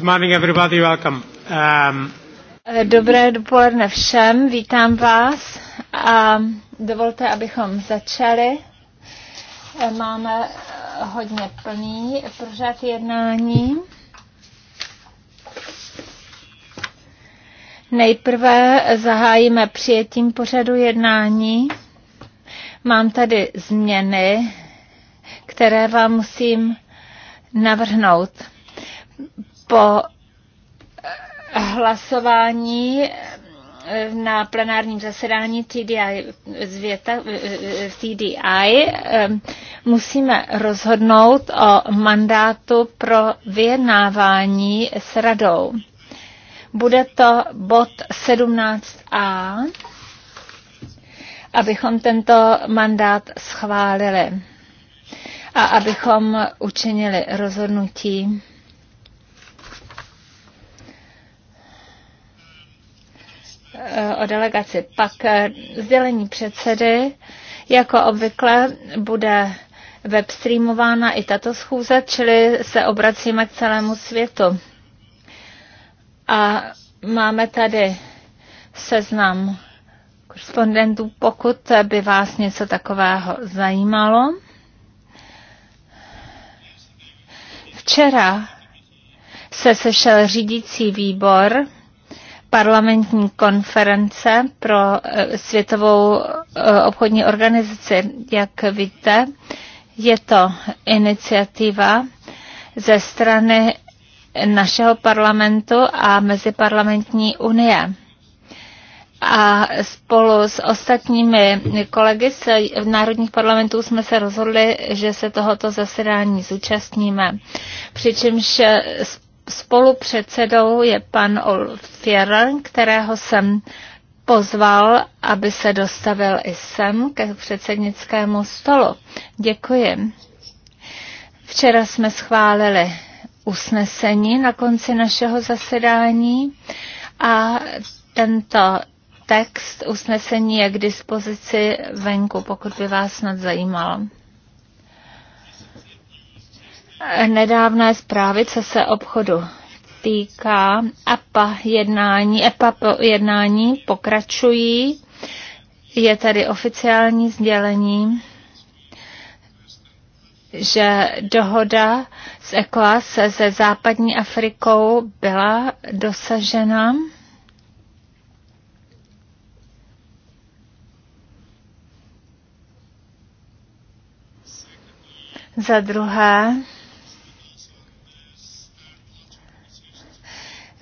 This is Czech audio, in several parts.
Good morning everybody, welcome. Um... Dobré dopoledne všem, vítám vás a dovolte, abychom začali. Máme hodně plný pořad jednání. Nejprve zahájíme přijetím pořadu jednání. Mám tady změny, které vám musím navrhnout po eh, hlasování eh, na plenárním zasedání TDI, zvěta, eh, TDI musíme rozhodnout o mandátu pro vyjednávání s radou. Bude to bod 17a, abychom tento mandát schválili a abychom učinili rozhodnutí o delegaci. Pak eh, sdělení předsedy, jako obvykle, bude webstreamována i tato schůze, čili se obracíme k celému světu. A máme tady seznam korespondentů, pokud by vás něco takového zajímalo. Včera se sešel řídící výbor parlamentní konference pro eh, Světovou eh, obchodní organizaci. Jak víte, je to iniciativa ze strany našeho parlamentu a Meziparlamentní unie. A spolu s ostatními kolegy z národních parlamentů jsme se rozhodli, že se tohoto zasedání zúčastníme. Přičemž spolupředsedou je pan Olf Fjerl, kterého jsem pozval, aby se dostavil i sem ke předsednickému stolu. Děkuji. Včera jsme schválili usnesení na konci našeho zasedání a tento text usnesení je k dispozici venku, pokud by vás snad zajímalo nedávné zprávy, co se obchodu týká. EPA jednání, EPA jednání pokračují. Je tady oficiální sdělení, že dohoda s ECOAS se západní Afrikou byla dosažena. Za druhé,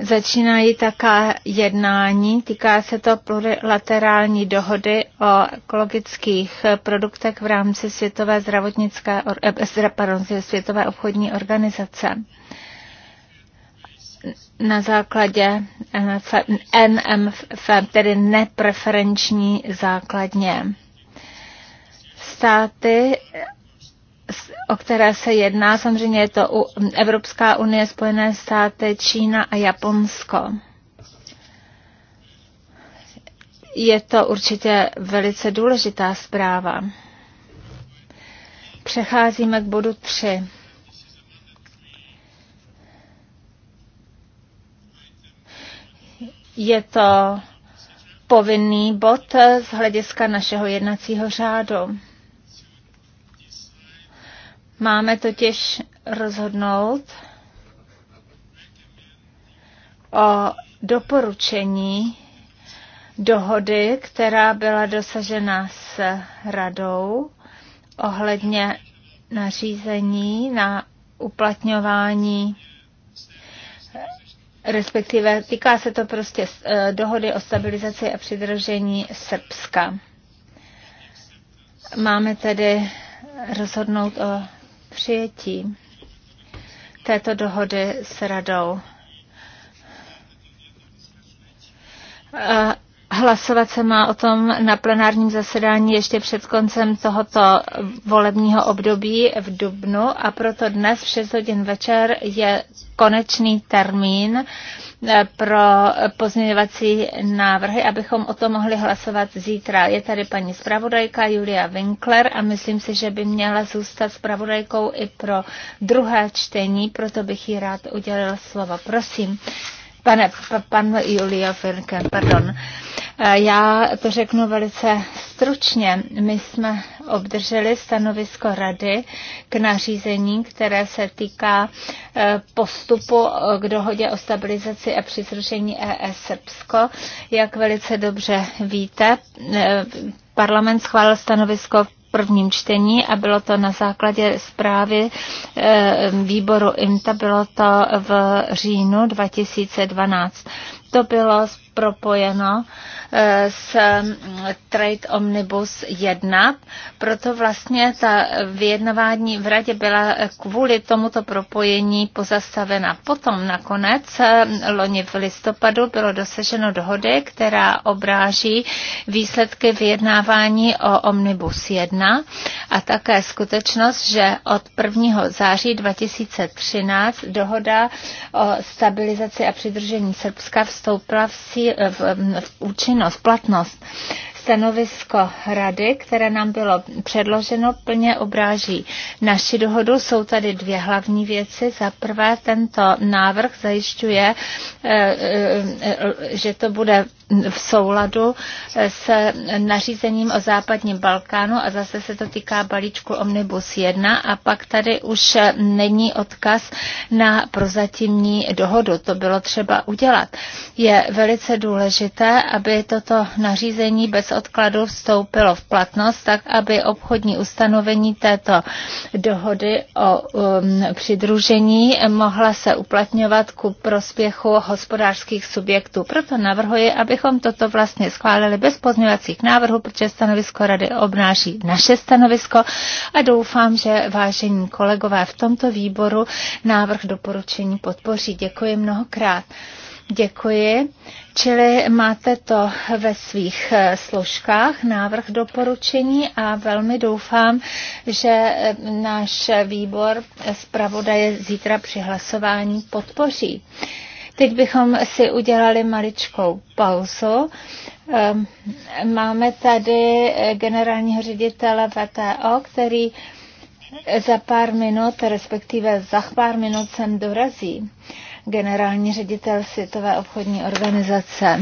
Začínají taká jednání, týká se to plurilaterální dohody o ekologických produktech v rámci Světové, zdravotnické, eh, pardon, Světové obchodní organizace na základě eh, NMF, tedy nepreferenční základně. Státy o které se jedná. Samozřejmě je to u Evropská unie, Spojené státy, Čína a Japonsko. Je to určitě velice důležitá zpráva. Přecházíme k bodu 3. Je to povinný bod z hlediska našeho jednacího řádu. Máme totiž rozhodnout o doporučení dohody, která byla dosažena s radou ohledně nařízení na uplatňování respektive týká se to prostě eh, dohody o stabilizaci a přidržení Srbska. Máme tedy rozhodnout o přijetí této dohody s radou. Hlasovat se má o tom na plenárním zasedání ještě před koncem tohoto volebního období v Dubnu a proto dnes v 6 hodin večer je konečný termín eh, pro pozměňovací návrhy, abychom o tom mohli hlasovat zítra. Je tady paní zpravodajka Julia Winkler a myslím si, že by měla zůstat zpravodajkou i pro druhé čtení, proto bych jí rád udělil slovo. Prosím. Pane, pan Julia Firke, pardon. Eh, já to řeknu velice stručně. My jsme obdrželi stanovisko rady k nařízení, které se týká eh, postupu eh, k dohodě o stabilizaci a přizrušení ES Srbsko. Jak velice dobře víte, parlament schválil stanovisko v prvním čtení a bylo to na základě zprávy eh, výboru IMTA, bylo to v říjnu 2012 to bylo propojeno eh, s mm, Trade Omnibus 1, proto vlastně ta vyjednávání v radě byla kvůli tomuto propojení pozastavena. Potom nakonec eh, loni v listopadu bylo dosaženo dohody, která obráží výsledky vyjednávání o Omnibus 1 a také skutečnost, že od 1. září 2013 dohoda o stabilizaci a přidržení Srbska v vstoupila eh, v, v, eh, v účinnost, platnost. Stanovisko rady, které nám bylo předloženo, plně obráží naši dohodu. Jsou tady dvě hlavní věci. Za prvé, tento návrh zajišťuje, eh, že to bude v souladu s nařízením o západním Balkánu a zase se to týká balíčku Omnibus 1 a pak tady už není odkaz na prozatímní dohodu. To bylo třeba udělat. Je velice důležité, aby toto nařízení bez odkladu vstoupilo v platnost, tak aby obchodní ustanovení této dohody o um, přidružení mohla se uplatňovat ku prospěchu hospodářských subjektů. Proto navrhuji, aby bychom toto vlastně schválili bez pozměňovacích návrhů, protože stanovisko rady obnáší naše stanovisko a doufám, že vážení kolegové v tomto výboru návrh doporučení podpoří. Děkuji mnohokrát. Děkuji. Čili máte to ve svých eh, složkách, návrh doporučení a velmi doufám, že eh, náš výbor zpravodaje zítra při hlasování podpoří. Teď bychom si udělali maličkou pauzu. Ehm, máme tady eh, generálního ředitele VTO, který za pár minut, respektive za pár minut sem dorazí. Generální ředitel Světové obchodní organizace.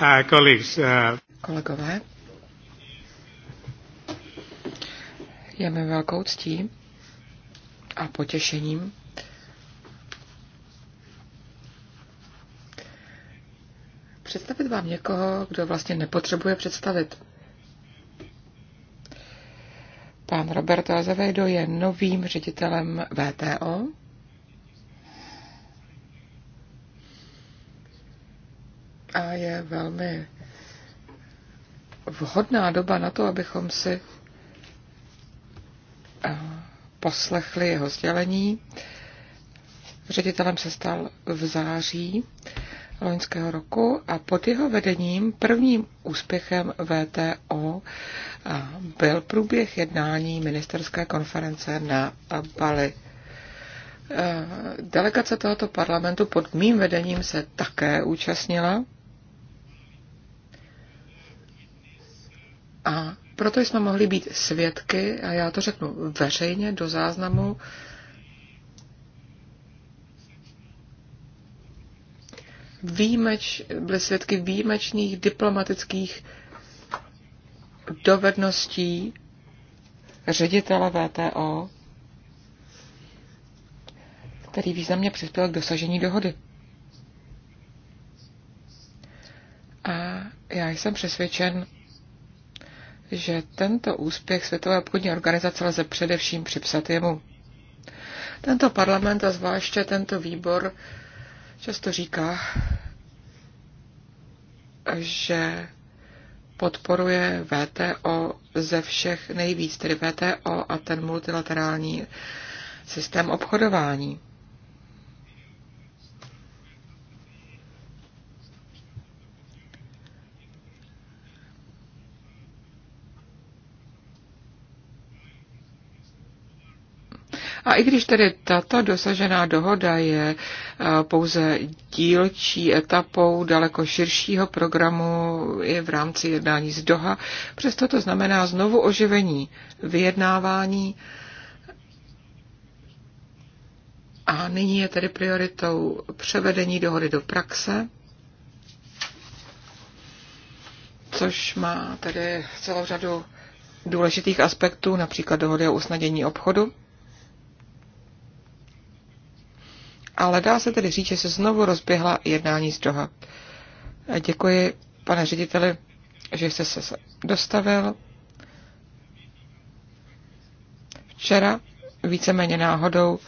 Uh, colleagues, uh, Kolegové, je mi velkou ctí a potěšením představit vám někoho, kdo vlastně nepotřebuje představit. Pán Roberto Azevedo je novým ředitelem VTO, velmi vhodná doba na to, abychom si eh, poslechli jeho sdělení. Ředitelem se stal v září loňského roku a pod jeho vedením prvním úspěchem VTO eh, byl průběh jednání ministerské konference na Bali. Eh, delegace tohoto parlamentu pod mým vedením se také účastnila Proto jsme mohli být svědky, a já to řeknu veřejně do záznamu, výjimeč, byli svědky výjimečných diplomatických dovedností ředitele VTO, který významně přispěl k dosažení dohody. A já jsem přesvědčen, že tento úspěch Světové obchodní organizace lze především připsat jemu. Tento parlament a zvláště tento výbor často říká, že podporuje VTO ze všech nejvíc, tedy VTO a ten multilaterální systém obchodování. A i když tedy tato dosažená dohoda je eh, pouze dílčí etapou daleko širšího programu i v rámci jednání z Doha, přesto to znamená znovu oživení vyjednávání a nyní je tedy prioritou převedení dohody do praxe, což má tedy celou řadu důležitých aspektů, například dohody o usnadění obchodu. ale dá se tedy říct, že se znovu rozběhla jednání z Doha. Děkuji, pane řediteli, že jste se dostavil. Včera víceméně náhodou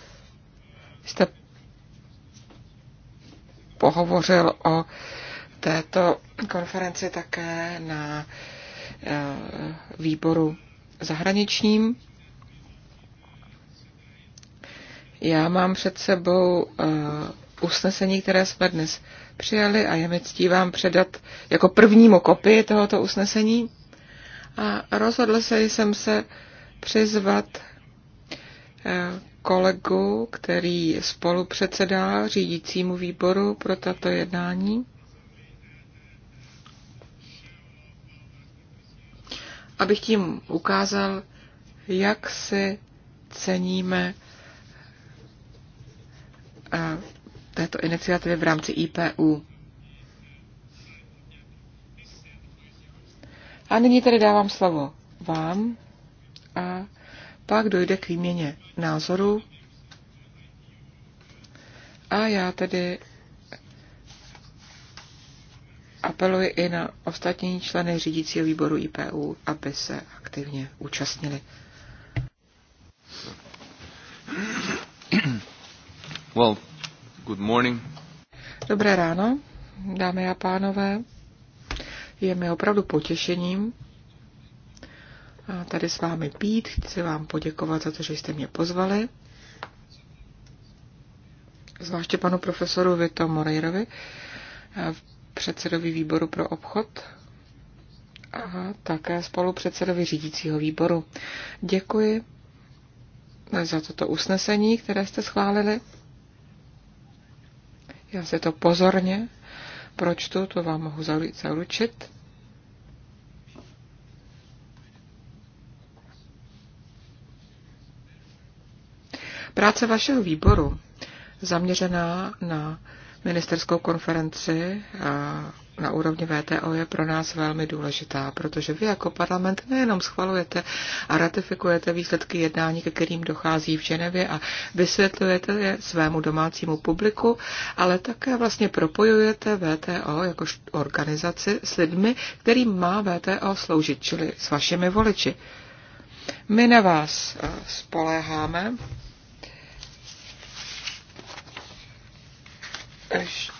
jste pohovořil o této konferenci také na eh, výboru zahraničním. Já mám před sebou eh, usnesení, které jsme dnes přijali a je mi ctí vám předat jako prvnímu kopii tohoto usnesení. A rozhodl se jsem se přizvat eh, kolegu, který spolu předsedá řídícímu výboru pro tato jednání. Abych tím ukázal, jak si ceníme této iniciativy v rámci IPU. A nyní tedy dávám slovo vám a pak dojde k výměně názoru. A já tedy apeluji i na ostatní členy řídícího výboru IPU, aby se aktivně účastnili. Well, good morning. Dobré ráno, dámy a pánové. Je mi opravdu potěšením tady s vámi pít. Chci vám poděkovat za to, že jste mě pozvali. Zvláště panu profesoru Vito Moreirovi, eh, předsedovi výboru pro obchod a také spolupředsedovi řídícího výboru. Děkuji za toto usnesení, které jste schválili. Já se to pozorně pročtu, to vám mohu zaručit. Práce vašeho výboru zaměřená na ministerskou konferenci na úrovni VTO je pro nás velmi důležitá, protože vy jako parlament nejenom schvalujete a ratifikujete výsledky jednání, ke kterým dochází v Ženevě a vysvětlujete je svému domácímu publiku, ale také vlastně propojujete VTO jako organizaci s lidmi, kterým má VTO sloužit, čili s vašimi voliči. My na vás spoléháme ještě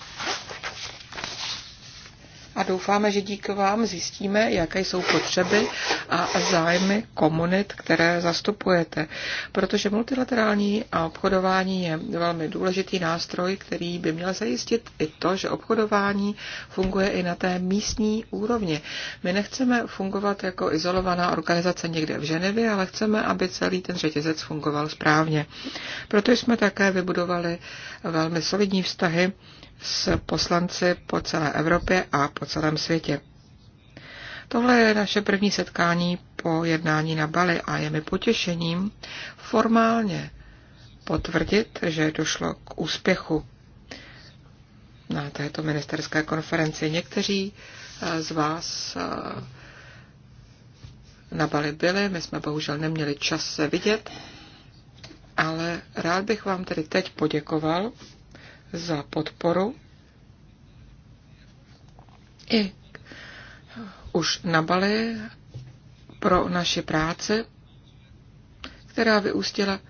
a doufáme, že díky vám zjistíme, jaké jsou potřeby a zájmy komunit, které zastupujete. Protože multilaterální obchodování je velmi důležitý nástroj, který by měl zajistit i to, že obchodování funguje i na té místní úrovni. My nechceme fungovat jako izolovaná organizace někde v Ženevě, ale chceme, aby celý ten řetězec fungoval správně. Proto jsme také vybudovali velmi solidní vztahy s poslanci po celé Evropě a po celém světě. Tohle je naše první setkání po jednání na Bali a je mi potěšením formálně potvrdit, že došlo k úspěchu na této ministerské konferenci. Někteří eh, z vás eh, na Bali byli, my jsme bohužel neměli čas se vidět, ale rád bych vám tedy teď poděkoval za podporu i už na Bali pro naše práce, která vyústila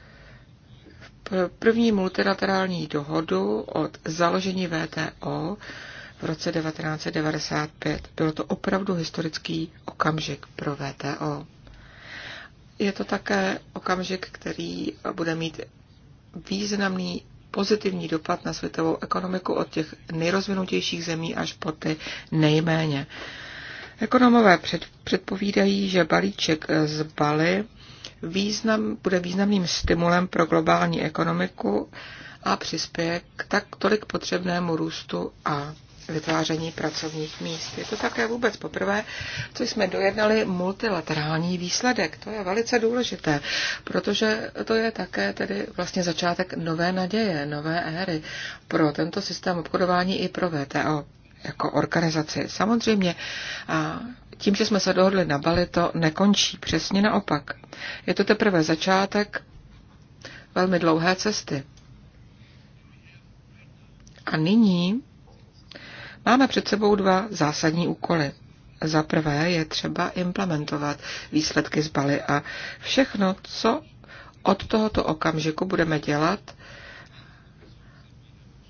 v první multilaterální dohodu od založení VTO v roce 1995. Byl to opravdu historický okamžik pro VTO. Je to také okamžik, který bude mít významný pozitivní dopad na světovou ekonomiku od těch nejrozvinutějších zemí až po ty nejméně. Ekonomové před, předpovídají, že balíček z Bali význam, bude významným stimulem pro globální ekonomiku a přispěje k tak tolik potřebnému růstu a vytváření pracovních míst. Je to také vůbec poprvé, co jsme dojednali multilaterální výsledek. To je velice důležité, protože to je také tedy vlastně začátek nové naděje, nové éry pro tento systém obchodování i pro VTO jako organizaci. Samozřejmě a tím, že jsme se dohodli na Bali, to nekončí. Přesně naopak. Je to teprve začátek velmi dlouhé cesty. A nyní Máme před sebou dva zásadní úkoly. Za prvé je třeba implementovat výsledky z Bali a všechno, co od tohoto okamžiku budeme dělat,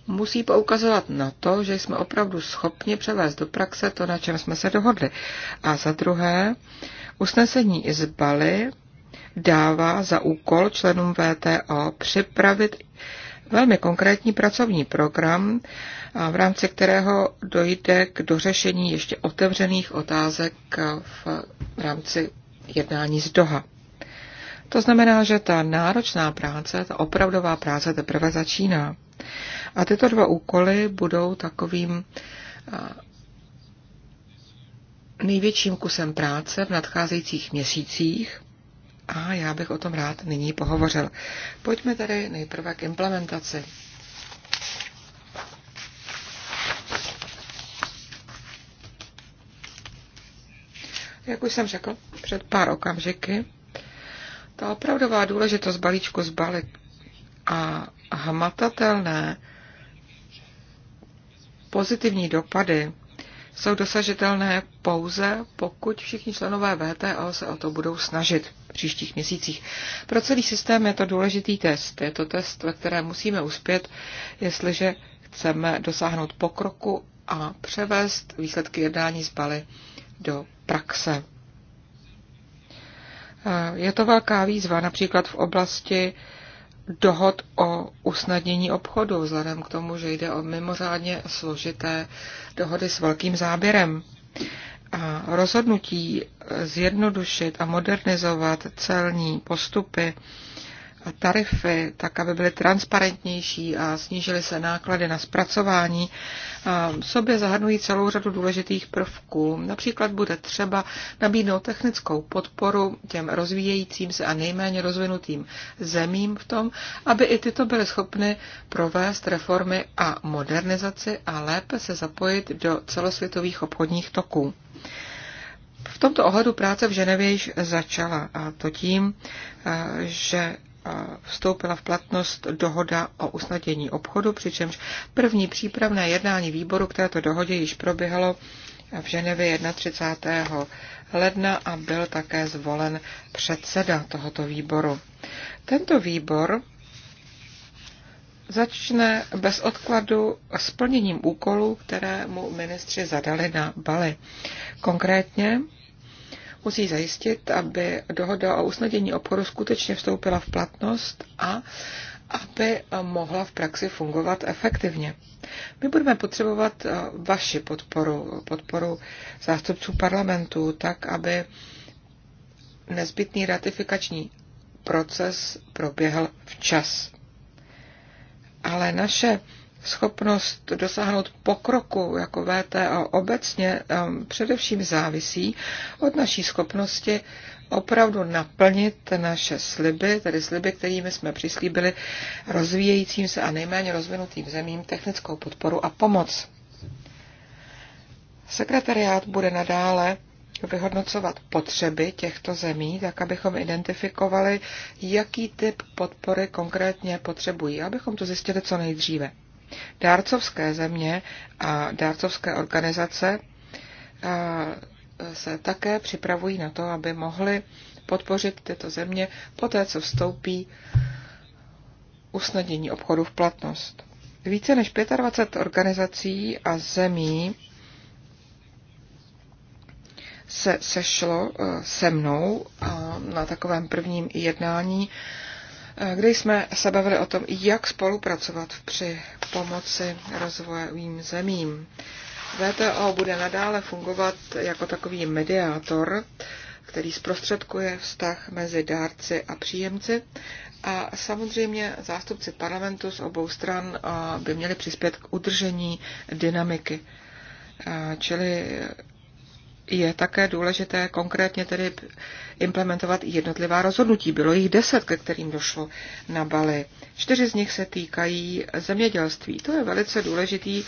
musí poukazovat na to, že jsme opravdu schopni převést do praxe to, na čem jsme se dohodli. A za druhé, usnesení z Bali dává za úkol členům VTO připravit velmi konkrétní pracovní program, v rámci kterého dojde k dořešení ještě otevřených otázek v rámci jednání z Doha. To znamená, že ta náročná práce, ta opravdová práce teprve začíná. A tyto dva úkoly budou takovým největším kusem práce v nadcházejících měsících a já bych o tom rád nyní pohovořil. Pojďme tedy nejprve k implementaci. Jak už jsem řekl před pár okamžiky, ta opravdová důležitost balíčku zbalit a hmatatelné pozitivní dopady jsou dosažitelné pouze, pokud všichni členové VTO se o to budou snažit příštích měsících. Pro celý systém je to důležitý test. Je to test, ve kterém musíme uspět, jestliže chceme dosáhnout pokroku a převést výsledky jednání z Bali do praxe. Eh, je to velká výzva například v oblasti dohod o usnadnění obchodu, vzhledem k tomu, že jde o mimořádně složité dohody s velkým záběrem. A rozhodnutí zjednodušit a modernizovat celní postupy tarify, tak aby byly transparentnější a snížily se náklady na zpracování, v sobě zahrnují celou řadu důležitých prvků. Například bude třeba nabídnout technickou podporu těm rozvíjejícím se a nejméně rozvinutým zemím v tom, aby i tyto byly schopny provést reformy a modernizaci a lépe se zapojit do celosvětových obchodních toků. V tomto ohledu práce v Ženevě již začala a to tím, že vstoupila v platnost dohoda o usnadění obchodu, přičemž první přípravné jednání výboru k této dohodě již proběhlo v Ženevě 31. ledna a byl také zvolen předseda tohoto výboru. Tento výbor začne bez odkladu splněním úkolů, které mu ministři zadali na Bali. Konkrétně musí zajistit, aby dohoda o usnadění obchodu skutečně vstoupila v platnost a aby mohla v praxi fungovat efektivně. My budeme potřebovat eh, vaši podporu, podporu zástupců parlamentu, tak aby nezbytný ratifikační proces proběhl včas. Ale naše schopnost dosáhnout pokroku jako VTO obecně um, především závisí od naší schopnosti opravdu naplnit naše sliby, tedy sliby, kterými jsme přislíbili rozvíjejícím se a nejméně rozvinutým zemím technickou podporu a pomoc. Sekretariát bude nadále vyhodnocovat potřeby těchto zemí, tak abychom identifikovali, jaký typ podpory konkrétně potřebují, abychom to zjistili co nejdříve. Dárcovské země a dárcovské organizace se také připravují na to, aby mohly podpořit tyto země poté, co vstoupí usnadnění obchodu v platnost. Více než 25 organizací a zemí se sešlo e, se mnou na takovém prvním jednání kde jsme se bavili o tom, jak spolupracovat při pomoci rozvojovým zemím. VTO bude nadále fungovat jako takový mediátor, který zprostředkuje vztah mezi dárci a příjemci. A samozřejmě zástupci parlamentu z obou stran by měli přispět k udržení dynamiky. Čili je také důležité konkrétně tedy implementovat jednotlivá rozhodnutí. Bylo jich deset, ke kterým došlo na Bali. Čtyři z nich se týkají zemědělství. To je velice důležitý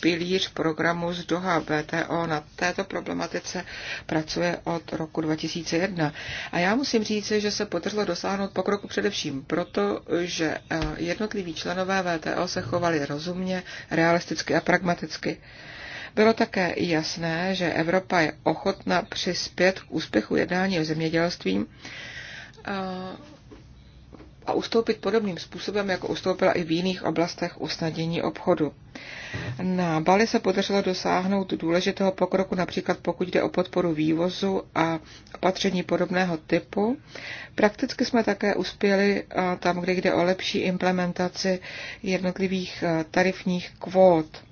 pilíř programu z Doha BTO. Na této problematice pracuje od roku 2001. A já musím říct, že se podařilo dosáhnout pokroku především proto, že eh, jednotliví členové VTO se chovali rozumně, realisticky a pragmaticky. Bylo také jasné, že Evropa je ochotna přispět k úspěchu jednání o zemědělství a ustoupit podobným způsobem, jako ustoupila i v jiných oblastech usnadění obchodu. Na Bali se podařilo dosáhnout důležitého pokroku, například pokud jde o podporu vývozu a opatření podobného typu. Prakticky jsme také uspěli tam, kde jde o lepší implementaci jednotlivých tarifních kvót.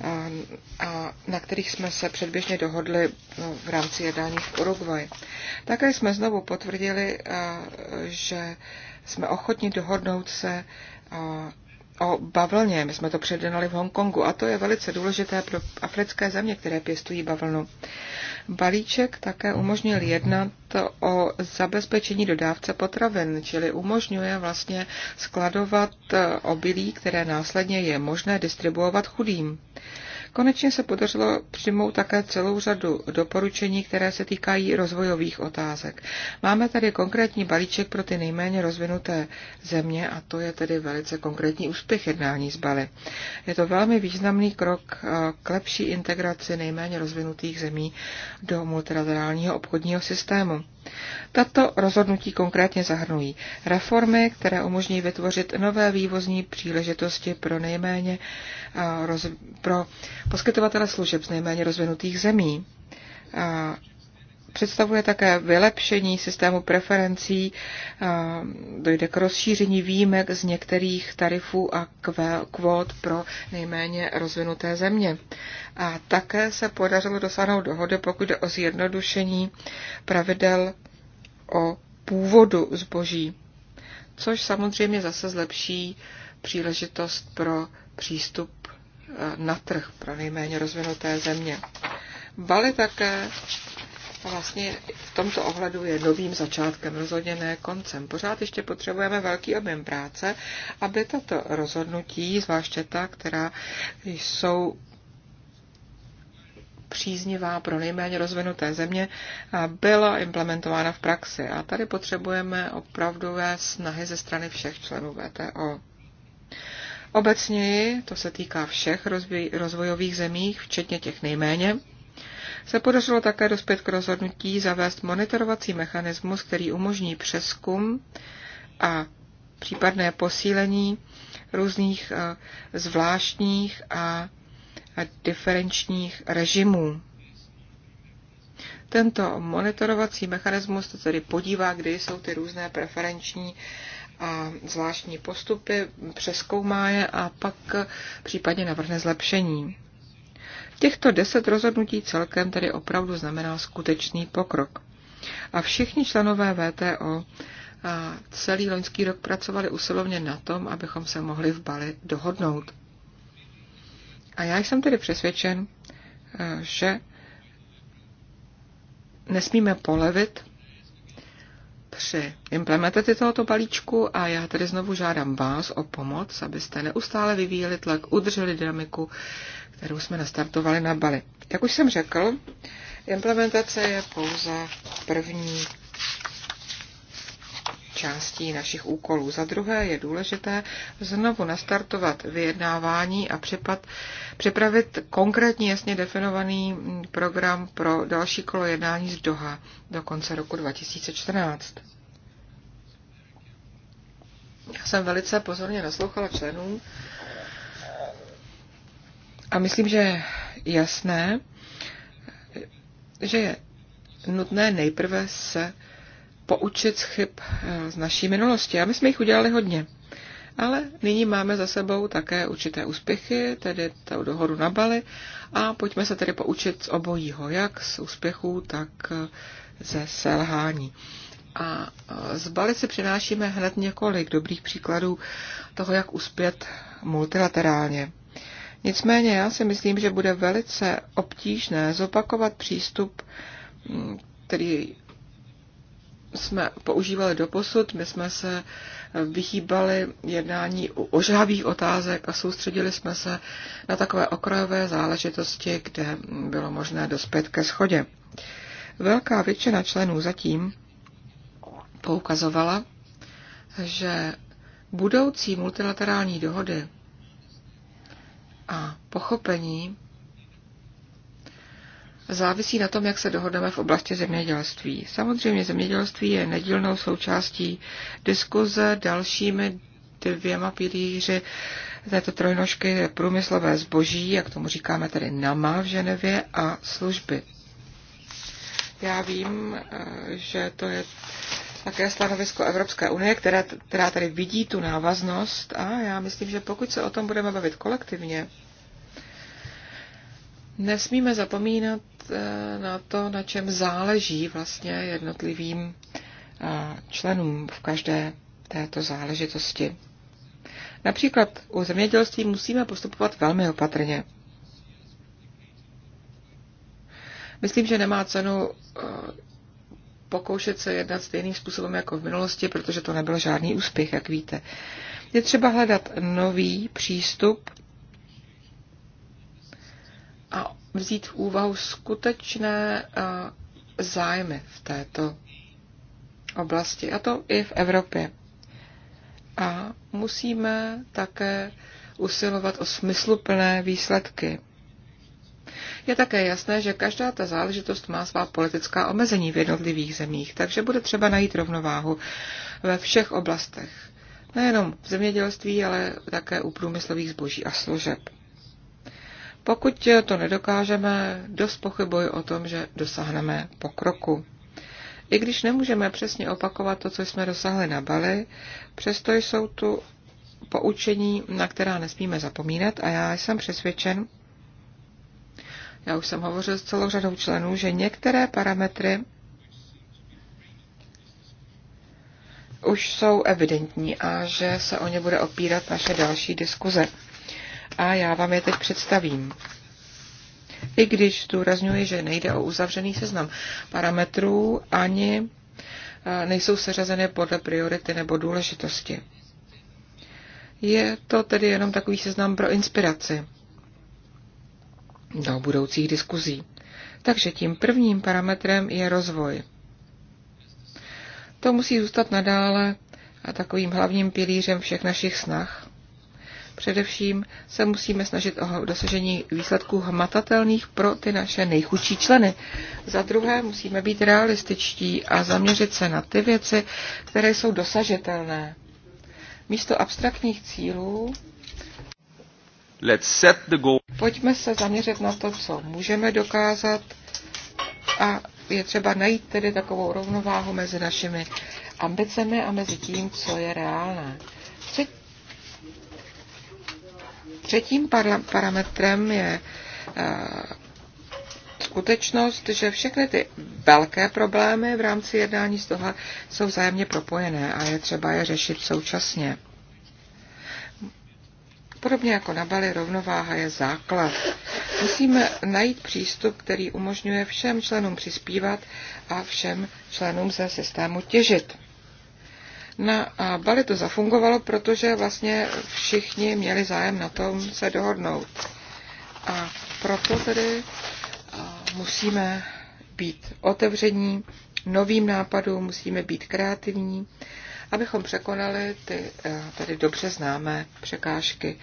Ehm, a na kterých jsme se předběžně dohodli no, v rámci jednání v Uruguay. Také jsme znovu potvrdili, eh, že jsme ochotni dohodnout se eh, o bavlně. My jsme to předjednali v Hongkongu a to je velice důležité pro africké země, které pěstují bavlnu. Balíček také umožnil jednat o zabezpečení dodávce potravin, čili umožňuje vlastně skladovat obilí, které následně je možné distribuovat chudým. Konečně se podařilo přijmout také celou řadu doporučení, které se týkají rozvojových otázek. Máme tady konkrétní balíček pro ty nejméně rozvinuté země a to je tedy velice konkrétní úspěch jednání z Bali. Je to velmi významný krok eh, k lepší integraci nejméně rozvinutých zemí do multilaterálního obchodního systému. Tato rozhodnutí konkrétně zahrnují reformy, které umožní vytvořit nové vývozní příležitosti pro nejméně pro poskytovatele služeb z nejméně rozvinutých zemí představuje také vylepšení systému preferencí, dojde k rozšíření výjimek z některých tarifů a kvót pro nejméně rozvinuté země. A také se podařilo dosáhnout dohody, pokud jde o zjednodušení pravidel o původu zboží, což samozřejmě zase zlepší příležitost pro přístup e, na trh pro nejméně rozvinuté země. Bali také vlastně v tomto ohledu je novým začátkem, rozhodně ne koncem. Pořád ještě potřebujeme velký objem práce, aby tato rozhodnutí, zvláště ta, která jsou příznivá pro nejméně rozvinuté země, byla implementována v praxi. A tady potřebujeme opravdové snahy ze strany všech členů VTO. Obecněji to se týká všech rozvojových zemích, včetně těch nejméně se podařilo také dospět k rozhodnutí zavést monitorovací mechanismus, který umožní přeskum a případné posílení různých eh, zvláštních a diferenčních režimů. Tento monitorovací mechanismus se tedy podívá, kde jsou ty různé preferenční a zvláštní postupy, přeskoumá je a pak případně navrhne zlepšení. Těchto deset rozhodnutí celkem tedy opravdu znamená skutečný pokrok. A všichni členové VTO a celý loňský rok pracovali usilovně na tom, abychom se mohli v Bali dohodnout. A já jsem tedy přesvědčen, eh, že nesmíme polevit při implementaci tohoto balíčku a já tedy znovu žádám vás o pomoc, abyste neustále vyvíjeli tlak, udrželi dynamiku, kterou jsme nastartovali na Bali. Jak už jsem řekl, implementace je pouze první částí našich úkolů. Za druhé je důležité znovu nastartovat vyjednávání a připad, připravit konkrétně jasně definovaný program pro další kolo jednání z Doha do konce roku 2014. Já jsem velice pozorně naslouchala členům a myslím, že je jasné, že je nutné nejprve se poučit z chyb eh, z naší minulosti. A my jsme jich udělali hodně. Ale nyní máme za sebou také určité úspěchy, tedy tu dohodu na Bali a pojďme se tedy poučit z obojího, jak z úspěchů, tak eh, ze selhání. A eh, z Bali si přinášíme hned několik dobrých příkladů toho, jak uspět multilaterálně. Nicméně já si myslím, že bude velice obtížné zopakovat přístup, mm, který jsme používali do posud. My jsme se vyhýbali jednání u ožávých otázek a soustředili jsme se na takové okrajové záležitosti, kde bylo možné dospět ke schodě. Velká většina členů zatím poukazovala, že budoucí multilaterální dohody a pochopení závisí na tom, jak se dohodneme v oblasti zemědělství. Samozřejmě zemědělství je nedílnou součástí diskuze dalšími dvěma pilíři této trojnožky je průmyslové zboží, jak tomu říkáme tady NAMA v Ženevě, a služby. Já vím, eh, že to je také stanovisko Evropské unie, která, která tady vidí tu návaznost a já myslím, že pokud se o tom budeme bavit kolektivně, nesmíme zapomínat eh, na to, na čem záleží vlastně jednotlivým eh, členům v každé této záležitosti. Například u zemědělství musíme postupovat velmi opatrně. Myslím, že nemá cenu eh, pokoušet se jednat stejným způsobem jako v minulosti, protože to nebyl žádný úspěch, jak víte. Je třeba hledat nový přístup a vzít v úvahu skutečné eh, zájmy v této oblasti, a to i v Evropě. A musíme také usilovat o smysluplné výsledky. Je také jasné, že každá ta záležitost má svá politická omezení v jednotlivých zemích, takže bude třeba najít rovnováhu ve všech oblastech. Nejenom v zemědělství, ale také u průmyslových zboží a služeb. Pokud to nedokážeme, dost pochybuji o tom, že dosáhneme pokroku. I když nemůžeme přesně opakovat to, co jsme dosáhli na Bali, přesto jsou tu poučení, na která nesmíme zapomínat a já jsem přesvědčen, já už jsem hovořil s celou řadou členů, že některé parametry už jsou evidentní a že se o ně bude opírat naše další diskuze. A já vám je teď představím. I když zdůrazňuji, že nejde o uzavřený seznam parametrů, ani e, nejsou seřazeny podle priority nebo důležitosti. Je to tedy jenom takový seznam pro inspiraci do budoucích diskuzí. Takže tím prvním parametrem je rozvoj. To musí zůstat nadále a takovým hlavním pilířem všech našich snah. Především se musíme snažit o dosažení výsledků hmatatelných pro ty naše nejchudší členy. Za druhé musíme být realističtí a zaměřit se na ty věci, které jsou dosažitelné. Místo abstraktních cílů Let's set the goal. Pojďme se zaměřit na to, co můžeme dokázat a je třeba najít tedy takovou rovnováhu mezi našimi ambicemi a mezi tím, co je reálné. Třetím parametrem je eh, skutečnost, že všechny ty velké problémy v rámci jednání z toho jsou vzájemně propojené a je třeba je řešit současně. Podobně jako na Bali, rovnováha je základ. Musíme najít přístup, který umožňuje všem členům přispívat a všem členům ze systému těžit. Na Bali to zafungovalo, protože vlastně všichni měli zájem na tom se dohodnout. A proto tedy musíme být otevření novým nápadům, musíme být kreativní abychom překonali ty eh, tady dobře známé překážky.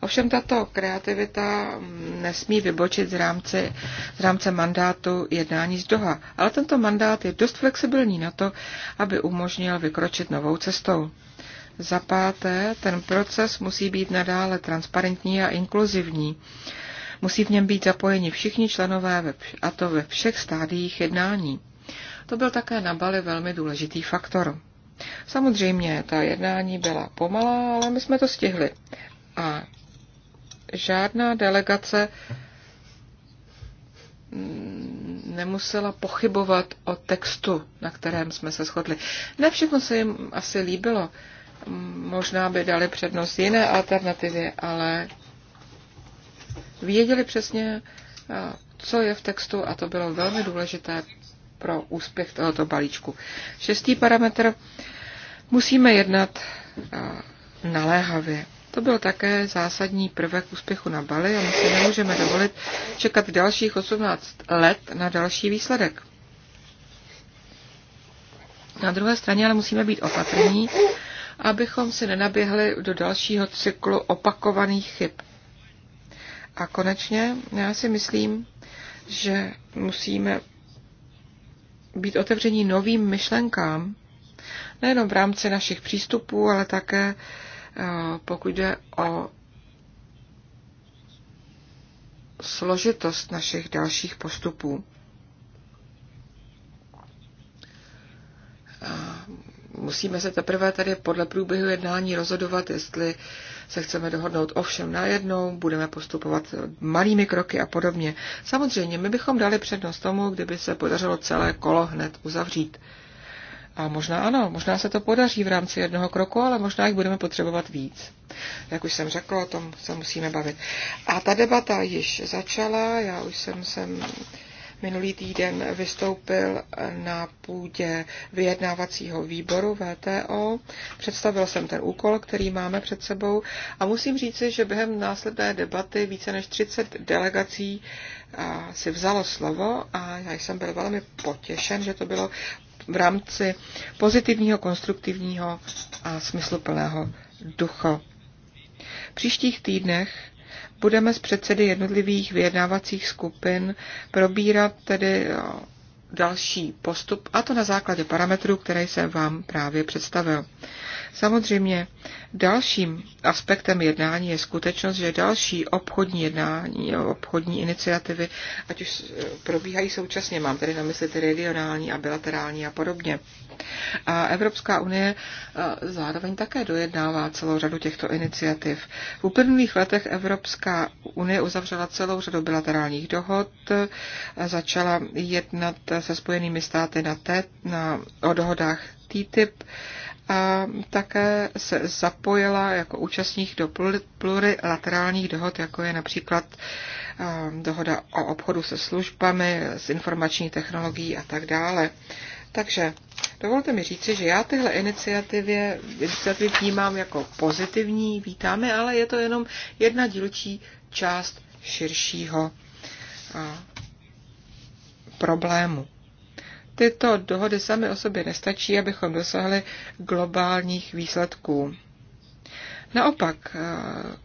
Ovšem tato kreativita nesmí vybočit z rámce, z rámce mandátu jednání z Doha, ale tento mandát je dost flexibilní na to, aby umožnil vykročit novou cestou. Za páté, ten proces musí být nadále transparentní a inkluzivní. Musí v něm být zapojeni všichni členové, a to ve všech stádiích jednání. To byl také na Bali velmi důležitý faktor. Samozřejmě, ta jednání byla pomalá, ale my jsme to stihli. A žádná delegace mm, nemusela pochybovat o textu, na kterém jsme se shodli. Ne všechno se jim asi líbilo. Možná by dali přednost jiné alternativy, ale věděli přesně, co je v textu a to bylo velmi důležité pro úspěch tohoto balíčku. Šestý parametr. Musíme jednat naléhavě. To byl také zásadní prvek úspěchu na Bali a my si nemůžeme dovolit čekat dalších 18 let na další výsledek. Na druhé straně ale musíme být opatrní, abychom si nenaběhli do dalšího cyklu opakovaných chyb. A konečně já si myslím, že musíme být otevření novým myšlenkám, nejenom v rámci našich přístupů, ale také eh, pokud jde o složitost našich dalších postupů. Eh, musíme se teprve tady podle průběhu jednání rozhodovat, jestli se chceme dohodnout ovšem najednou, budeme postupovat malými kroky a podobně. Samozřejmě, my bychom dali přednost tomu, kdyby se podařilo celé kolo hned uzavřít. A možná ano, možná se to podaří v rámci jednoho kroku, ale možná jich budeme potřebovat víc. Jak už jsem řekla, o tom se musíme bavit. A ta debata již začala, já už jsem, jsem Minulý týden vystoupil na půdě vyjednávacího výboru VTO. Představil jsem ten úkol, který máme před sebou a musím říci, že během následné debaty více než 30 delegací si vzalo slovo a já jsem byl velmi potěšen, že to bylo v rámci pozitivního, konstruktivního a smysluplného ducha. V příštích týdnech budeme s předsedy jednotlivých vyjednávacích skupin probírat tedy další postup, a to na základě parametrů, které jsem vám právě představil. Samozřejmě dalším aspektem jednání je skutečnost, že další obchodní jednání, obchodní iniciativy, ať už probíhají současně, mám tedy na mysli ty regionální a bilaterální a podobně. A Evropská unie eh, zároveň také dojednává celou řadu těchto iniciativ. V uplynulých letech Evropská unie uzavřela celou řadu bilaterálních dohod, eh, začala jednat se Spojenými státy na, té, na o dohodách TTIP a také se zapojila jako účastník do plurilaterálních dohod, jako je například dohoda o obchodu se službami, s informační technologií a tak dále. Takže dovolte mi říci, že já tyhle iniciativy, iniciativy vnímám jako pozitivní, vítáme, ale je to jenom jedna dílčí část širšího problému. Tyto dohody samy o sobě nestačí, abychom dosahli globálních výsledků. Naopak, eh,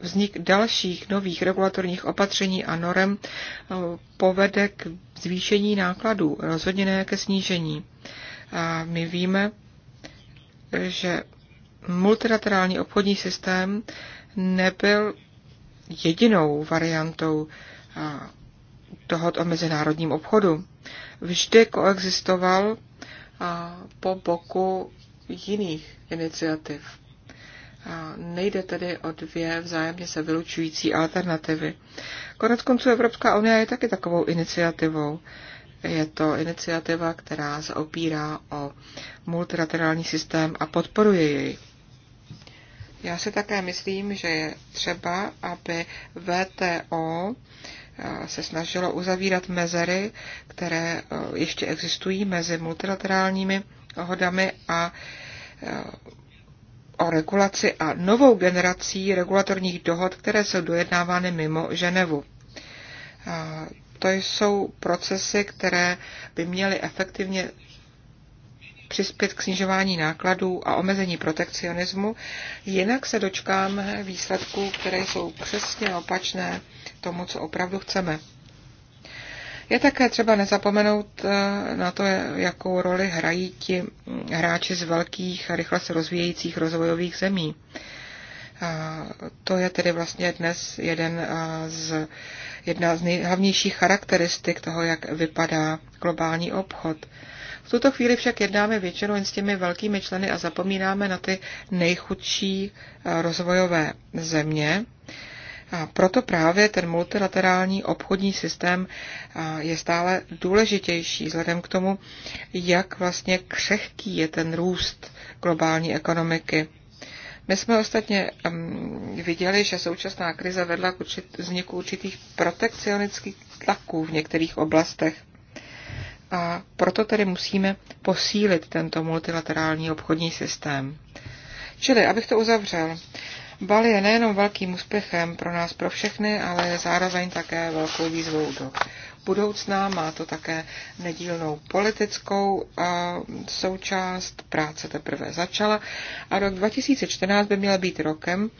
vznik dalších nových regulatorních opatření a norem eh, povede k zvýšení nákladů, rozhodně ne ke snížení. A my víme, že multilaterální obchodní systém nebyl jedinou variantou dohod o mezinárodním obchodu. Vždy koexistoval po boku jiných iniciativ. A nejde tedy o dvě vzájemně se vylučující alternativy. Konec konců Evropská unie je taky takovou iniciativou. Je to iniciativa, která se opírá o multilaterální systém a podporuje jej. Já si také myslím, že je třeba, aby VTO Eh, se snažilo uzavírat mezery, které eh, ještě existují mezi multilaterálními hodami a eh, o regulaci a novou generací regulatorních dohod, které jsou dojednávány mimo Ženevu. To jsou procesy, které by měly efektivně přispět k snižování nákladů a omezení protekcionismu, jinak se dočkáme výsledků, které jsou přesně opačné tomu, co opravdu chceme. Je také třeba nezapomenout eh, na to, jakou roli hrají ti hm, hráči z velkých a rychle se rozvíjejících rozvojových zemí. A to je tedy vlastně dnes jeden eh, z, jedna z nejhlavnějších charakteristik toho, jak vypadá globální obchod. V tuto chvíli však jednáme většinou jen s těmi velkými členy a zapomínáme na ty nejchudší eh, rozvojové země, a proto právě ten multilaterální obchodní systém je stále důležitější vzhledem k tomu, jak vlastně křehký je ten růst globální ekonomiky. My jsme ostatně mm, viděli, že současná krize vedla k určit, vzniku určitých protekcionických tlaků v některých oblastech. A proto tedy musíme posílit tento multilaterální obchodní systém. Čili, abych to uzavřel, Bali je nejenom velkým úspěchem pro nás, pro všechny, ale je zároveň také velkou výzvou do budoucna. Má to také nedílnou politickou součást, práce teprve začala a rok 2014 by měl být rokem,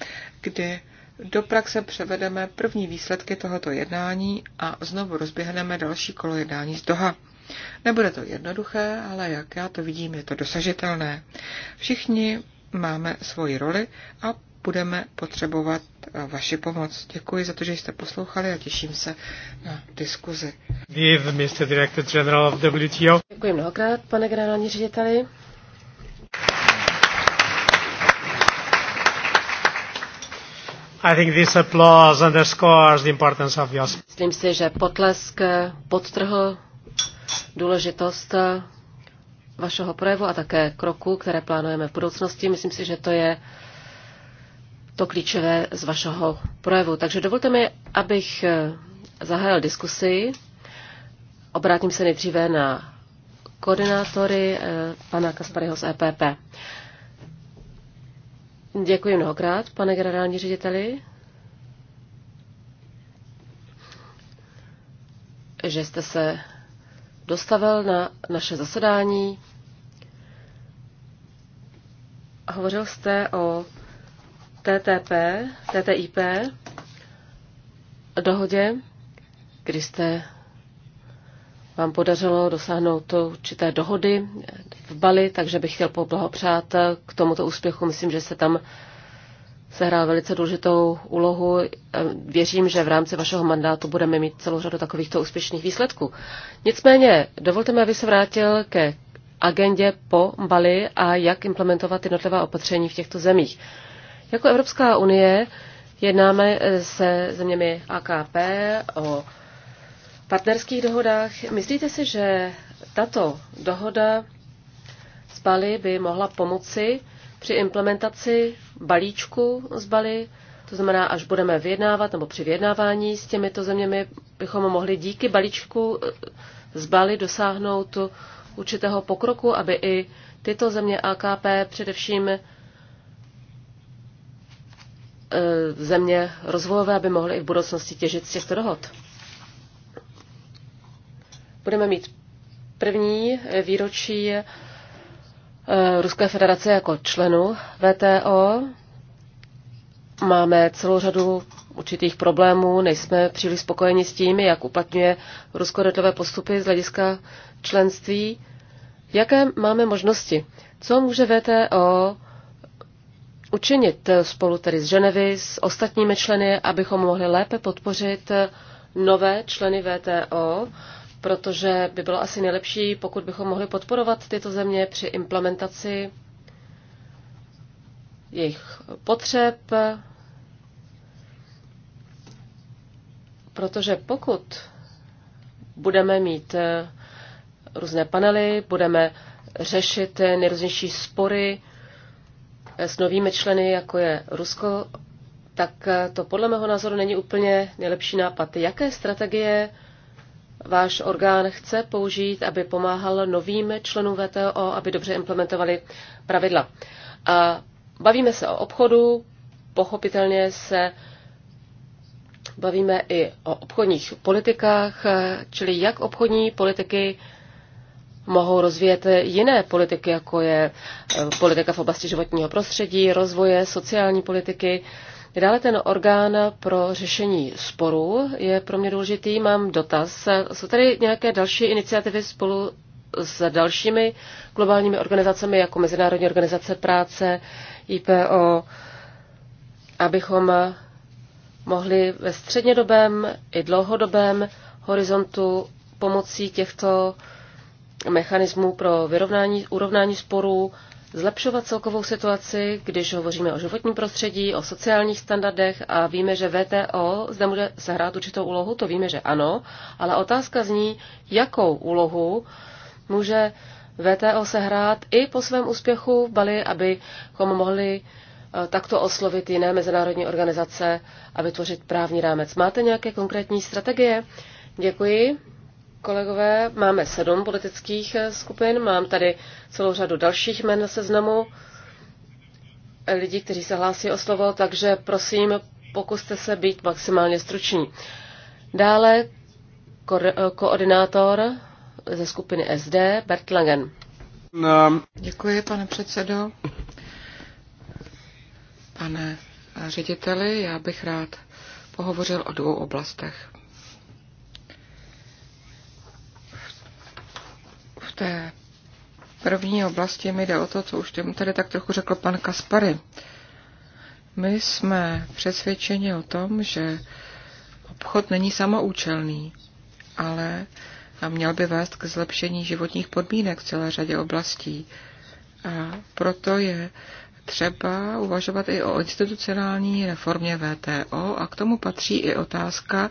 kdy do praxe převedeme první výsledky tohoto jednání a znovu rozběhneme další kolo jednání z Doha. Nebude to jednoduché, ale jak já to vidím, je to dosažitelné. Všichni máme svoji roli a budeme potřebovat eh, vaši pomoc. Děkuji za to, že jste poslouchali a těším se na diskuzi. Děkuji mnohokrát, pane generální řediteli. I think this applause underscores the importance of your... Myslím si, že potlesk podtrhl důležitost vašeho projevu a také kroku, které plánujeme v budoucnosti. Myslím si, že to je to klíčové z vašeho projevu. Takže dovolte mi, abych eh, zahájil diskusi. Obrátím se nejdříve na koordinátory eh, pana Kasparyho z EPP. Děkuji mnohokrát, pane generální řediteli, že jste se dostavil na naše zasedání. Hovořil jste o TTP, TTIP dohodě, kdy jste vám podařilo dosáhnout to určité dohody v Bali, takže bych chtěl poblahopřát k tomuto úspěchu. Myslím, že se tam sehrál velice důležitou úlohu. Věřím, že v rámci vašeho mandátu budeme mít celou řadu takovýchto úspěšných výsledků. Nicméně, dovolte mi, aby se vrátil ke agendě po Bali a jak implementovat jednotlivá opatření v těchto zemích. Jako Evropská unie jednáme eh, se zeměmi AKP o partnerských dohodách. Myslíte si, že tato dohoda z Bali by mohla pomoci při implementaci balíčku z Bali? To znamená, až budeme vyjednávat nebo při vyjednávání s těmito zeměmi, bychom mohli díky balíčku eh, z Bali dosáhnout určitého pokroku, aby i tyto země AKP především Eh, země rozvojové, aby mohly i v budoucnosti těžit z těchto dohod. Budeme mít první výročí eh, Ruské federace jako členu VTO. Máme celou řadu určitých problémů, nejsme příliš spokojeni s tím, jak uplatňuje Rusko postupy z hlediska členství. Jaké máme možnosti? Co může VTO učinit eh, spolu tedy z Ženevy, s ostatními členy, abychom mohli lépe podpořit eh, nové členy VTO, protože by bylo asi nejlepší, pokud bychom mohli podporovat tyto země při implementaci jejich potřeb, protože pokud budeme mít eh, různé panely, budeme řešit nejrůznější spory s novými členy, jako je Rusko, tak eh, to podle mého názoru není úplně nejlepší nápad. Jaké strategie váš orgán chce použít, aby pomáhal novým členům VTO, aby dobře implementovali pravidla? A bavíme se o obchodu, pochopitelně se bavíme i o obchodních politikách, eh, čili jak obchodní politiky mohou rozvíjet jiné politiky, jako je eh, politika v oblasti životního prostředí, rozvoje, sociální politiky. Dále ten orgán pro řešení sporů je pro mě důležitý. Mám dotaz. Jsou tady nějaké další iniciativy spolu s dalšími globálními organizacemi, jako Mezinárodní organizace práce, IPO, abychom mohli ve střednědobém i dlouhodobém horizontu pomocí těchto mechanismů pro vyrovnání, urovnání sporů, zlepšovat celkovou situaci, když hovoříme o životním prostředí, o sociálních standardech a víme, že VTO zde může sehrát určitou úlohu, to víme, že ano, ale otázka zní, jakou úlohu může VTO sehrát i po svém úspěchu v Bali, abychom mohli eh, takto oslovit jiné mezinárodní organizace a vytvořit právní rámec. Máte nějaké konkrétní strategie? Děkuji kolegové. Máme sedm politických eh, skupin, mám tady celou řadu dalších jmen na seznamu eh, lidí, kteří se hlásí o slovo, takže prosím, pokuste se být maximálně struční. Dále ko- eh, koordinátor ze skupiny SD, Bert Langen. No. Děkuji, pane předsedo. Pane řediteli, já bych rád pohovořil o dvou oblastech. té první oblasti mi jde o to, co už těm tady tak trochu řekl pan Kaspary. My jsme přesvědčeni o tom, že obchod není samoučelný, ale měl by vést k zlepšení životních podmínek v celé řadě oblastí. A proto je třeba uvažovat i o institucionální reformě VTO a k tomu patří i otázka,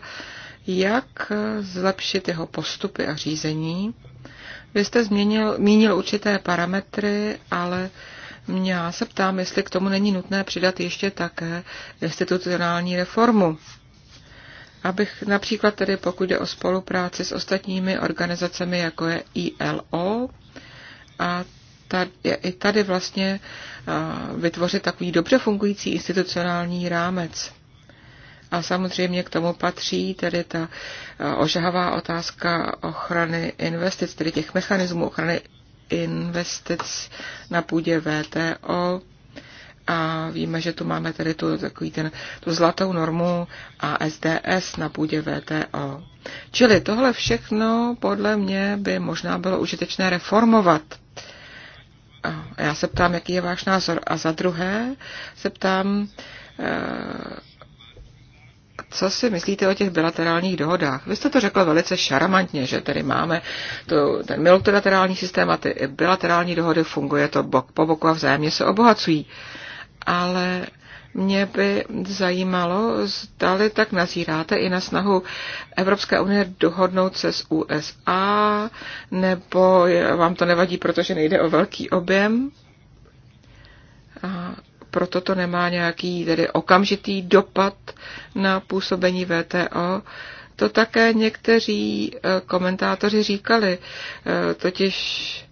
jak zlepšit jeho postupy a řízení, vy jste změnil, mínil určité parametry, ale já se ptám, jestli k tomu není nutné přidat ještě také institucionální reformu. Abych například tedy, pokud jde o spolupráci s ostatními organizacemi, jako je ILO, a tady, i tady vlastně vytvořit takový dobře fungující institucionální rámec. A samozřejmě k tomu patří tedy ta eh, ožahavá otázka ochrany investic, tedy těch mechanismů ochrany investic na půdě VTO. A víme, že tu máme tedy tu, takový ten, tu zlatou normu a SDS na půdě VTO. Čili tohle všechno podle mě by možná bylo užitečné reformovat. A já se ptám, jaký je váš názor. A za druhé se ptám, eh, co si myslíte o těch bilaterálních dohodách? Vy jste to řekla velice šarmantně, že tady máme to, ten multilaterální systém a ty bilaterální dohody funguje to bok po boku a vzájemně se obohacují. Ale mě by zajímalo, zdali tak nazíráte i na snahu Evropské unie dohodnout se s USA, nebo vám to nevadí, protože nejde o velký objem? proto to nemá nějaký tedy okamžitý dopad na působení VTO. To také někteří eh, komentátoři říkali, eh, totiž,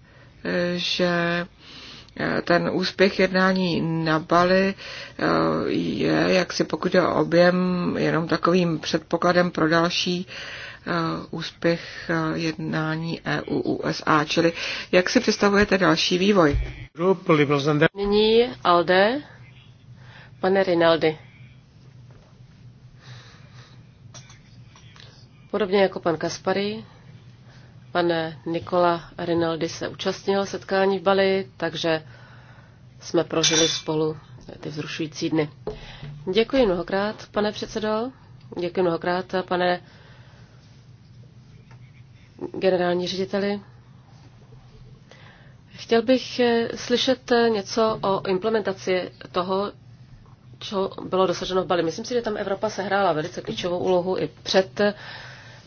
eh, že ten úspěch jednání na Bali je, jak si pokud je objem, jenom takovým předpokladem pro další úspěch jednání EU-USA, čili jak si představujete další vývoj? Nyní Alde, pane Rinaldi. Podobně jako pan Kaspary, pan Nikola Rinaldi se účastnil setkání v Bali, takže jsme prožili spolu ty vzrušující dny. Děkuji mnohokrát, pane předsedo. Děkuji mnohokrát, pane generální řediteli. Chtěl bych eh, slyšet eh, něco o implementaci toho, co bylo dosaženo v Bali. Myslím si, že tam Evropa sehrála velice klíčovou úlohu i před eh,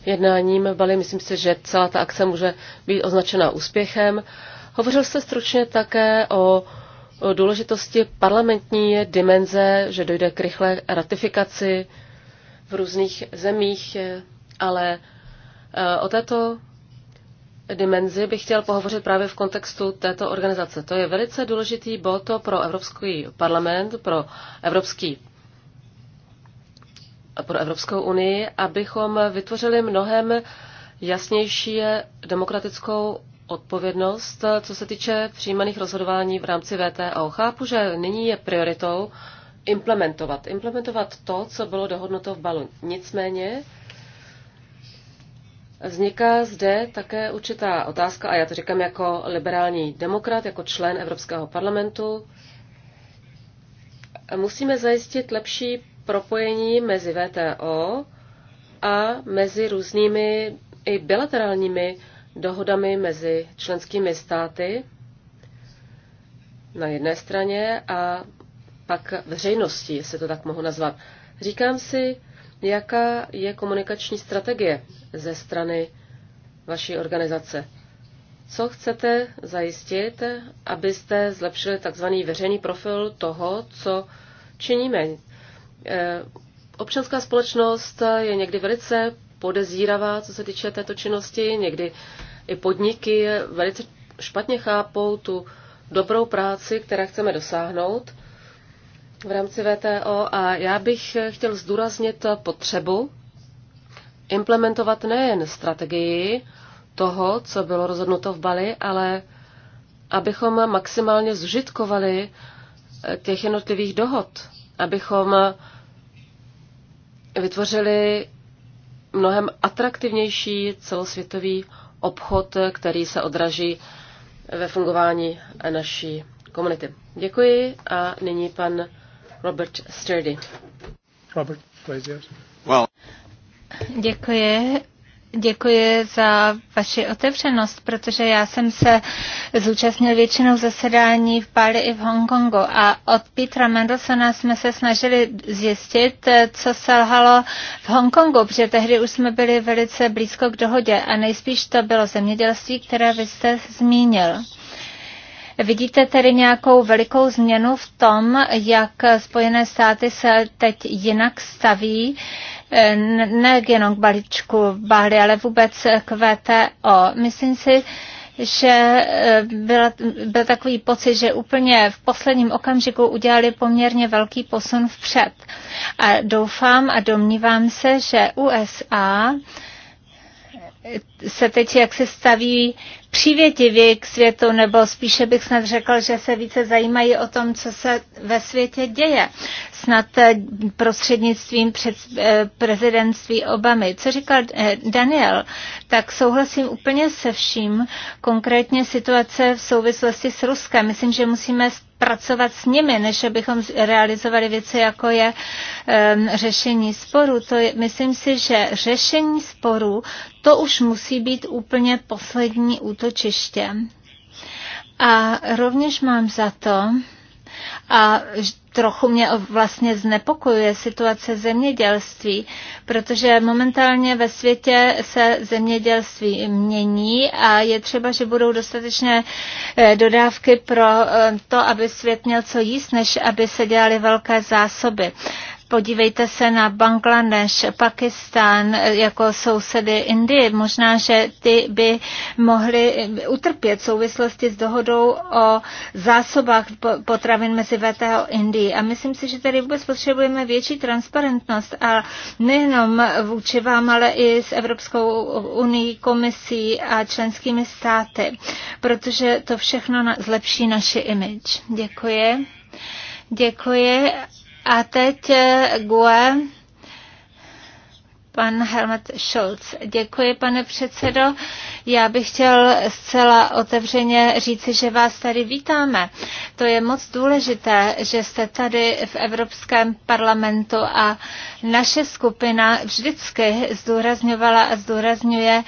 jednáním v Bali. Myslím si, že celá ta akce může být označena úspěchem. Hovořil jste stručně také o důležitosti parlamentní dimenze, že dojde k rychlé ratifikaci v různých zemích, ale Eh, o této dimenzi bych chtěl pohovořit právě v kontextu této organizace. To je velice důležitý bod pro Evropský parlament, pro Evropský pro Evropskou unii, abychom vytvořili mnohem jasnější demokratickou odpovědnost, co se týče přijímaných rozhodování v rámci VTO. Chápu, že nyní je prioritou implementovat. Implementovat to, co bylo dohodnuto v balu. Nicméně Vzniká zde také určitá otázka, a já to říkám jako liberální demokrat, jako člen Evropského parlamentu. Musíme zajistit lepší propojení mezi VTO a mezi různými i bilaterálními dohodami mezi členskými státy na jedné straně a pak veřejnosti, jestli to tak mohu nazvat. Říkám si, jaká je komunikační strategie ze strany vaší organizace. Co chcete zajistit, abyste zlepšili takzvaný veřejný profil toho, co činíme? Eh, občanská společnost je někdy velice podezíravá, co se týče této činnosti, někdy i podniky velice špatně chápou tu dobrou práci, která chceme dosáhnout v rámci VTO a já bych chtěl zdůraznit potřebu implementovat nejen strategii toho, co bylo rozhodnuto v Bali, ale abychom maximálně zužitkovali eh, těch jednotlivých dohod, abychom vytvořili mnohem atraktivnější celosvětový obchod, který se odraží ve fungování naší komunity. Děkuji a nyní pan Robert Sturdy. Robert, please, yes. well. Děkuji. Děkuji za vaši otevřenost, protože já jsem se zúčastnil většinou zasedání v Bali i v Hongkongu a od Petra Mendelsona jsme se snažili zjistit, co selhalo v Hongkongu, protože tehdy už jsme byli velice blízko k dohodě a nejspíš to bylo zemědělství, které vy jste zmínil. Vidíte tedy nějakou velikou změnu v tom, jak Spojené státy se teď jinak staví ne jenom k balíčku Bali, ale vůbec k VTO. Myslím si, že eh, byl, byl takový pocit, že úplně v posledním okamžiku udělali poměrně velký posun vpřed. A doufám a domnívám se, že USA se teď jak se staví přívětivě k světu, nebo spíše bych snad řekl, že se více zajímají o tom, co se ve světě děje. Snad eh, prostřednictvím před, eh, prezidentství Obamy. Co říkal eh, Daniel, tak souhlasím úplně se vším, konkrétně situace v souvislosti s Ruskem. Myslím, že musíme pracovat s nimi, než abychom realizovali věci, jako je um, řešení sporů. To je, myslím si, že řešení sporů to už musí být úplně poslední útočiště. A rovněž mám za to, a trochu mě vlastně znepokojuje situace zemědělství, protože momentálně ve světě se zemědělství mění a je třeba, že budou dostatečné eh, dodávky pro eh, to, aby svět měl co jíst, než aby se dělaly velké zásoby. Podívejte se na Bangladeš, Pakistán jako sousedy Indie. Možná, že ty by mohly utrpět v souvislosti s dohodou o zásobách potravin mezi VTO Indii. A myslím si, že tady vůbec potřebujeme větší transparentnost a nejenom vůči vám, ale i s Evropskou unii, komisí a členskými státy, protože to všechno zlepší naši image. Děkuji. Děkuji a teď eh, GUE, pan Helmut Scholz. Děkuji, pane předsedo. Já bych chtěl zcela otevřeně říci, že vás tady vítáme. To je moc důležité, že jste tady v Evropském parlamentu a naše skupina vždycky zdůrazňovala a zdůrazňuje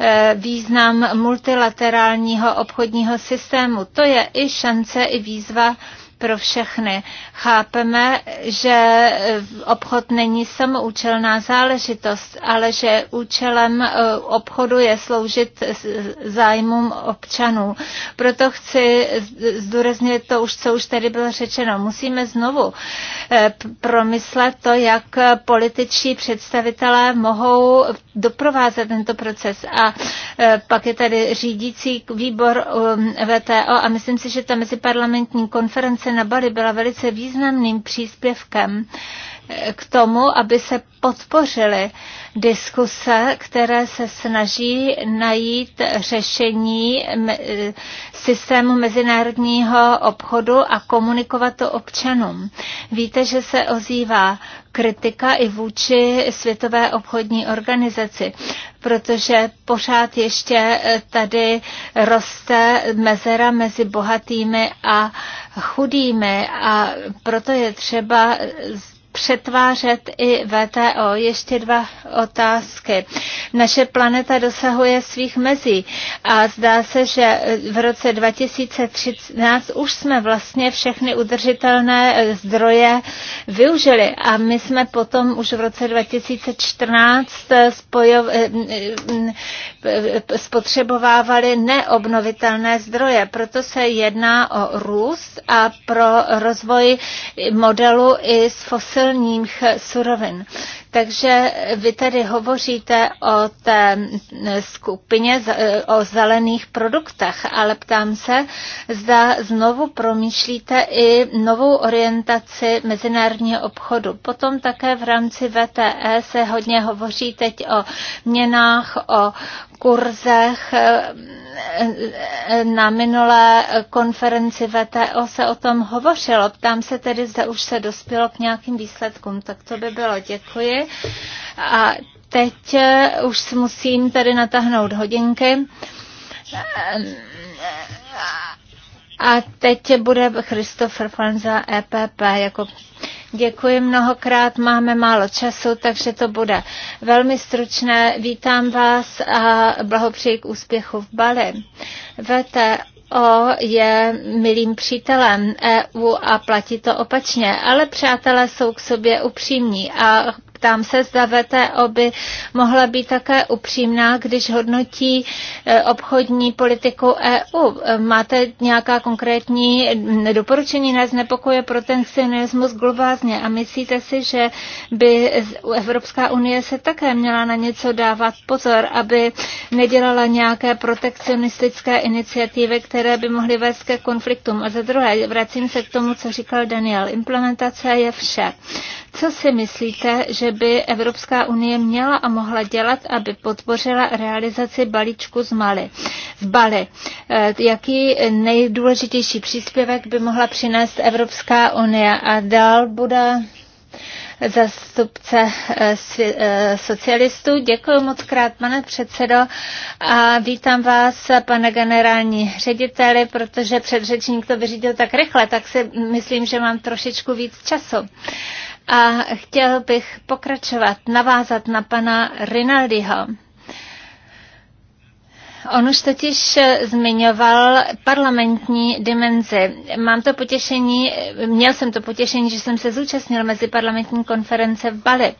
eh, význam multilaterálního obchodního systému. To je i šance, i výzva pro všechny. Chápeme, že obchod není samoučelná záležitost, ale že účelem e, obchodu je sloužit zájmům občanů. Proto chci zdůraznit to už, co už tady bylo řečeno. Musíme znovu e, promyslet to, jak političtí představitelé mohou doprovázet tento proces. A e, pak je tady řídící výbor um, VTO a myslím si, že ta meziparlamentní konference na Bali byla velice významným příspěvkem k tomu, aby se podpořily diskuse, které se snaží najít řešení e, systému mezinárodního obchodu a komunikovat to občanům. Víte, že se ozývá kritika i vůči Světové obchodní organizaci, protože pořád ještě e, tady roste mezera mezi bohatými a chudými a proto je třeba přetvářet i VTO. Ještě dva otázky. Naše planeta dosahuje svých mezí a zdá se, že v roce 2013 už jsme vlastně všechny udržitelné eh, zdroje využili a my jsme potom už v roce 2014 eh, spojo, eh, spotřebovávali neobnovitelné zdroje. Proto se jedná o růst a pro rozvoj modelu i z fosil fosilních surovin. Takže vy tedy hovoříte o té skupině o zelených produktech, ale ptám se, zda znovu promýšlíte i novou orientaci mezinárodního obchodu. Potom také v rámci VTE se hodně hovoří teď o měnách, o kurzech. Na minulé konferenci VTO se o tom hovořilo. Ptám se tedy, zda už se dospělo k nějakým výsledkům. Tak to by bylo. Děkuji. A teď eh, už si musím tady natáhnout hodinky. A teď bude Christopher Franza EPP jako Děkuji mnohokrát, máme málo času, takže to bude velmi stručné. Vítám vás a blahopřeji k úspěchu v Bali. VTO O je milým přítelem EU a platí to opačně, ale přátelé jsou k sobě upřímní a Ptám se, zda VTO by mohla být také upřímná, když hodnotí e, obchodní politiku EU. E, máte nějaká konkrétní doporučení na znepokoje protekcionismus globálně a myslíte si, že by Evropská unie se také měla na něco dávat pozor, aby nedělala nějaké protekcionistické iniciativy, které by mohly vést ke konfliktům. A za druhé, vracím se k tomu, co říkal Daniel. Implementace je vše. Co si myslíte, že by Evropská unie měla a mohla dělat, aby podpořila realizaci balíčku z Mali? V Bali. Eh, jaký nejdůležitější příspěvek by mohla přinést Evropská unie? A dál bude zastupce eh, eh, socialistů. Děkuji moc krát, pane předsedo, a vítám vás, pane generální řediteli, protože předřečník to vyřídil tak rychle, tak si myslím, že mám trošičku víc času. A chtěl bych pokračovat, navázat na pana Rinaldiho. On už totiž eh, zmiňoval parlamentní dimenzi. Mám to potěšení, eh, měl jsem to potěšení, že jsem se zúčastnil mezi parlamentní konference v Bali.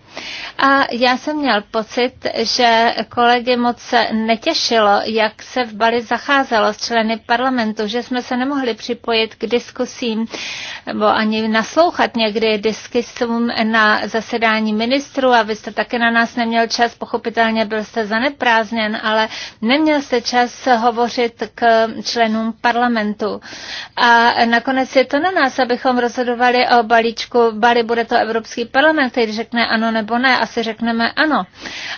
A já jsem měl pocit, že kolegy moc netěšilo, jak se v Bali zacházelo s členy parlamentu, že jsme se nemohli připojit k diskusím nebo ani naslouchat někdy diskusům na zasedání ministrů a vy jste také na nás neměl čas, pochopitelně byl jste zaneprázdněn, ale neměl jste máte čas hovořit k členům parlamentu. A nakonec je to na nás, abychom rozhodovali o balíčku. Bali bude to Evropský parlament, který řekne ano nebo ne, asi řekneme ano.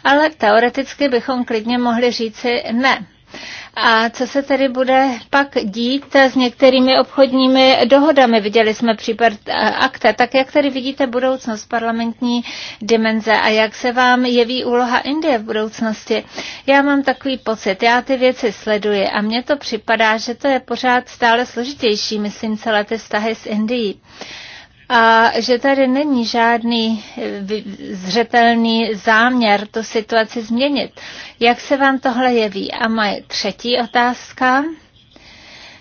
Ale teoreticky bychom klidně mohli říci ne. A co se tedy bude pak dít s některými obchodními dohodami? Viděli jsme případ eh, akta. Tak jak tedy vidíte budoucnost parlamentní dimenze a jak se vám jeví úloha Indie v budoucnosti? Já mám takový pocit, já ty věci sleduji a mně to připadá, že to je pořád stále složitější, myslím, celé ty vztahy s Indií a že tady není žádný eh, zřetelný záměr tu situaci změnit. Jak se vám tohle jeví? A moje třetí otázka.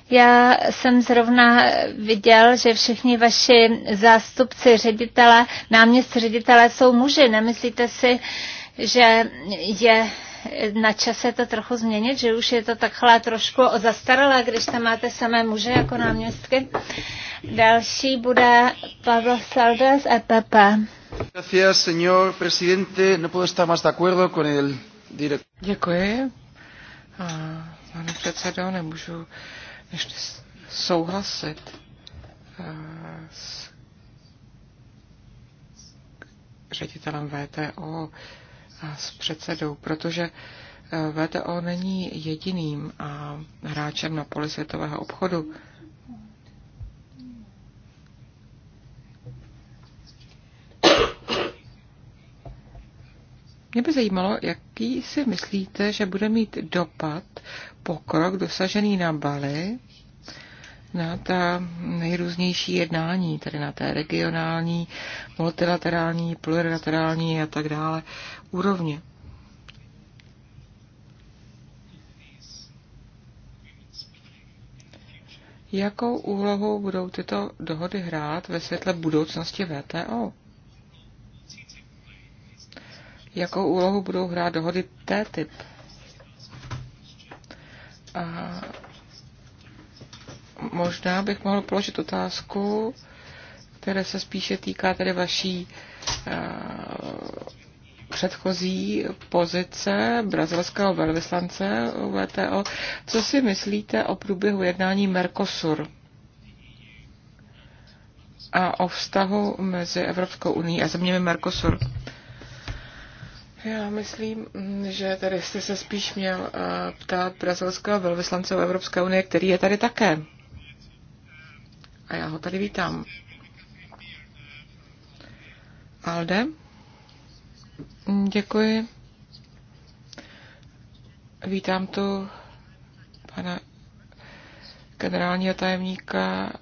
Já jsem zrovna viděl, že všichni vaši zástupci ředitele, náměstci ředitele jsou muži. Nemyslíte si, že je na čase to trochu změnit, že už je to takhle trošku zastaralé, když tam máte samé muže jako náměstky. Další bude Pablo Salda z EPP. Gracias, señor presidente. No puedo estar más de acuerdo con el director. Děkuji. Pane předsedo, nemůžu než souhlasit e, s ředitelem VTO s předsedou, protože eh, VTO není jediným hráčem na poli světového obchodu. Mě by zajímalo, jaký si myslíte, že bude mít dopad pokrok dosažený na Bali na ta nejrůznější jednání, tedy na té regionální, multilaterální, plurilaterální a tak dále úrovně. Jakou úlohu budou tyto dohody hrát ve světle budoucnosti VTO? Jakou úlohu budou hrát dohody T-typ? možná bych mohl položit otázku, která se spíše týká tedy vaší eh, předchozí pozice brazilského velvyslance VTO. Co si myslíte o průběhu jednání Mercosur a o vztahu mezi Evropskou unii a zeměmi Mercosur? Já myslím, že tady jste se spíš měl eh, ptát brazilského velvyslance Evropské unie, který je tady také a já ho tady vítám. Alde, děkuji. Vítám tu pana generálního tajemníka.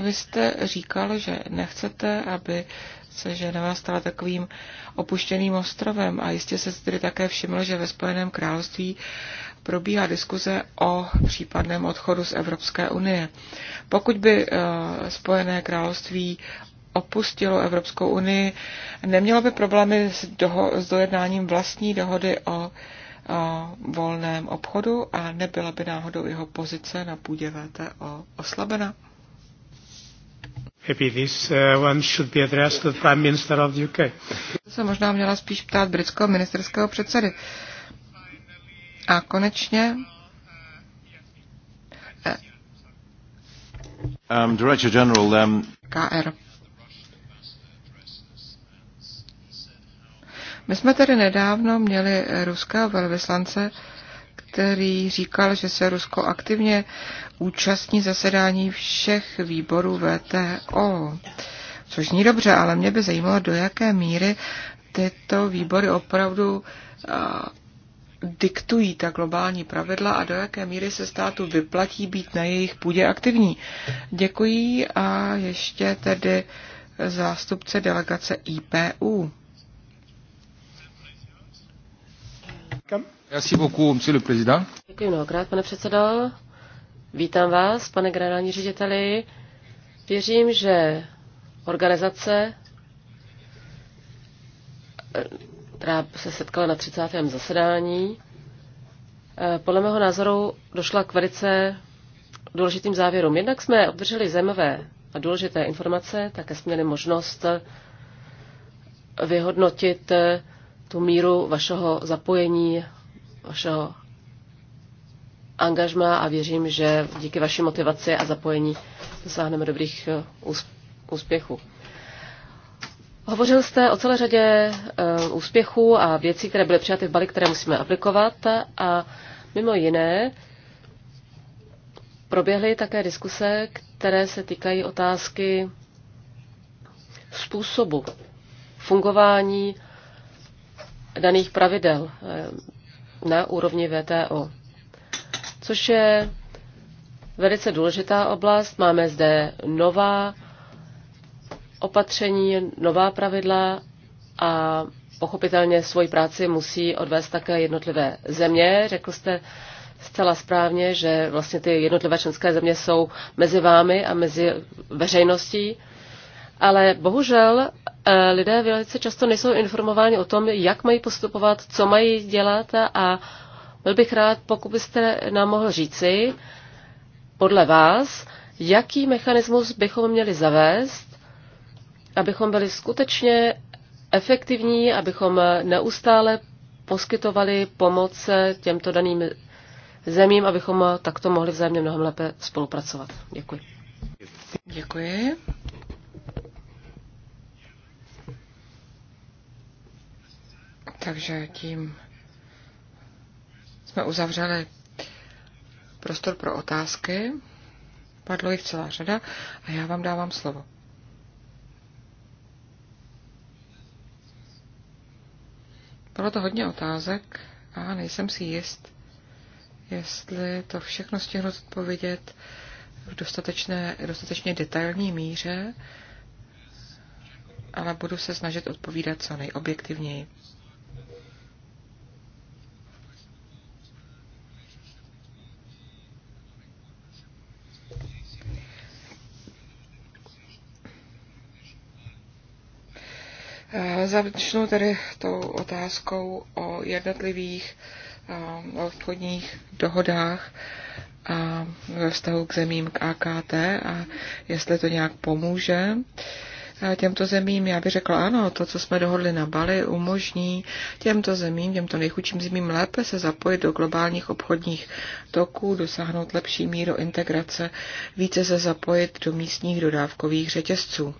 Vy jste říkal, že nechcete, aby se Ženeva stala takovým opuštěným ostrovem a jistě se tedy také všiml, že ve Spojeném království probíhá diskuze o případném odchodu z Evropské unie. Pokud by eh, Spojené království opustilo Evropskou unii, nemělo by problémy s, doho- s dojednáním vlastní dohody o, o volném obchodu a nebyla by náhodou jeho pozice na půdě VTO oslabena? Eh, to se možná měla spíš ptát britského ministerského předsedy. A konečně eh, um, Director General um... KR. My jsme tady nedávno měli ruského velvyslance, který říkal, že se Rusko aktivně účastní zasedání všech výborů VTO. Což zní dobře, ale mě by zajímalo, do jaké míry tyto výbory opravdu eh, diktují ta globální pravidla a do jaké míry se státu vyplatí být na jejich půdě aktivní. Děkuji a ještě tedy zástupce delegace IPU. Děkuji mnohokrát, pane předsedo. Vítám vás, pane generální řediteli. Věřím, že organizace která se setkala na 30. zasedání, eh, podle mého názoru došla k velice důležitým závěrům. Jednak jsme obdrželi zajímavé a důležité informace, také jsme měli možnost vyhodnotit eh, tu míru vašeho zapojení, vašeho angažma a věřím, že díky vaší motivaci a zapojení dosáhneme dobrých eh, úspěchů. Hovořil jste o celé řadě uh, úspěchů a věcí, které byly přijaty v Bali, které musíme aplikovat a mimo jiné proběhly také diskuse, které se týkají otázky způsobu fungování daných pravidel eh, na úrovni VTO, což je velice důležitá oblast. Máme zde nová opatření, nová pravidla a pochopitelně svoji práci musí odvést také jednotlivé země. Řekl jste zcela správně, že vlastně ty jednotlivé členské země jsou mezi vámi a mezi veřejností, ale bohužel eh, lidé velice často nejsou informováni o tom, jak mají postupovat, co mají dělat a byl bych rád, pokud byste nám mohl říci, podle vás, jaký mechanismus bychom měli zavést, abychom byli skutečně efektivní, abychom neustále poskytovali pomoc těmto daným zemím, abychom takto mohli vzájemně mnohem lépe spolupracovat. Děkuji. Děkuji. Takže tím jsme uzavřeli prostor pro otázky. Padlo jich celá řada a já vám dávám slovo. Bylo to hodně otázek a nejsem si jist, jestli to všechno stihnu odpovědět v dostatečné, dostatečně detailní míře, ale budu se snažit odpovídat co nejobjektivněji. Eh, začnu tedy tou otázkou o jednotlivých eh, obchodních dohodách a ve vztahu k zemím k AKT a jestli to nějak pomůže eh, těmto zemím, já bych řekla ano, to, co jsme dohodli na Bali, umožní těmto zemím, těmto nejchudším zemím lépe se zapojit do globálních obchodních toků, dosáhnout lepší míru integrace, více se zapojit do místních dodávkových řetězců.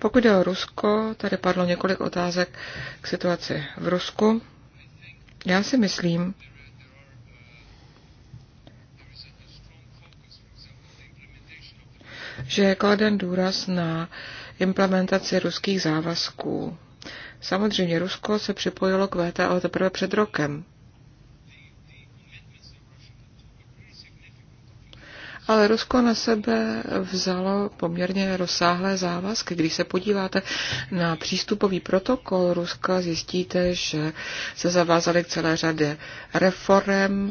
Pokud jde o Rusko, tady padlo několik otázek k situaci v Rusku. Já si myslím, že je kladen důraz na implementaci ruských závazků. Samozřejmě Rusko se připojilo k VTO teprve před rokem. ale Rusko na sebe vzalo poměrně rozsáhlé závazky. Když se podíváte na přístupový protokol Ruska, zjistíte, že se zavázali k celé řadě reform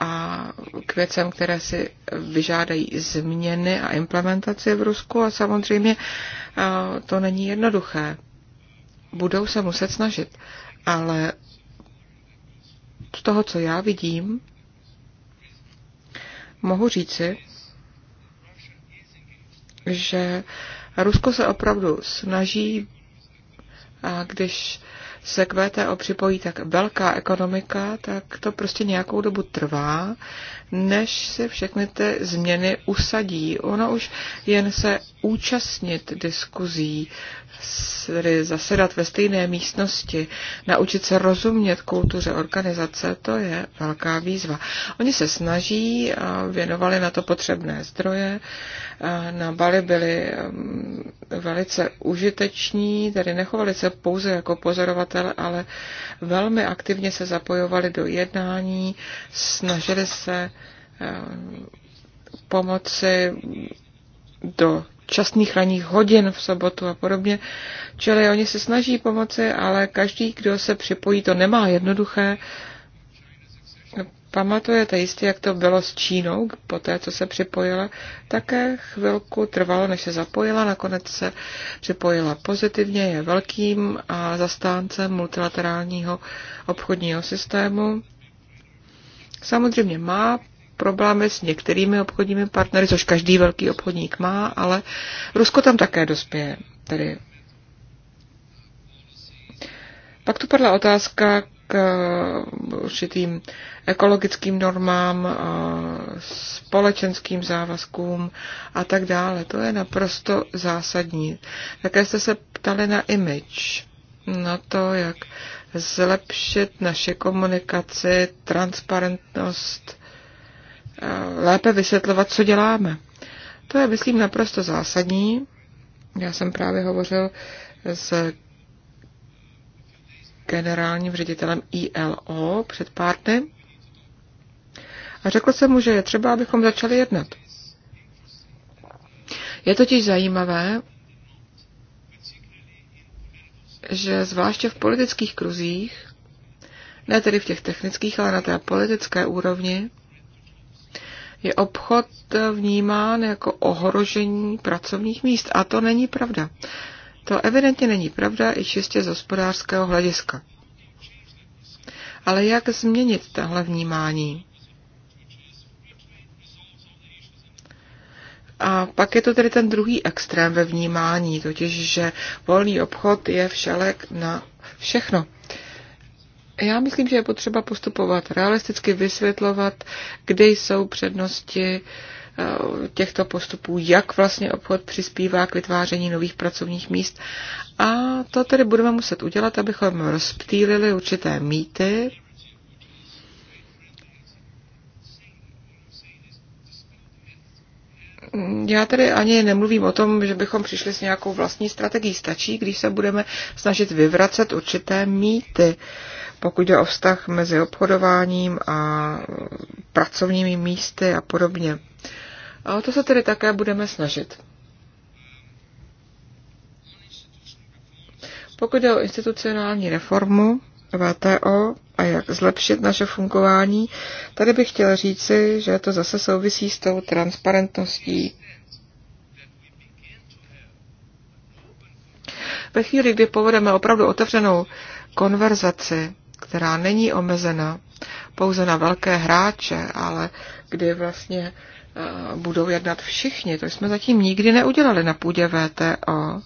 a k věcem, které si vyžádají změny a implementaci v Rusku a samozřejmě to není jednoduché. Budou se muset snažit, ale z toho, co já vidím, mohu říci, že Rusko se opravdu snaží, a když se k VTO připojí tak velká ekonomika, tak to prostě nějakou dobu trvá, než se všechny ty změny usadí. Ono už jen se účastnit diskuzí, tedy zasedat ve stejné místnosti, naučit se rozumět kultuře organizace, to je velká výzva. Oni se snaží, věnovali na to potřebné zdroje, na Bali byli um, velice užiteční, tedy nechovali se pouze jako pozorovatel, ale velmi aktivně se zapojovali do jednání, snažili se um, pomoci do včasných ranních hodin v sobotu a podobně. Čili oni se snaží pomoci, ale každý, kdo se připojí, to nemá jednoduché. Pamatujete jistě, jak to bylo s Čínou, po té, co se připojila, také chvilku trvalo, než se zapojila, nakonec se připojila pozitivně, je velkým a zastáncem multilaterálního obchodního systému. Samozřejmě má problémy s některými obchodními partnery, což každý velký obchodník má, ale Rusko tam také dospěje. Tedy. Pak tu padla otázka k eh, určitým ekologickým normám, eh, společenským závazkům a tak dále. To je naprosto zásadní. Také jste se ptali na image, na to, jak zlepšit naše komunikaci, transparentnost, lépe vysvětlovat, co děláme. To je, myslím, naprosto zásadní. Já jsem právě hovořil s generálním ředitelem ILO před pár dny a řekl jsem mu, že je třeba, abychom začali jednat. Je totiž zajímavé, že zvláště v politických kruzích, ne tedy v těch technických, ale na té politické úrovni, je obchod vnímán jako ohrožení pracovních míst. A to není pravda. To evidentně není pravda i čistě z hospodářského hlediska. Ale jak změnit tahle vnímání? A pak je to tedy ten druhý extrém ve vnímání, totiž, že volný obchod je všelek na všechno. Já myslím, že je potřeba postupovat realisticky, vysvětlovat, kde jsou přednosti eh, těchto postupů, jak vlastně obchod přispívá k vytváření nových pracovních míst. A to tedy budeme muset udělat, abychom rozptýlili určité mýty, já tedy ani nemluvím o tom, že bychom přišli s nějakou vlastní strategií. Stačí, když se budeme snažit vyvracet určité mýty pokud jde o vztah mezi obchodováním a pracovními místy a podobně. A o to se tedy také budeme snažit. Pokud jde o institucionální reformu VTO a jak zlepšit naše fungování, tady bych chtěla říci, že to zase souvisí s tou transparentností. Ve chvíli, kdy povedeme opravdu otevřenou konverzaci která není omezena pouze na velké hráče, ale kdy vlastně eh, budou jednat všichni. To jsme zatím nikdy neudělali na půdě VTO,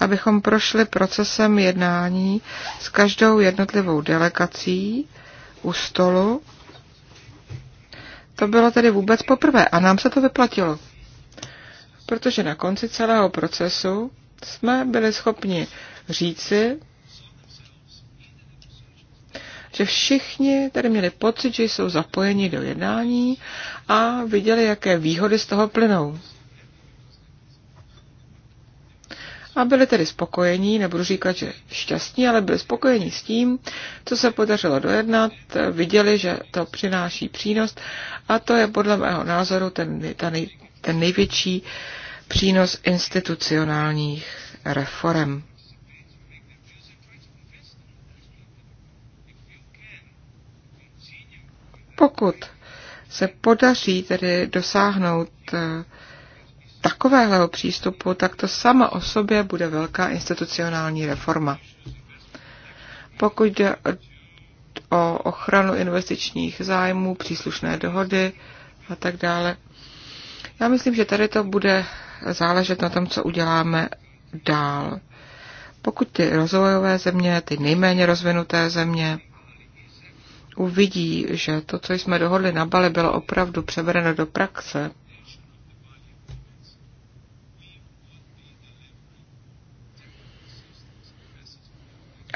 abychom prošli procesem jednání s každou jednotlivou delegací u stolu. To bylo tedy vůbec poprvé a nám se to vyplatilo, protože na konci celého procesu jsme byli schopni říci, že všichni tady měli pocit, že jsou zapojeni do jednání a viděli, jaké výhody z toho plynou. A byli tedy spokojení, nebudu říkat, že šťastní, ale byli spokojení s tím, co se podařilo dojednat, viděli, že to přináší přínos a to je podle mého názoru ten, ten, ten největší přínos institucionálních reform. Pokud se podaří tedy dosáhnout eh, takového přístupu, tak to sama o sobě bude velká institucionální reforma. Pokud jde o ochranu investičních zájmů, příslušné dohody a tak dále, já myslím, že tady to bude záležet na tom, co uděláme dál. Pokud ty rozvojové země, ty nejméně rozvinuté země, uvidí, že to, co jsme dohodli na Bali, bylo opravdu převedeno do praxe,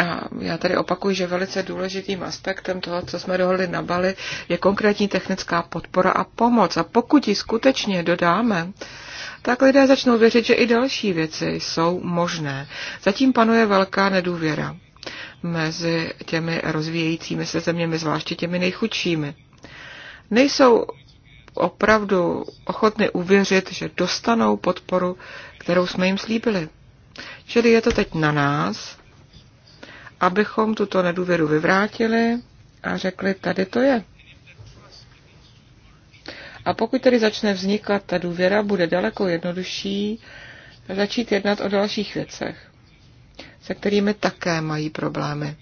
A já tady opakuju, že velice důležitým aspektem toho, co jsme dohodli na Bali, je konkrétní technická podpora a pomoc. A pokud ji skutečně dodáme, tak lidé začnou věřit, že i další věci jsou možné. Zatím panuje velká nedůvěra mezi těmi rozvíjejícími se zeměmi, zvláště těmi nejchudšími. Nejsou opravdu ochotny uvěřit, že dostanou podporu, kterou jsme jim slíbili. Čili je to teď na nás, abychom tuto nedůvěru vyvrátili a řekli, tady to je. A pokud tedy začne vznikat ta důvěra, bude daleko jednodušší začít jednat o dalších věcech se kterými také mají problémy.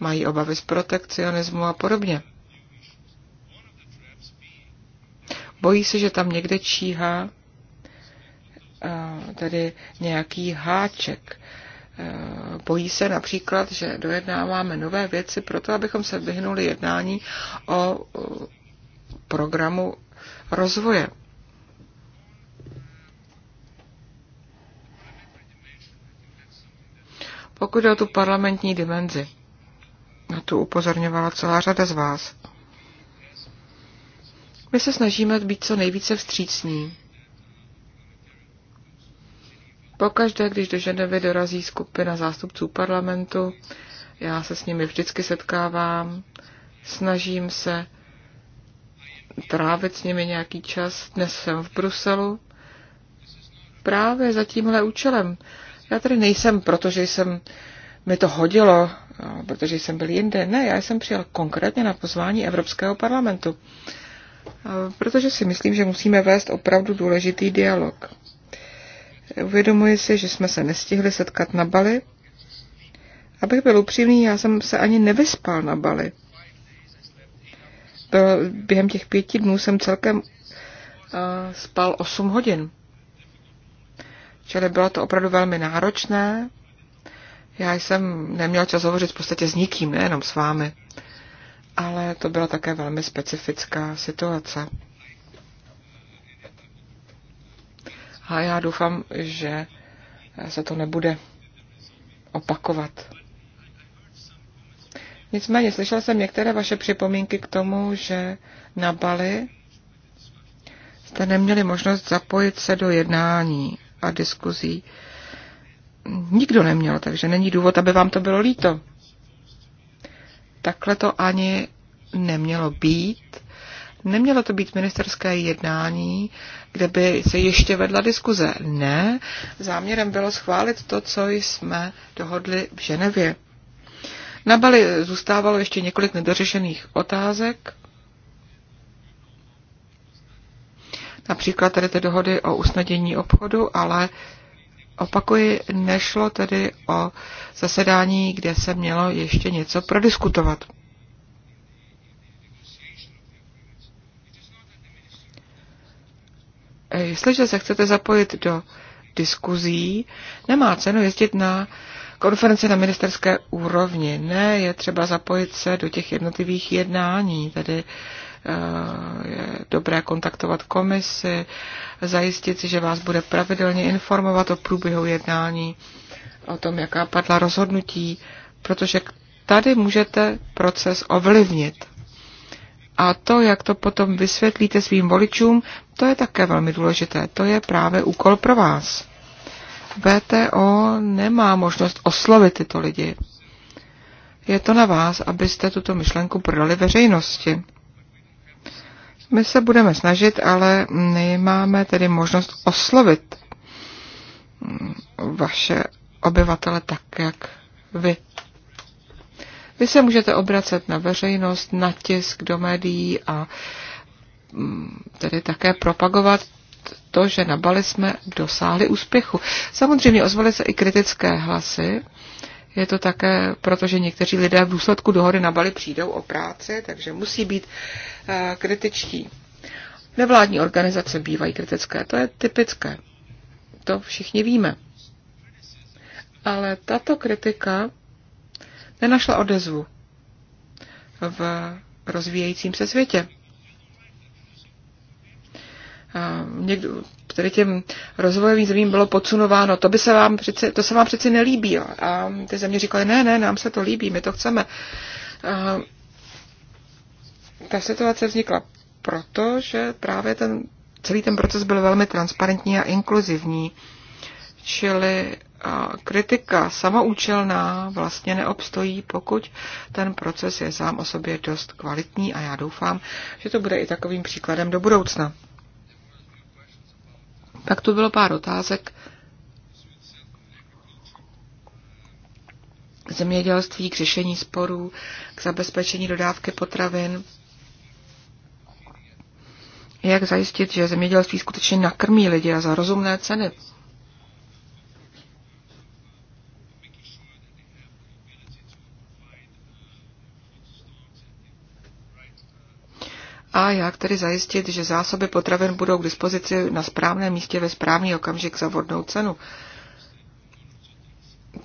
Mají obavy z protekcionismu a podobně. Bojí se, že tam někde číhá eh, tedy nějaký háček. Eh, bojí se například, že dojednáváme nové věci proto, abychom se vyhnuli jednání o eh, programu rozvoje. Pokud jde o tu parlamentní dimenzi, na tu upozorňovala celá řada z vás. My se snažíme být co nejvíce vstřícní. Pokaždé, když do Ženevy dorazí skupina zástupců parlamentu, já se s nimi vždycky setkávám, snažím se trávit s nimi nějaký čas. Dnes jsem v Bruselu právě za tímhle účelem. Já tady nejsem, protože jsem mi to hodilo, no, protože jsem byl jinde. Ne, já jsem přijel konkrétně na pozvání Evropského parlamentu, protože si myslím, že musíme vést opravdu důležitý dialog. Uvědomuji si, že jsme se nestihli setkat na Bali. Abych byl upřímný, já jsem se ani nevyspal na Bali. Byl, během těch pěti dnů jsem celkem spal 8 hodin. Čili bylo to opravdu velmi náročné. Já jsem neměl čas hovořit v podstatě s nikým, nejenom s vámi. Ale to byla také velmi specifická situace. A já doufám, že se to nebude opakovat. Nicméně slyšel jsem některé vaše připomínky k tomu, že na Bali jste neměli možnost zapojit se do jednání a diskuzí nikdo neměl, takže není důvod, aby vám to bylo líto. Takhle to ani nemělo být. Nemělo to být ministerské jednání, kde by se ještě vedla diskuze. Ne, záměrem bylo schválit to, co jsme dohodli v Ženevě. Na Bali zůstávalo ještě několik nedořešených otázek. například tady ty dohody o usnadění obchodu, ale opakuji, nešlo tedy o zasedání, kde se mělo ještě něco prodiskutovat. Jestliže se chcete zapojit do diskuzí, nemá cenu jezdit na konference na ministerské úrovni. Ne, je třeba zapojit se do těch jednotlivých jednání, tedy Eh, je dobré kontaktovat komisi, zajistit si, že vás bude pravidelně informovat o průběhu jednání, o tom, jaká padla rozhodnutí, protože tady můžete proces ovlivnit. A to, jak to potom vysvětlíte svým voličům, to je také velmi důležité. To je právě úkol pro vás. VTO nemá možnost oslovit tyto lidi. Je to na vás, abyste tuto myšlenku prodali veřejnosti. My se budeme snažit, ale nemáme tedy možnost oslovit vaše obyvatele tak, jak vy. Vy se můžete obracet na veřejnost, na tisk, do médií a mm, tedy také propagovat to, že na Bali jsme dosáhli úspěchu. Samozřejmě ozvaly se i kritické hlasy, je to také proto, že někteří lidé v důsledku dohody na Bali přijdou o práci, takže musí být eh, kritičtí. Nevládní organizace bývají kritické, to je typické. To všichni víme. Ale tato kritika nenašla odezvu v rozvíjejícím se světě. Eh, někdo, tedy těm rozvojovým zemím bylo podsunováno. To, by se vám přeci, to se vám přeci nelíbí. A ty země říkaly, ne, ne, nám se to líbí, my to chceme. A ta situace vznikla proto, že právě ten, celý ten proces byl velmi transparentní a inkluzivní. Čili kritika samoučelná vlastně neobstojí, pokud ten proces je sám o sobě dost kvalitní a já doufám, že to bude i takovým příkladem do budoucna. Pak tu bylo pár otázek. Zemědělství k řešení sporů, k zabezpečení dodávky potravin. Jak zajistit, že zemědělství skutečně nakrmí lidi a za rozumné ceny? a jak tedy zajistit, že zásoby potravin budou k dispozici na správném místě ve správný okamžik za vodnou cenu.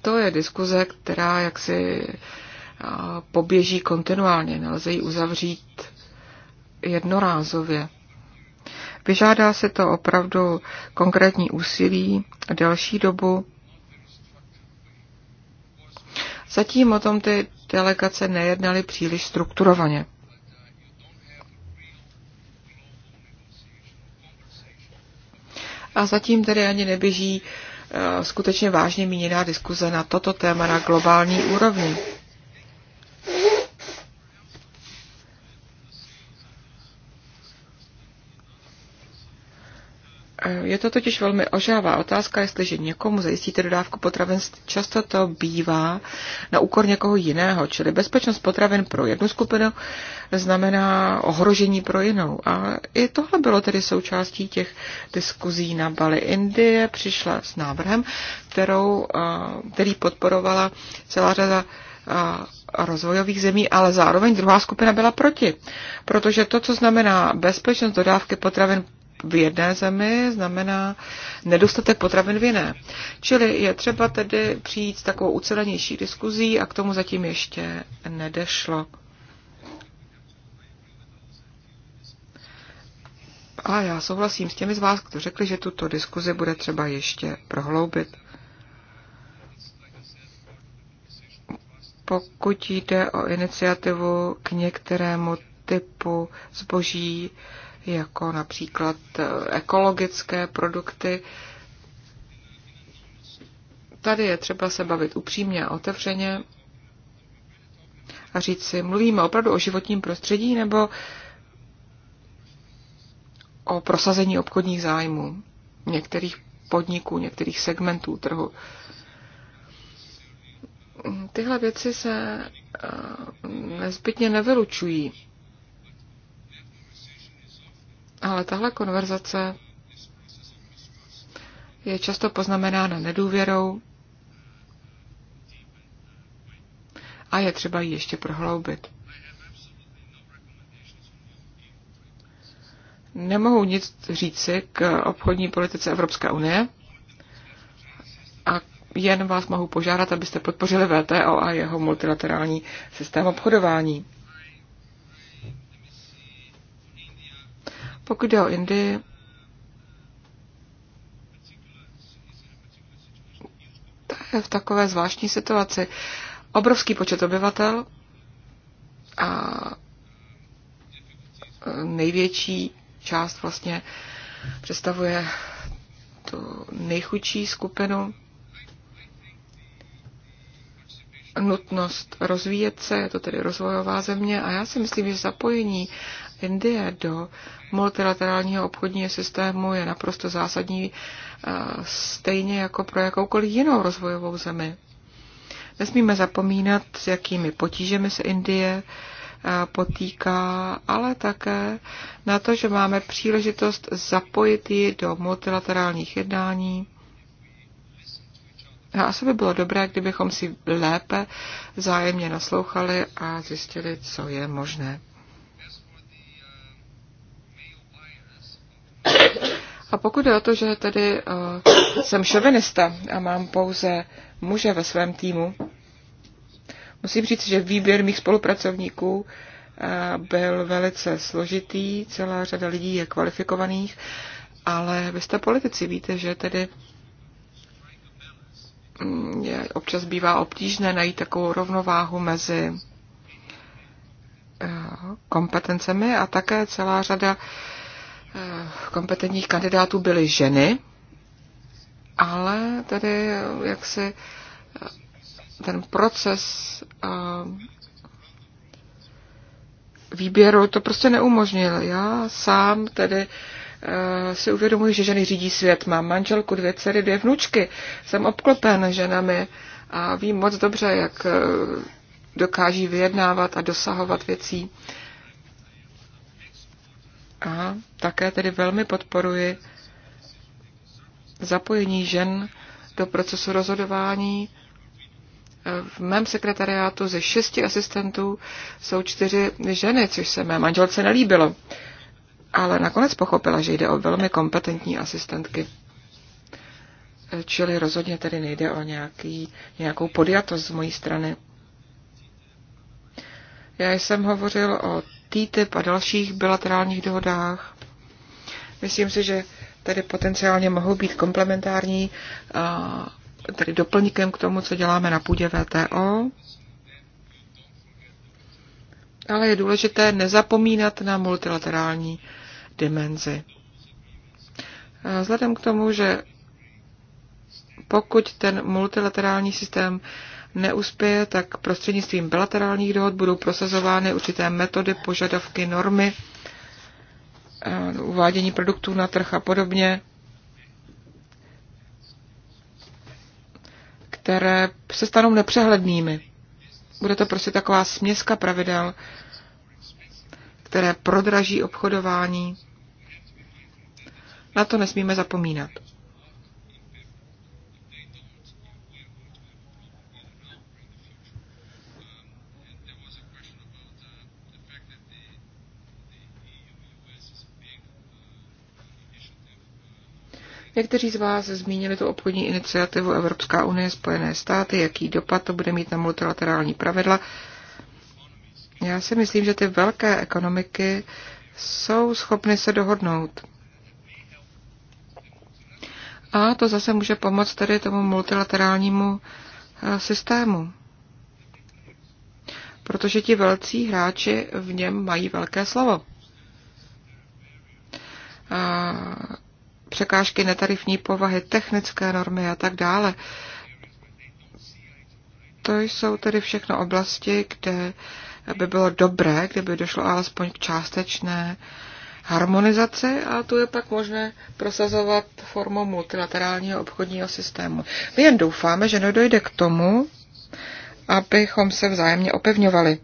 To je diskuze, která jaksi poběží kontinuálně, nelze ji uzavřít jednorázově. Vyžádá se to opravdu konkrétní úsilí a delší dobu. Zatím o tom ty delegace nejednaly příliš strukturovaně. a zatím tedy ani neběží eh, skutečně vážně míněná diskuze na toto téma na globální úrovni. Eh, je to totiž velmi ožává otázka, jestliže někomu zajistíte dodávku potravin, často to bývá na úkor někoho jiného, čili bezpečnost potravin pro jednu skupinu znamená ohrožení pro jinou. A i tohle bylo tedy součástí těch diskuzí na Bali. Indie přišla s návrhem, kterou, eh, který podporovala celá řada eh, rozvojových zemí, ale zároveň druhá skupina byla proti. Protože to, co znamená bezpečnost dodávky potravin v jedné zemi znamená nedostatek potravin v jiné. Čili je třeba tedy přijít s takovou ucelenější diskuzí a k tomu zatím ještě nedešlo. A já souhlasím s těmi z vás, kteří řekli, že tuto diskuzi bude třeba ještě prohloubit. Pokud jde o iniciativu k některému typu zboží, jako například eh, ekologické produkty. Tady je třeba se bavit upřímně a otevřeně a říct si, mluvíme opravdu o životním prostředí nebo o prosazení obchodních zájmů některých podniků, některých segmentů trhu. Tyhle věci se eh, nezbytně nevylučují. Ale tahle konverzace je často poznamenána nedůvěrou a je třeba ji ještě prohloubit. Nemohu nic říci k obchodní politice Evropské unie a jen vás mohu požádat, abyste podpořili VTO a jeho multilaterální systém obchodování. Pokud jde o Indii, to je v takové zvláštní situaci. Obrovský počet obyvatel a e, největší část vlastně představuje tu nejchudší skupinu. Nutnost rozvíjet se, je to tedy rozvojová země a já si myslím, že zapojení Indie do multilaterálního obchodního systému je naprosto zásadní, eh, stejně jako pro jakoukoliv jinou rozvojovou zemi. Nesmíme zapomínat, s jakými potížemi se Indie eh, potýká, ale také na to, že máme příležitost zapojit ji do multilaterálních jednání. A asi by bylo dobré, kdybychom si lépe zájemně naslouchali a zjistili, co je možné. A pokud je o to, že tedy uh, jsem šovinista a mám pouze muže ve svém týmu, musím říct, že výběr mých spolupracovníků uh, byl velice složitý, celá řada lidí je kvalifikovaných, ale vy jste politici, víte, že tedy mm, je, občas bývá obtížné najít takovou rovnováhu mezi eh, kompetencemi a také celá řada Eh, kompetentních kandidátů byly ženy, ale tedy eh, jaksi eh, ten proces výběru to prostě neumožnil. Já sám tedy si uvědomuji, že ženy řídí svět. Mám manželku, dvě dcery, dvě vnučky. Jsem obklopen ženami a vím moc dobře, jak dokáží vyjednávat a dosahovat věcí. A také tedy velmi podporuji zapojení žen do procesu rozhodování. V mém sekretariátu ze šesti asistentů jsou čtyři ženy, což se mé manželce nelíbilo. Ale nakonec pochopila, že jde o velmi kompetentní asistentky. Čili rozhodně tedy nejde o nějaký, nějakou podjatost z mojí strany. Já jsem hovořil o TTIP a dalších bilaterálních dohodách. Myslím si, že tady potenciálně mohou být komplementární, tedy doplňkem k tomu, co děláme na půdě VTO. Ale je důležité nezapomínat na multilaterální dimenzi. Vzhledem k tomu, že pokud ten multilaterální systém neuspěje, tak prostřednictvím bilaterálních dohod budou prosazovány určité metody, požadavky, normy, eh, uvádění produktů na trh a podobně, které se stanou nepřehlednými. Bude to prostě taková směska pravidel, které prodraží obchodování. Na to nesmíme zapomínat. Někteří z vás zmínili tu obchodní iniciativu Evropská unie, Spojené státy, jaký dopad to bude mít na multilaterální pravidla. Já si myslím, že ty velké ekonomiky jsou schopny se dohodnout. A to zase může pomoct tedy tomu multilaterálnímu eh, systému. Protože ti velcí hráči v něm mají velké slovo. A překážky netarifní povahy, technické normy a tak dále. To jsou tedy všechno oblasti, kde by bylo dobré, kdyby došlo alespoň k částečné harmonizaci a tu je pak možné prosazovat formou multilaterálního obchodního systému. My jen doufáme, že nedojde k tomu, abychom se vzájemně opevňovali,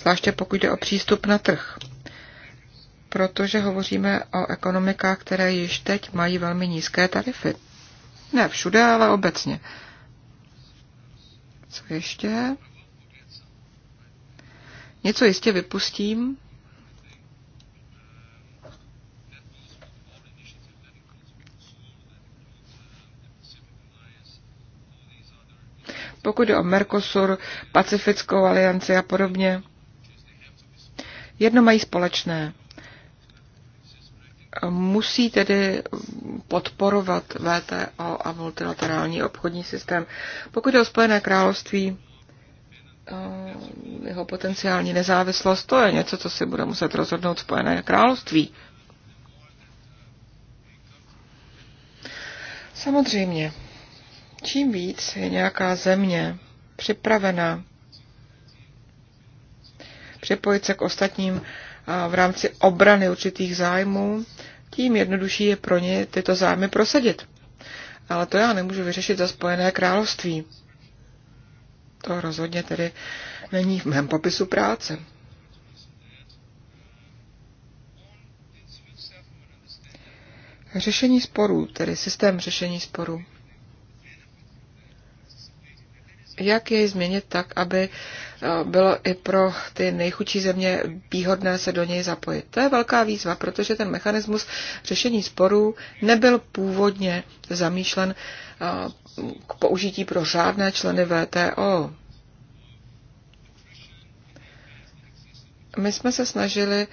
zvláště pokud jde o přístup na trh protože hovoříme o ekonomikách, které již teď mají velmi nízké tarify. Ne všude, ale obecně. Co ještě? Něco jistě vypustím. Pokud jde o Mercosur, Pacifickou alianci a podobně, jedno mají společné musí tedy podporovat VTO a multilaterální obchodní systém. Pokud je o Spojené království, eh, jeho potenciální nezávislost, to je něco, co si bude muset rozhodnout Spojené království. Samozřejmě, čím víc je nějaká země připravena připojit se k ostatním v rámci obrany určitých zájmů, tím jednodušší je pro ně tyto zájmy prosadit. Ale to já nemůžu vyřešit za Spojené království. To rozhodně tedy není v mém popisu práce. Řešení sporů, tedy systém řešení sporů. Jak jej změnit tak, aby Eh, bylo i pro ty nejchudší země výhodné se do něj zapojit. To je velká výzva, protože ten mechanismus řešení sporů nebyl původně zamýšlen eh, k použití pro řádné členy VTO. My jsme se snažili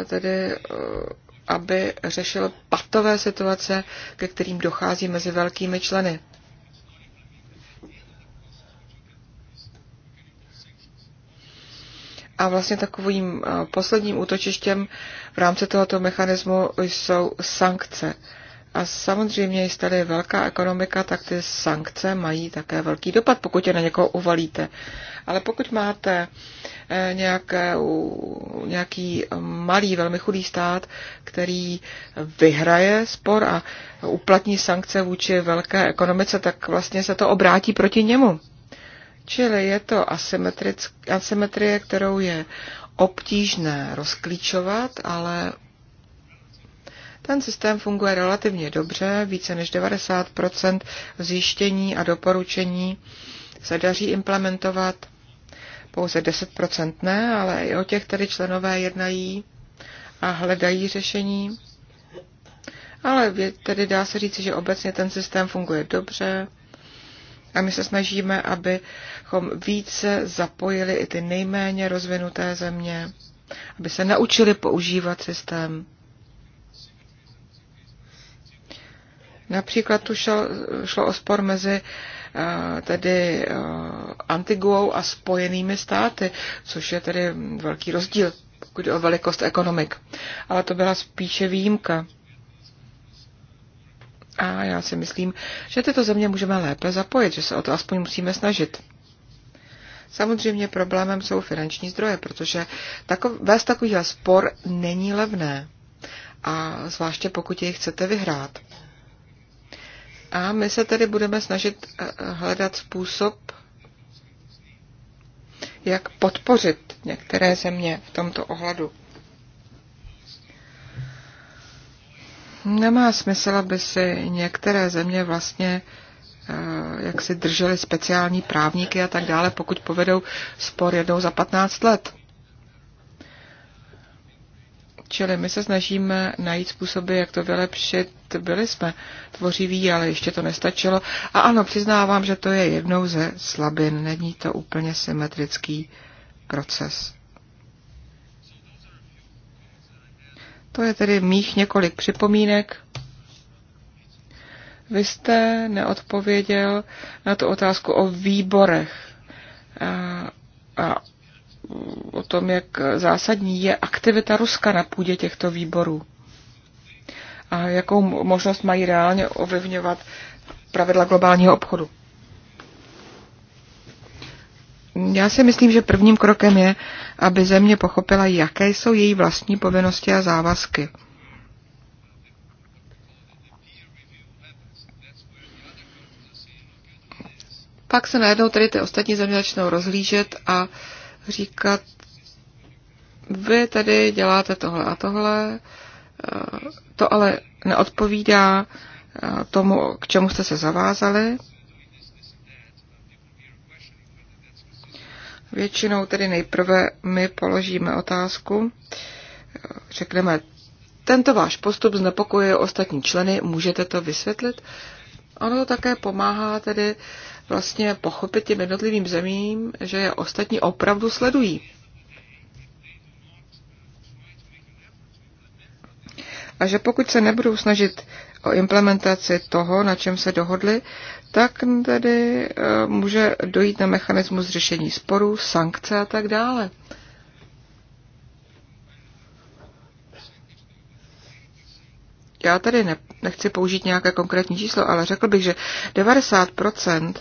eh, tedy aby řešil patové situace, ke kterým dochází mezi velkými členy. A vlastně takovým eh, posledním útočištěm v rámci tohoto mechanismu jsou sankce. A samozřejmě, jestli je velká ekonomika, tak ty sankce mají také velký dopad, pokud je na někoho uvalíte. Ale pokud máte eh, nějaké, nějaký malý, velmi chudý stát, který vyhraje spor a uplatní sankce vůči velké ekonomice, tak vlastně se to obrátí proti němu. Čili je to asymetrie, kterou je obtížné rozklíčovat, ale ten systém funguje relativně dobře, více než 90 zjištění a doporučení se daří implementovat, pouze 10 ne, ale i o těch tedy členové jednají a hledají řešení. Ale tedy dá se říct, že obecně ten systém funguje dobře a my se snažíme, aby abychom více zapojili i ty nejméně rozvinuté země, aby se naučili používat systém. Například tu šlo, šlo o spor mezi eh, tedy eh, Antiguou a Spojenými státy, což je tedy velký rozdíl, pokud je o velikost ekonomik. Ale to byla spíše výjimka. A já si myslím, že tyto země můžeme lépe zapojit, že se o to aspoň musíme snažit. Samozřejmě problémem jsou finanční zdroje, protože takov, vést takovýhle spor není levné. A zvláště pokud jej chcete vyhrát. A my se tedy budeme snažit eh, hledat způsob, jak podpořit některé země v tomto ohledu. Nemá smysl, aby si některé země vlastně uh, Eh, jak si drželi speciální právníky a tak dále, pokud povedou spor jednou za 15 let. Čili my se snažíme najít způsoby, jak to vylepšit. Byli jsme tvořiví, ale ještě to nestačilo. A ano, přiznávám, že to je jednou ze slabin. Není to úplně symetrický proces. To je tedy mých několik připomínek. Vy jste neodpověděl na tu otázku o výborech a, a o tom, jak zásadní je aktivita Ruska na půdě těchto výborů a jakou možnost mají reálně ovlivňovat pravidla globálního obchodu. Já si myslím, že prvním krokem je, aby země pochopila, jaké jsou její vlastní povinnosti a závazky. pak se najednou tady ty ostatní země začnou rozhlížet a říkat, vy tady děláte tohle a tohle, eh, to ale neodpovídá eh, tomu, k čemu jste se zavázali. Většinou tedy nejprve my položíme otázku, eh, řekneme, tento váš postup znepokojuje ostatní členy, můžete to vysvětlit? Ono také pomáhá tedy vlastně pochopit těm jednotlivým zemím, že je ostatní opravdu sledují. A že pokud se nebudou snažit o implementaci toho, na čem se dohodli, tak tedy eh, může dojít na mechanismus řešení sporů, sankce a tak dále. já tady nechci použít nějaké konkrétní číslo, ale řekl bych, že 90%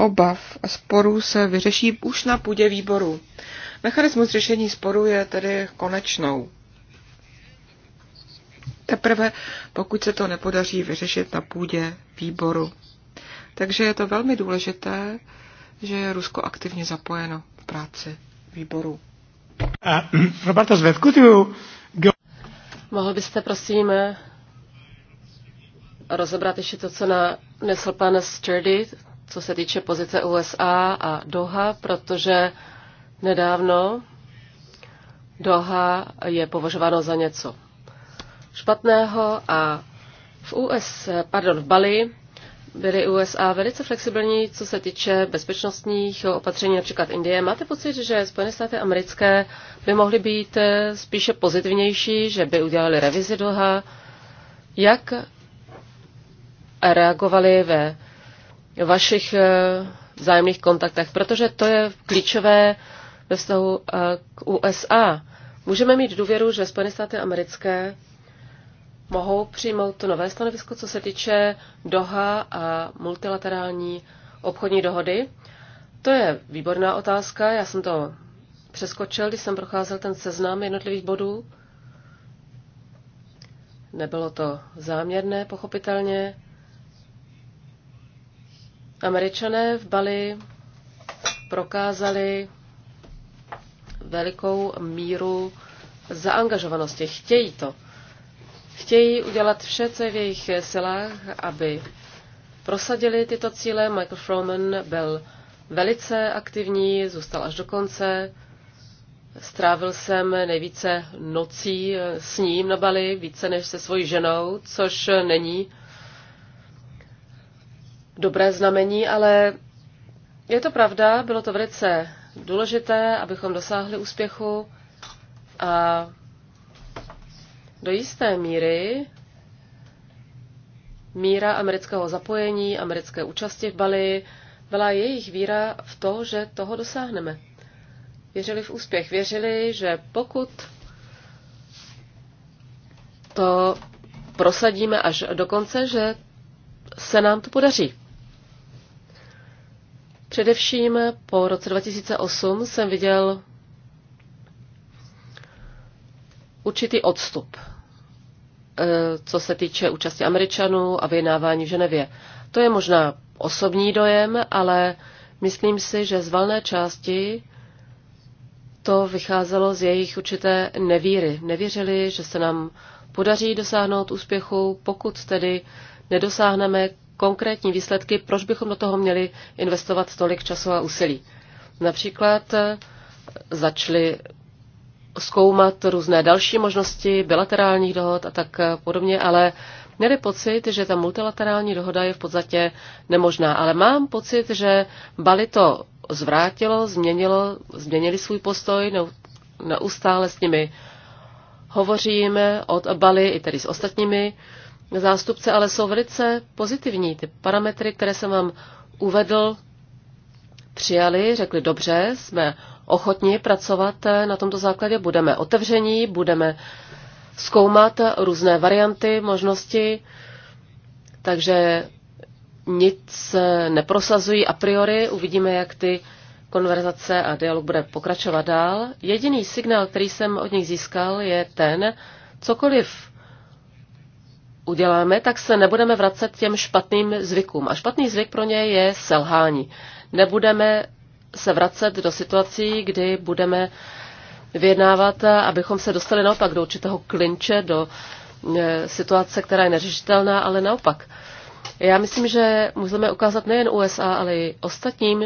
obav a sporů se vyřeší už na půdě výboru. Mechanismus řešení sporů je tedy konečnou. Teprve pokud se to nepodaří vyřešit na půdě výboru. Takže je to velmi důležité, že je Rusko aktivně zapojeno v práci výboru. Roberto Zvedkutiu. Mohl byste, prosím, rozebrat ještě to, co na nesl pan Sturdy, co se týče pozice USA a Doha, protože nedávno Doha je považováno za něco špatného a v US, pardon, v Bali byly USA velice flexibilní, co se týče bezpečnostních opatření, například Indie. Máte pocit, že Spojené státy americké by mohly být spíše pozitivnější, že by udělali revizi Doha? Jak reagovali ve vašich eh, vzájemných kontaktech, protože to je klíčové ve vztahu eh, k USA. Můžeme mít důvěru, že Spojené státy americké mohou přijmout to nové stanovisko, co se týče Doha a multilaterální obchodní dohody? To je výborná otázka. Já jsem to přeskočil, když jsem procházel ten seznam jednotlivých bodů. Nebylo to záměrné, pochopitelně. Američané v Bali prokázali velikou míru zaangažovanosti. Chtějí to. Chtějí udělat vše, co je v jejich silách, aby prosadili tyto cíle. Michael Froman byl velice aktivní, zůstal až do konce. Strávil jsem nejvíce nocí s ním na Bali, více než se svojí ženou, což není dobré znamení, ale je to pravda, bylo to velice důležité, abychom dosáhli úspěchu a do jisté míry míra amerického zapojení, americké účasti v Bali byla jejich víra v to, že toho dosáhneme. Věřili v úspěch, věřili, že pokud to prosadíme až do konce, že se nám to podaří. Především po roce 2008 jsem viděl určitý odstup, eh, co se týče účasti Američanů a vyjednávání v Ženevě. To je možná osobní dojem, ale myslím si, že z valné části to vycházelo z jejich určité nevíry. Nevěřili, že se nám podaří dosáhnout úspěchu, pokud tedy nedosáhneme konkrétní výsledky, proč bychom do toho měli investovat tolik času a úsilí. Například eh, začali zkoumat různé další možnosti bilaterálních dohod a tak eh, podobně, ale měli pocit, že ta multilaterální dohoda je v podstatě nemožná. Ale mám pocit, že Bali to zvrátilo, změnilo, změnili svůj postoj, neustále s nimi hovoříme od Bali i tedy s ostatními zástupce ale jsou velice pozitivní. Ty parametry, které jsem vám uvedl, přijali, řekli dobře, jsme ochotní pracovat eh, na tomto základě, budeme otevření, budeme zkoumat různé varianty, možnosti, takže nic eh, neprosazují a priori, uvidíme, jak ty konverzace a dialog bude pokračovat dál. Jediný signál, který jsem od nich získal, je ten, cokoliv uděláme, tak se nebudeme vracet těm špatným zvykům. A špatný zvyk pro ně je selhání. Nebudeme se vracet do situací, kdy budeme vyjednávat, abychom se dostali naopak do určitého klinče, do e, situace, která je neřešitelná, ale naopak. Já myslím, že můžeme ukázat nejen USA, ale i ostatním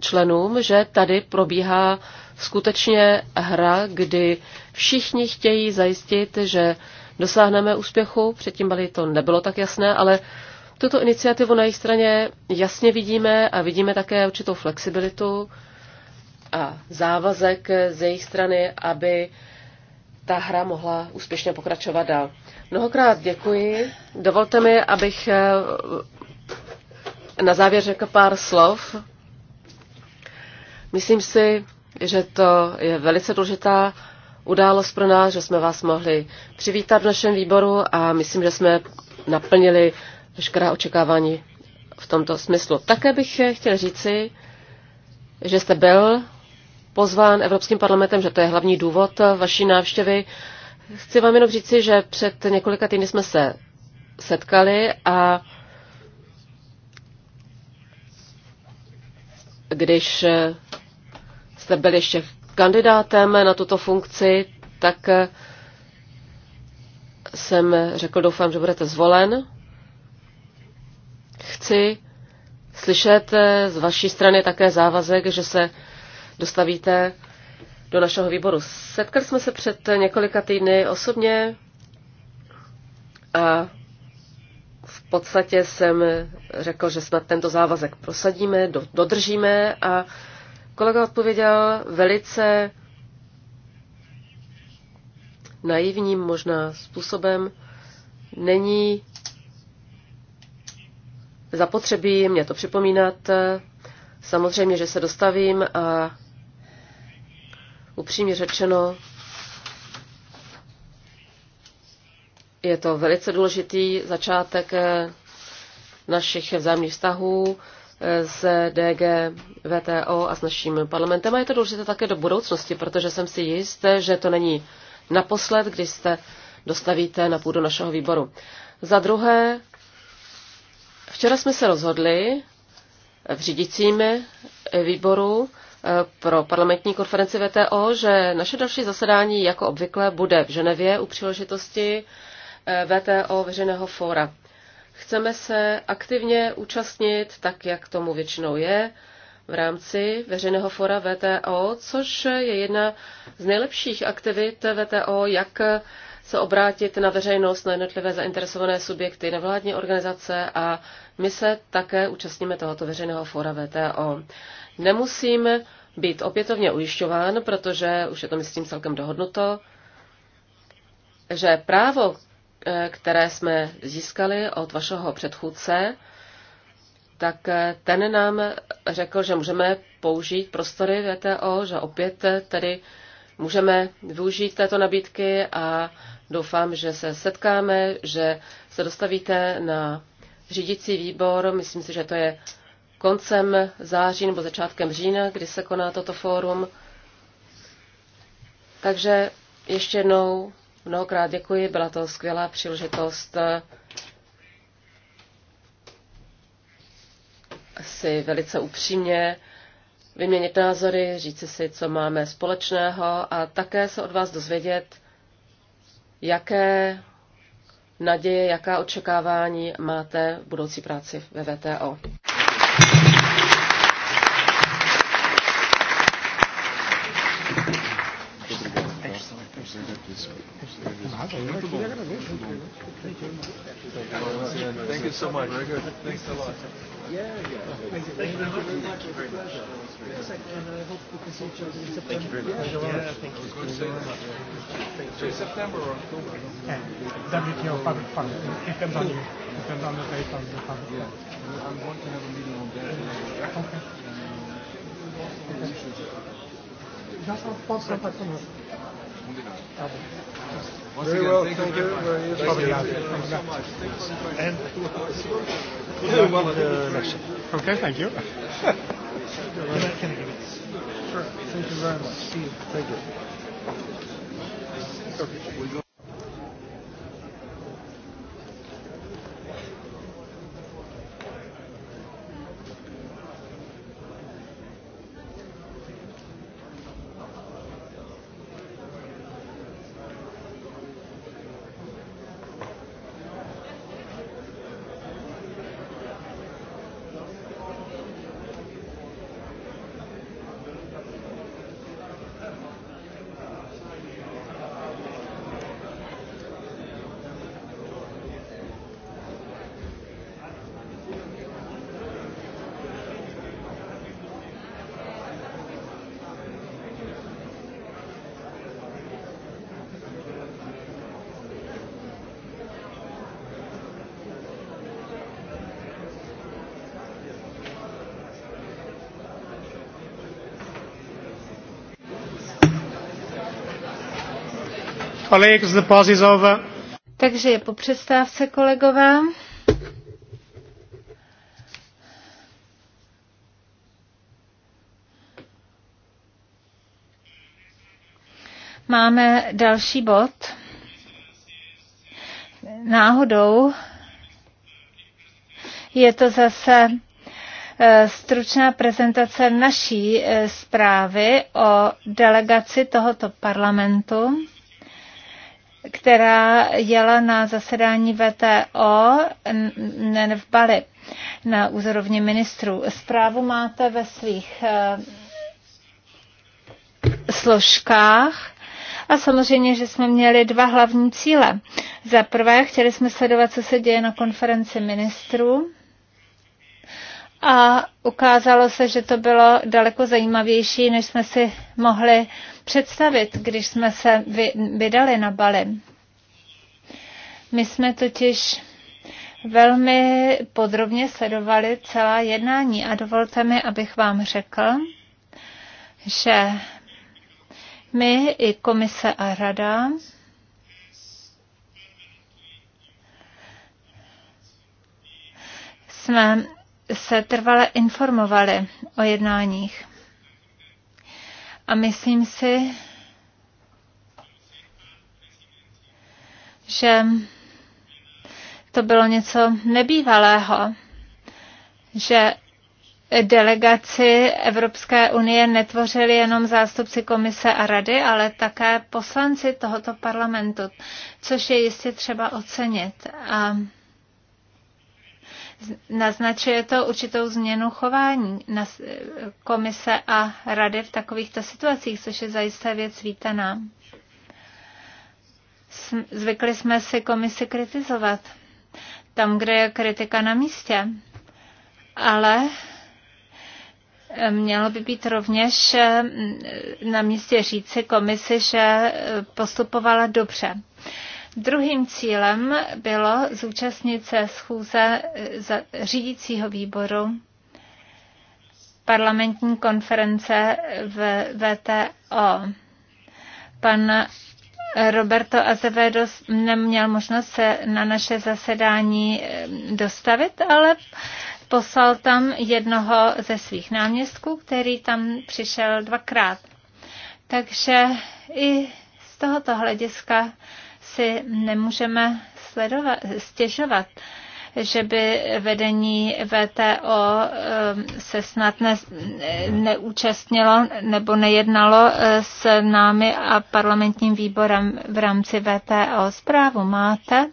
členům, že tady probíhá skutečně hra, kdy všichni chtějí zajistit, že dosáhneme úspěchu. Předtím byli to nebylo tak jasné, ale tuto iniciativu na jejich straně jasně vidíme a vidíme také určitou flexibilitu a závazek z jejich strany, aby ta hra mohla úspěšně pokračovat dál. Mnohokrát děkuji. Dovolte mi, abych eh, na závěr řekl pár slov. Myslím si, že to je velice důležitá událost pro nás, že jsme vás mohli přivítat v našem výboru a myslím, že jsme naplnili veškerá očekávání v tomto smyslu. Také bych chtěl říci, že jste byl pozván Evropským parlamentem, že to je hlavní důvod vaší návštěvy. Chci vám jenom říci, že před několika týdny jsme se setkali a když jste byl ještě kandidátem na tuto funkci, tak eh, jsem řekl, doufám, že budete zvolen. Chci slyšet eh, z vaší strany také závazek, že se dostavíte do našeho výboru. Setkali jsme se před několika týdny osobně a v podstatě jsem řekl, že snad tento závazek prosadíme, dodržíme a Kolega odpověděl velice naivním možná způsobem. Není zapotřebí mě to připomínat. Samozřejmě, že se dostavím a upřímně řečeno, je to velice důležitý začátek našich vzájemných vztahů z DG VTO a s naším parlamentem. A je to důležité také do budoucnosti, protože jsem si jist, že to není naposled, když jste dostavíte na půdu našeho výboru. Za druhé, včera jsme se rozhodli v řídicím výboru eh, pro parlamentní konferenci VTO, že naše další zasedání jako obvykle bude v Ženevě u příležitosti eh, VTO veřejného fóra. Chceme se aktivně účastnit, tak jak tomu většinou je, v rámci veřejného fora VTO, což je jedna z nejlepších aktivit VTO, jak se obrátit na veřejnost, na jednotlivé zainteresované subjekty, nevládní organizace a my se také účastníme tohoto veřejného fóra VTO. Nemusím být opětovně ujišťován, protože už je to, myslím, celkem dohodnuto, že právo Eh, které jsme získali od vašeho předchůdce, tak eh, ten nám řekl, že můžeme použít prostory VTO, že opět eh, tedy můžeme využít této nabídky a doufám, že se setkáme, že se dostavíte na řídící výbor. Myslím si, že to je koncem září nebo začátkem října, kdy se koná toto fórum. Takže ještě jednou Mnohokrát děkuji, byla to skvělá příležitost eh, si velice upřímně vyměnit názory, říci si, co máme společného a také se od vás dozvědět, jaké naděje, jaká očekávání máte v budoucí práci ve VTO. so much. Very good. Thanks a lot. Yeah, yeah. Thank you very much. Thank you very much. And I uh, hope we can see each other in September. Thank you very much. Yeah, thank you. I was going to say So September or October? Yeah. WTO public fund. Depends on you. Depends on the date of the public fund. Yeah. I'm going to have a meeting on that. Okay. Uh, Just one point. Once very again, well, thank, thank you very much. Thank you. Thank you so much. And good luck with the election. Okay, thank you. Sure. Thank you very much. See you. Thank you. Okay. colleagues, the pause is over. Takže je po přestávce, kolegové. Máme další bod. Náhodou je to zase eh, stručná prezentace naší eh, zprávy o delegaci tohoto parlamentu která jela na zasedání VTO v Bali na úzorovně ministrů. Zprávu máte ve svých eh, složkách. A samozřejmě, že jsme měli dva hlavní cíle. Za prvé, chtěli jsme sledovat, co se děje na konferenci ministrů. A ukázalo se, že to bylo daleko zajímavější, než jsme si mohli uh, představit, když jsme se vydali na Bali. My jsme totiž velmi podrobně sledovali celá jednání a dovolte mi, abych vám řekl, že my i komise a rada jsme se trvale informovali o jednáních. A myslím si, že to bylo něco nebývalého, že delegaci Evropské unie netvořili jenom zástupci komise a rady, ale také poslanci tohoto parlamentu, což je jistě třeba ocenit. A Naznačuje to určitou změnu chování na komise a rady v takovýchto situacích, což je zajisté věc vítaná. Zvykli jsme si komisi kritizovat tam, kde je kritika na místě. Ale eh, mělo by být rovněž eh, na místě říci komisi, že eh, postupovala dobře. Druhým cílem bylo zúčastnit se schůze eh, řídícího výboru parlamentní konference v VTO. Pan Roberto Azevedo neměl možnost se na naše zasedání eh, dostavit, ale poslal tam jednoho ze svých náměstků, který tam přišel dvakrát. Takže i z tohoto hlediska si nemůžeme sledovat, stěžovat že by vedení VTO ehm, se snad ne, neúčastnilo nebo nejednalo eh, s námi a parlamentním výborem v rámci VTO. Zprávu máte.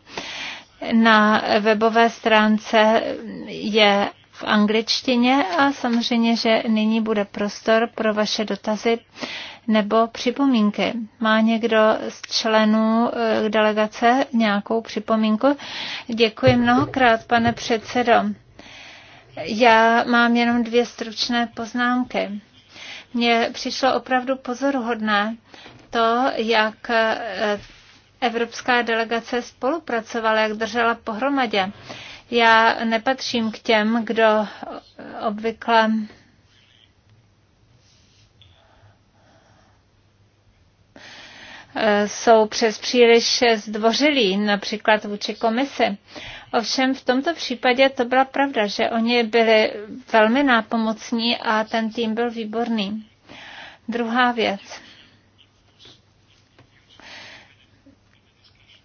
Na webové stránce je angličtině a samozřejmě, že nyní bude prostor pro vaše dotazy nebo připomínky. Má někdo z členů eh, delegace nějakou připomínku? Děkuji mnohokrát, pane předsedo. Já mám jenom dvě stručné poznámky. Mně přišlo opravdu pozoruhodné to, jak eh, evropská delegace spolupracovala, jak držela pohromadě. Já nepatřím k těm, kdo obvykle jsou přes příliš zdvořilí, například vůči komisi. Ovšem v tomto případě to byla pravda, že oni byli velmi nápomocní a ten tým byl výborný. Druhá věc.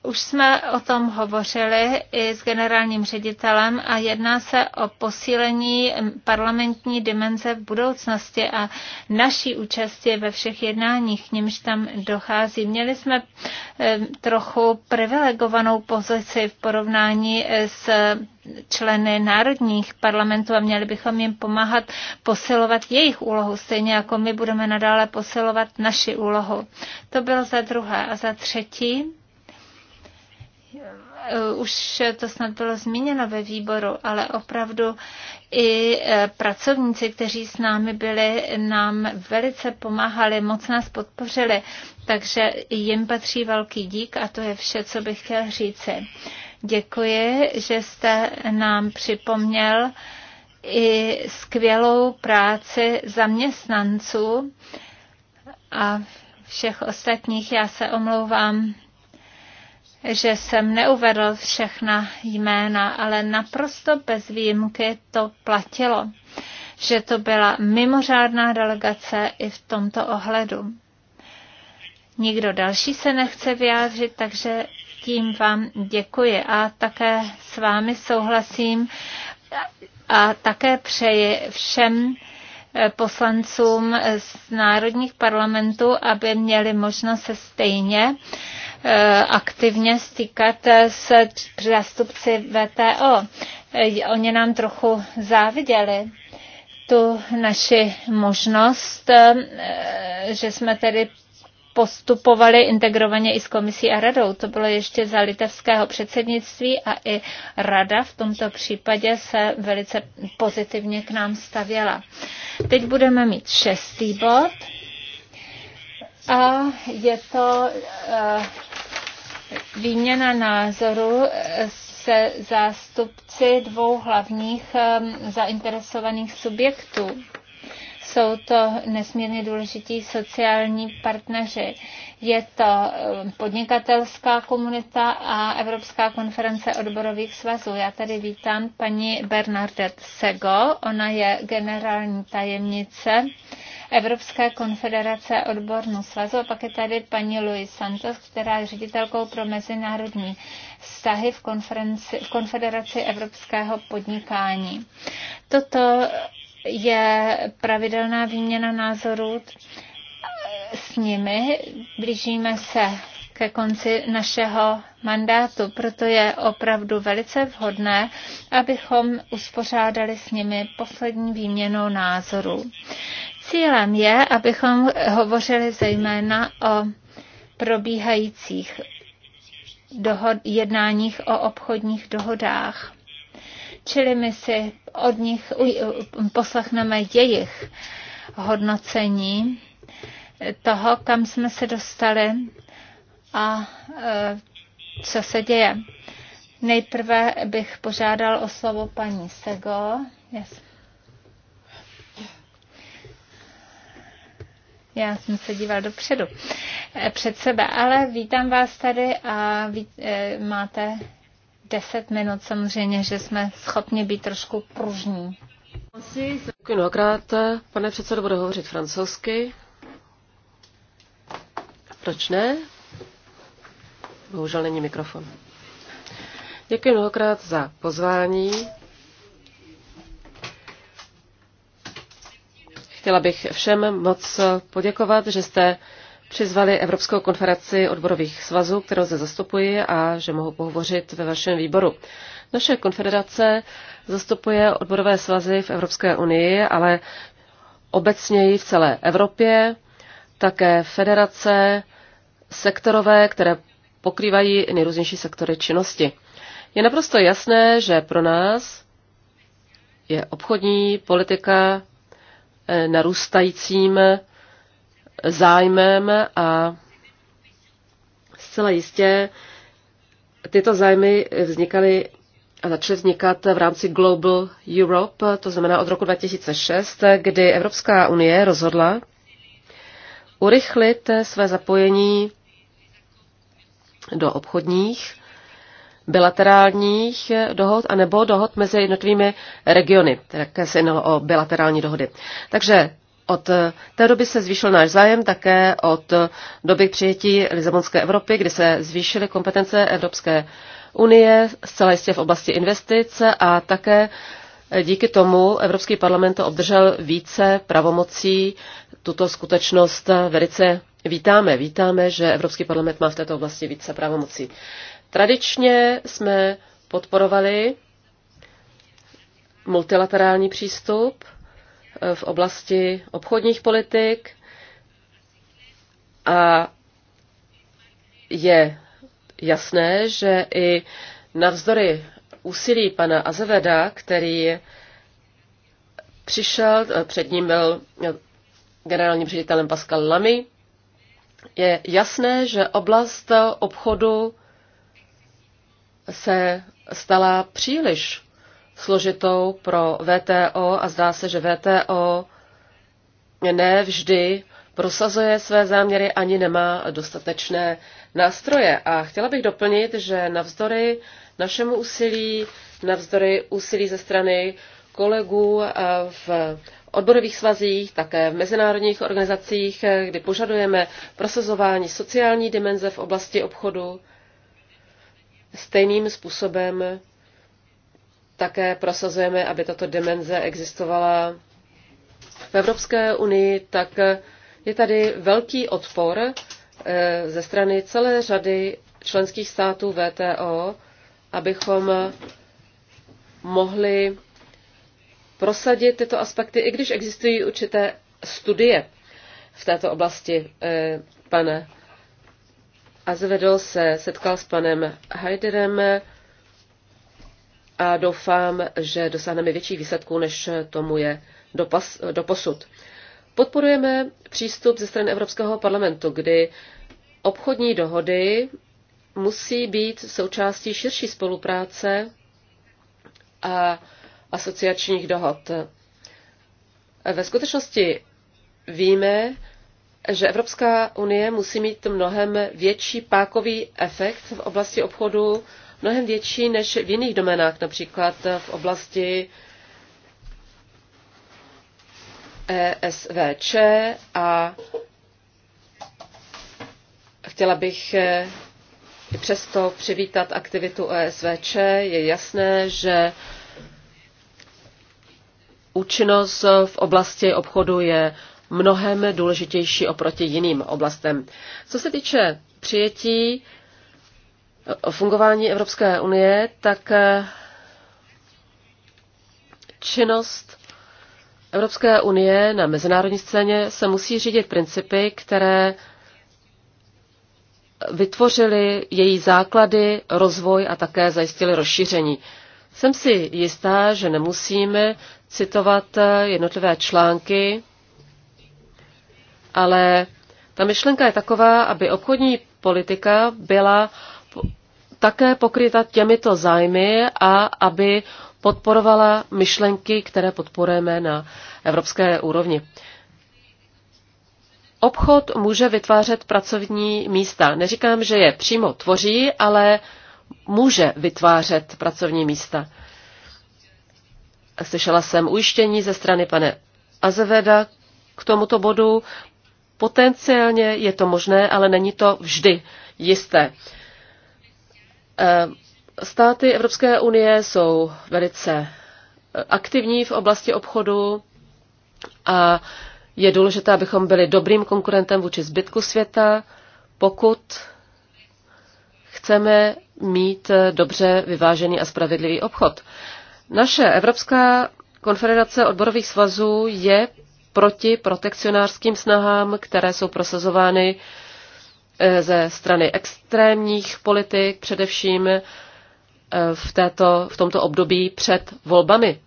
Už jsme o tom hovořili i s generálním ředitelem a jedná se o posílení parlamentní dimenze v budoucnosti a naší účasti ve všech jednáních, k nímž tam dochází. Měli jsme eh, trochu privilegovanou pozici v porovnání s členy národních parlamentů a měli bychom jim pomáhat posilovat jejich úlohu, stejně jako my budeme nadále posilovat naši úlohu. To bylo za druhé. A za třetí, Eh, už to snad bylo zmíněno ve výboru, ale opravdu i eh, pracovníci, kteří s námi byli, nám velice pomáhali, moc nás podpořili, takže jim patří velký dík a to je vše, co bych chtěl říci. Děkuji, že jste nám připomněl i skvělou práci zaměstnanců a všech ostatních. Já se omlouvám že jsem neuvedl všechna jména, ale naprosto bez výjimky to platilo, že to byla mimořádná delegace i v tomto ohledu. Nikdo další se nechce vyjádřit, takže tím vám děkuji a také s vámi souhlasím a také přeji všem poslancům z národních parlamentů, aby měli možnost se stejně eh, aktivně stýkat s zástupci VTO. Eh, oni nám trochu záviděli tu naši možnost, eh, že jsme tedy postupovali integrovaně i s komisí a radou. To bylo ještě za litevského předsednictví a i rada v tomto případě se velice pozitivně k nám stavěla. Teď budeme mít šestý bod a je to eh, výměna názoru eh, se zástupci dvou hlavních eh, zainteresovaných subjektů jsou to nesmírně důležití sociální partneři. Je to eh, podnikatelská komunita a Evropská konference odborových svazů. Já tady vítám paní Bernardet Sego, ona je generální tajemnice Evropské konfederace odbornou svazu a pak je tady paní Luis Santos, která je ředitelkou pro mezinárodní vztahy v, konferenci, v Konfederaci evropského podnikání. Toto je pravidelná výměna názorů s nimi. Blížíme se ke konci našeho mandátu, proto je opravdu velice vhodné, abychom uspořádali s nimi poslední výměnu názorů. Cílem je, abychom hovořili zejména o probíhajících dohod, jednáních o obchodních dohodách čili my si od nich poslechneme jejich hodnocení toho, kam jsme se dostali a e, co se děje. Nejprve bych požádal o slovo paní Sego. Yes. Já jsem se díval dopředu e, před sebe, ale vítám vás tady a ví, e, máte deset minut. Samozřejmě, že jsme schopni být trošku pružní. Děkuji mnohokrát. Pane předsedo, budu hovořit francouzsky. Proč ne? Bohužel není mikrofon. Děkuji mnohokrát za pozvání. Chtěla bych všem moc poděkovat, že jste přizvali Evropskou konferenci odborových svazů, kterou zde zastupuji a že mohu pohovořit ve vašem výboru. Naše konfederace zastupuje odborové svazy v Evropské unii, ale obecněji v celé Evropě, také federace sektorové, které pokrývají nejrůznější sektory činnosti. Je naprosto jasné, že pro nás je obchodní politika eh, narůstajícím zájmem a zcela jistě tyto zájmy vznikaly a začaly vznikat v rámci Global Europe, to znamená od roku 2006, kdy Evropská unie rozhodla urychlit své zapojení do obchodních, bilaterálních dohod a nebo dohod mezi jednotlivými regiony. které se jednalo o bilaterální dohody. Takže od eh, té doby se zvýšil náš zájem také od eh, doby přijetí Lizabonské Evropy, kdy se zvýšily kompetence Evropské unie, zcela jistě v oblasti investice a také eh, díky tomu Evropský parlament obdržel více pravomocí. Tuto skutečnost velice vítáme. Vítáme, že Evropský parlament má v této oblasti více pravomocí. Tradičně jsme podporovali multilaterální přístup, v oblasti obchodních politik a je jasné, že i navzdory úsilí pana Azeveda, který přišel, před ním byl generálním ředitelem Pascal Lamy, je jasné, že oblast obchodu se stala příliš složitou pro VTO a zdá se, že VTO ne vždy prosazuje své záměry ani nemá dostatečné nástroje. A chtěla bych doplnit, že navzdory našemu úsilí, navzdory úsilí ze strany kolegů eh, v odborových svazích, také v mezinárodních organizacích, eh, kdy požadujeme prosazování sociální dimenze v oblasti obchodu stejným způsobem také prosazujeme, aby tato dimenze existovala v Evropské unii, tak je tady velký odpor eh, ze strany celé řady členských států VTO, abychom mohli prosadit tyto aspekty, i když existují určité studie v této oblasti. Eh, Pan Azvedl se setkal s panem Heiderem, a doufám, že dosáhneme větší výsledků, než tomu je dopas, doposud. Podporujeme přístup ze strany Evropského parlamentu, kdy obchodní dohody musí být součástí širší spolupráce a asociačních dohod. Ve skutečnosti víme, že Evropská unie musí mít mnohem větší pákový efekt v oblasti obchodu mnohem větší než v jiných domenách, například v oblasti ESVČ a chtěla bych eh, i přesto přivítat aktivitu ESVČ. Je jasné, že účinnost v oblasti obchodu je mnohem důležitější oproti jiným oblastem. Co se týče přijetí o fungování Evropské unie, tak eh, činnost Evropské unie na mezinárodní scéně se musí řídit principy, které vytvořily její základy, rozvoj a také zajistily rozšíření. Jsem si jistá, že nemusíme citovat eh, jednotlivé články, ale ta myšlenka je taková, aby obchodní politika byla uh, také pokryta těmito zájmy a aby podporovala myšlenky, které podporujeme na evropské úrovni. Obchod může vytvářet pracovní místa. Neříkám, že je přímo tvoří, ale může vytvářet pracovní místa. Slyšela jsem ujištění ze strany pane Azeveda k tomuto bodu. Potenciálně je to možné, ale není to vždy jisté. Eh, státy Evropské unie jsou velice eh, aktivní v oblasti obchodu a je důležité, abychom byli dobrým konkurentem vůči zbytku světa, pokud chceme mít eh, dobře vyvážený a spravedlivý obchod. Naše Evropská konfederace odborových svazů je proti protekcionářským snahám, které jsou prosazovány Eh, ze strany extrémních politik, především eh, v, této, v tomto období před volbami.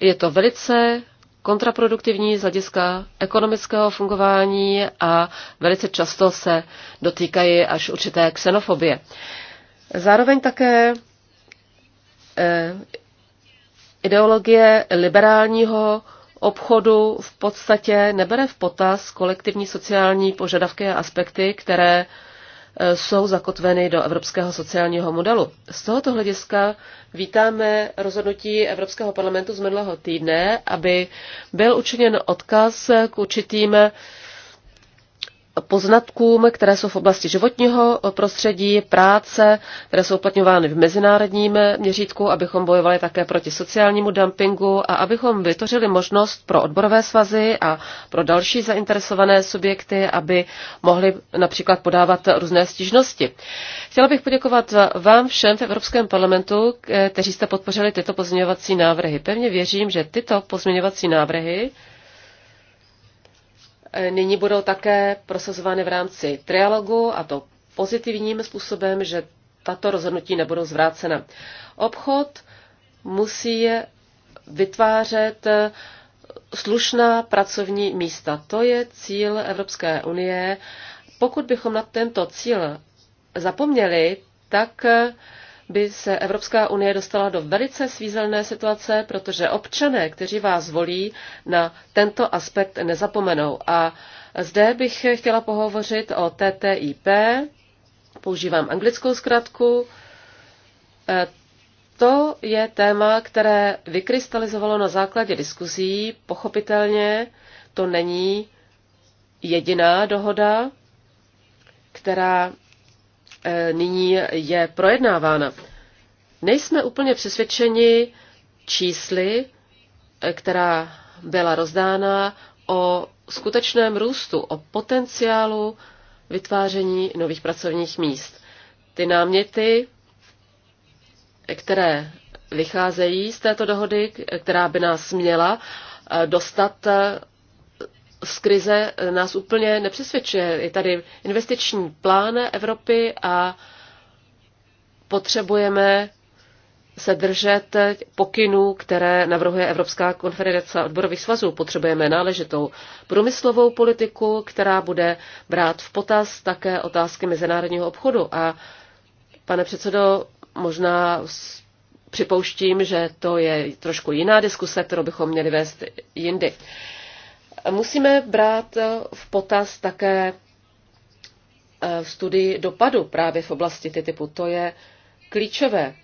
Je to velice kontraproduktivní z hlediska ekonomického fungování a velice často se dotýkají až určité xenofobie. Zároveň také eh, ideologie liberálního obchodu v podstatě nebere v potaz kolektivní sociální požadavky a aspekty, které e, jsou zakotveny do evropského sociálního modelu. Z tohoto hlediska vítáme rozhodnutí Evropského parlamentu z minulého týdne, aby byl učiněn odkaz k určitým poznatkům, které jsou v oblasti životního prostředí, práce, které jsou uplatňovány v mezinárodním měřítku, abychom bojovali také proti sociálnímu dumpingu a abychom vytvořili možnost pro odborové svazy a pro další zainteresované subjekty, aby mohli například podávat různé stížnosti. Chtěla bych poděkovat vám všem v Evropském parlamentu, kteří jste podpořili tyto pozměňovací návrhy. Pevně věřím, že tyto pozměňovací návrhy E, nyní budou také prosazovány v rámci trialogu a to pozitivním způsobem, že tato rozhodnutí nebudou zvrácena. Obchod musí vytvářet e, slušná pracovní místa. To je cíl Evropské unie. Pokud bychom na tento cíl zapomněli, tak e, by se Evropská unie dostala do velice svízelné situace, protože občané, kteří vás volí, na tento aspekt nezapomenou. A zde bych chtěla pohovořit o TTIP, používám anglickou zkratku. E, to je téma, které vykrystalizovalo na základě diskuzí. Pochopitelně to není jediná dohoda, která Eh, nyní je projednávána. Nejsme úplně přesvědčeni čísly, eh, která byla rozdána o skutečném růstu, o potenciálu vytváření nových pracovních míst. Ty náměty, které vycházejí z této dohody, která by nás měla eh, dostat z krize eh, nás úplně nepřesvědčuje. Je tady investiční plán Evropy a potřebujeme se držet pokynů, které navrhuje Evropská konfederace odborových svazů. Potřebujeme náležitou průmyslovou politiku, která bude brát v potaz také otázky mezinárodního obchodu. A pane předsedo, možná připouštím, že to je trošku jiná diskuse, kterou bychom měli vést jindy. Uh, Musíme brát v potaz také eh, studii dopadu právě v oblasti TTIPu. To je klíčové.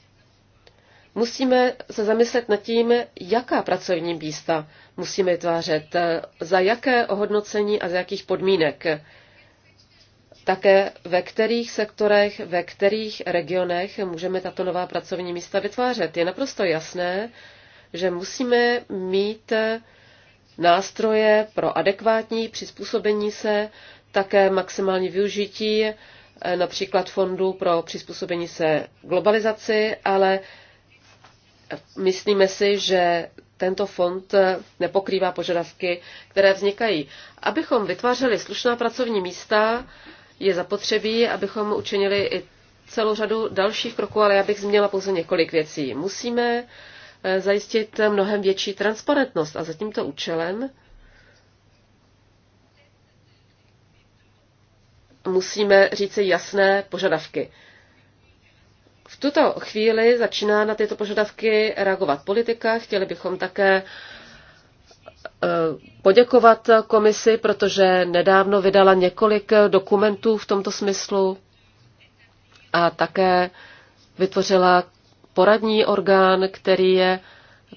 Musíme se zamyslet nad tím, jaká pracovní místa musíme vytvářet, za jaké ohodnocení a za jakých podmínek. Také ve kterých sektorech, ve kterých regionech můžeme tato nová pracovní místa vytvářet. Je naprosto jasné, že musíme mít nástroje pro adekvátní přizpůsobení se, také maximální využití eh, například fondu pro přizpůsobení se globalizaci, ale myslíme si, že tento fond eh, nepokrývá požadavky, které vznikají. Abychom vytvářeli slušná pracovní místa, je zapotřebí, abychom učinili i celou řadu dalších kroků, ale já bych změnila pouze několik věcí. Musíme Eh, zajistit mnohem větší transparentnost. A za tímto účelem musíme říci jasné požadavky. V tuto chvíli začíná na tyto požadavky reagovat politika. Chtěli bychom také eh, poděkovat komisi, protože nedávno vydala několik dokumentů v tomto smyslu a také vytvořila poradní orgán, který je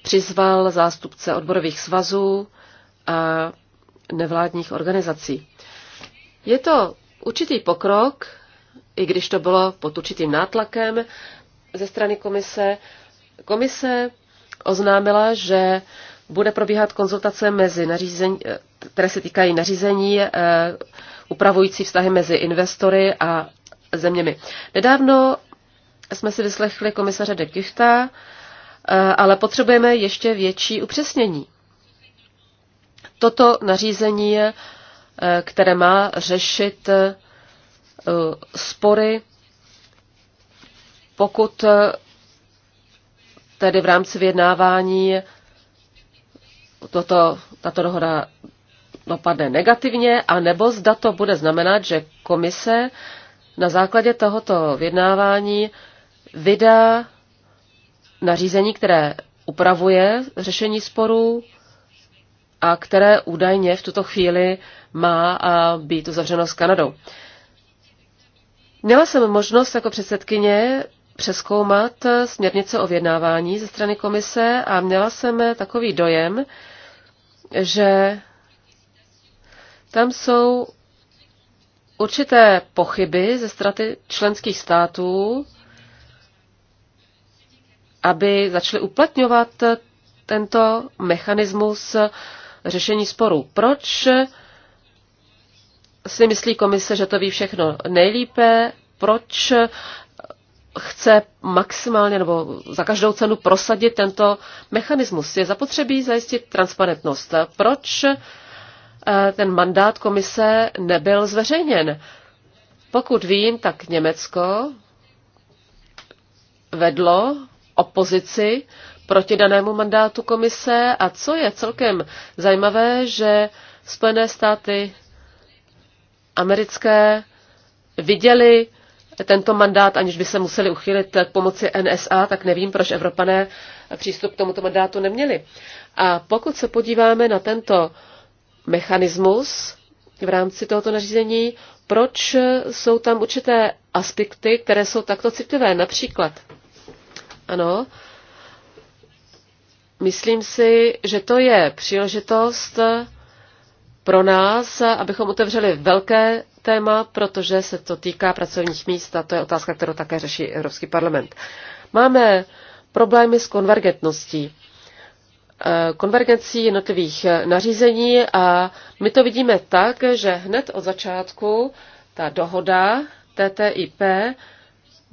přizval zástupce odborových svazů a nevládních organizací. Je to určitý pokrok, i když to bylo pod určitým nátlakem ze strany komise. Komise oznámila, že bude probíhat konzultace mezi nařízení, které se týkají nařízení eh, upravující vztahy mezi investory a zeměmi. Nedávno jsme si vyslechli komisaře de Guchta, eh, ale potřebujeme ještě větší upřesnění. Toto nařízení, eh, které má řešit eh, spory, pokud tedy v rámci vyjednávání toto, tato dohoda dopadne negativně, anebo zda to bude znamenat, že komise na základě tohoto vyjednávání vydá nařízení, které upravuje řešení sporů a které údajně v tuto chvíli má a být uzavřeno s Kanadou. Měla jsem možnost jako předsedkyně přeskoumat směrnice o vyjednávání ze strany komise a měla jsem takový dojem, že tam jsou určité pochyby ze strany členských států, aby začaly uplatňovat tento mechanismus řešení sporů. Proč si myslí komise, že to ví všechno nejlípe? Proč chce maximálně nebo za každou cenu prosadit tento mechanismus? Je zapotřebí zajistit transparentnost. Proč eh, ten mandát komise nebyl zveřejněn? Pokud vím, tak Německo vedlo opozici proti danému mandátu komise a co je celkem zajímavé, že Spojené státy americké viděli tento mandát, aniž by se museli uchylit k pomoci NSA, tak nevím, proč Evropané přístup k tomuto mandátu neměli. A pokud se podíváme na tento mechanismus v rámci tohoto nařízení, proč jsou tam určité aspekty, které jsou takto citlivé, například ano. Myslím si, že to je příležitost pro nás, abychom otevřeli velké téma, protože se to týká pracovních míst a to je otázka, kterou také řeší Evropský parlament. Máme problémy s konvergentností eh, konvergencí jednotlivých eh, nařízení a my to vidíme tak, že hned od začátku ta dohoda TTIP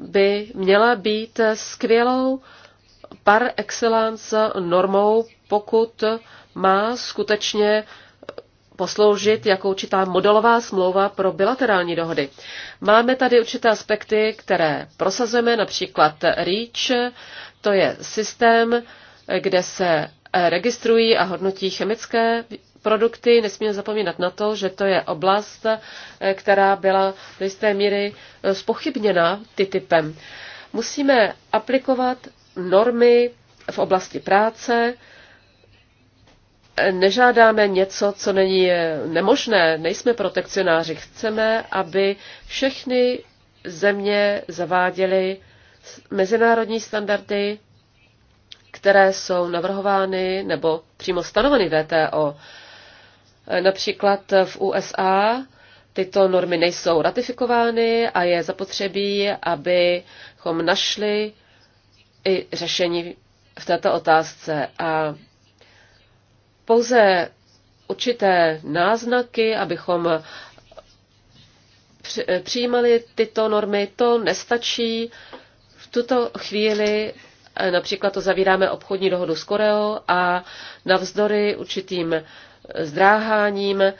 by měla být skvělou par excellence normou, pokud má skutečně posloužit jako určitá modelová smlouva pro bilaterální dohody. Máme tady určité aspekty, které prosazujeme, například REACH, to je systém, kde se registrují a hodnotí chemické produkty, nesmíme zapomínat na to, že to je oblast, eh, která byla do jisté míry eh, spochybněna TTIPem. Musíme aplikovat normy v oblasti práce, eh, nežádáme něco, co není nemožné, nejsme protekcionáři. Chceme, aby všechny země zaváděly mezinárodní standardy, které jsou navrhovány nebo přímo stanoveny VTO. Například v USA tyto normy nejsou ratifikovány a je zapotřebí, abychom našli i řešení v této otázce. A pouze určité náznaky, abychom přijímali tyto normy, to nestačí. V tuto chvíli eh, například to zavíráme obchodní dohodu s Koreou a navzdory určitým zdráháním eh,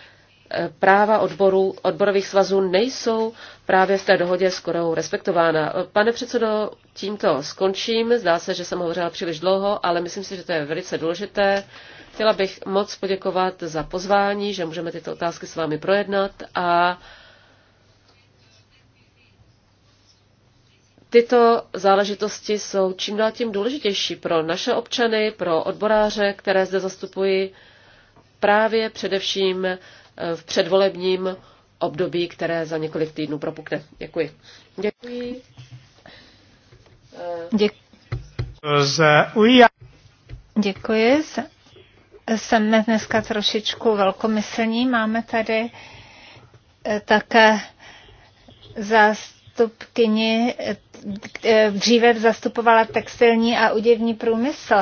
práva odborů, odborových svazů nejsou právě v té dohodě s Koreou respektována. Eh, pane předsedo, tímto skončím. Zdá se, že jsem hovořila příliš dlouho, ale myslím si, že to je velice důležité. Chtěla bych moc poděkovat za pozvání, že můžeme tyto otázky s vámi projednat a Tyto záležitosti jsou čím dál tím důležitější pro naše občany, pro odboráře, které zde zastupují právě především eh, v předvolebním období, které za několik týdnů propukne. Děkuji. Děkuji. Eh, Děkuji. Děkuji. Jsem dneska trošičku velkomyslní. Máme tady eh, také zástupkyni, dříve zastupovala textilní a uděvní průmysl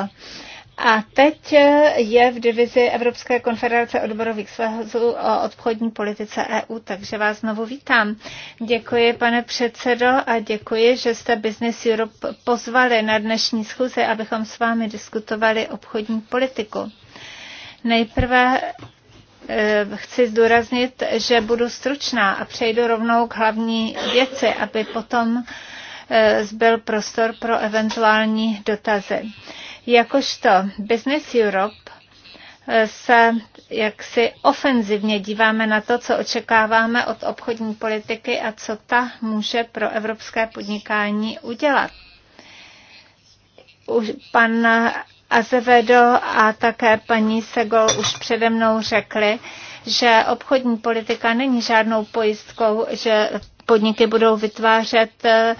a teď je v divizi Evropské konfederace odborových svazů o obchodní politice EU, takže vás znovu vítám. Děkuji, pane předsedo, a děkuji, že jste Business Europe pozvali na dnešní schůzi, abychom s vámi diskutovali obchodní politiku. Nejprve eh, chci zdůraznit, že budu stručná a přejdu rovnou k hlavní věci, aby potom eh, zbyl prostor pro eventuální dotazy. Jakožto Business Europe eh, se jaksi ofenzivně díváme na to, co očekáváme od obchodní politiky a co ta může pro evropské podnikání udělat. Už pan Azevedo a také paní Segol už přede mnou řekli, že obchodní politika není žádnou pojistkou, že podniky budou vytvářet eh,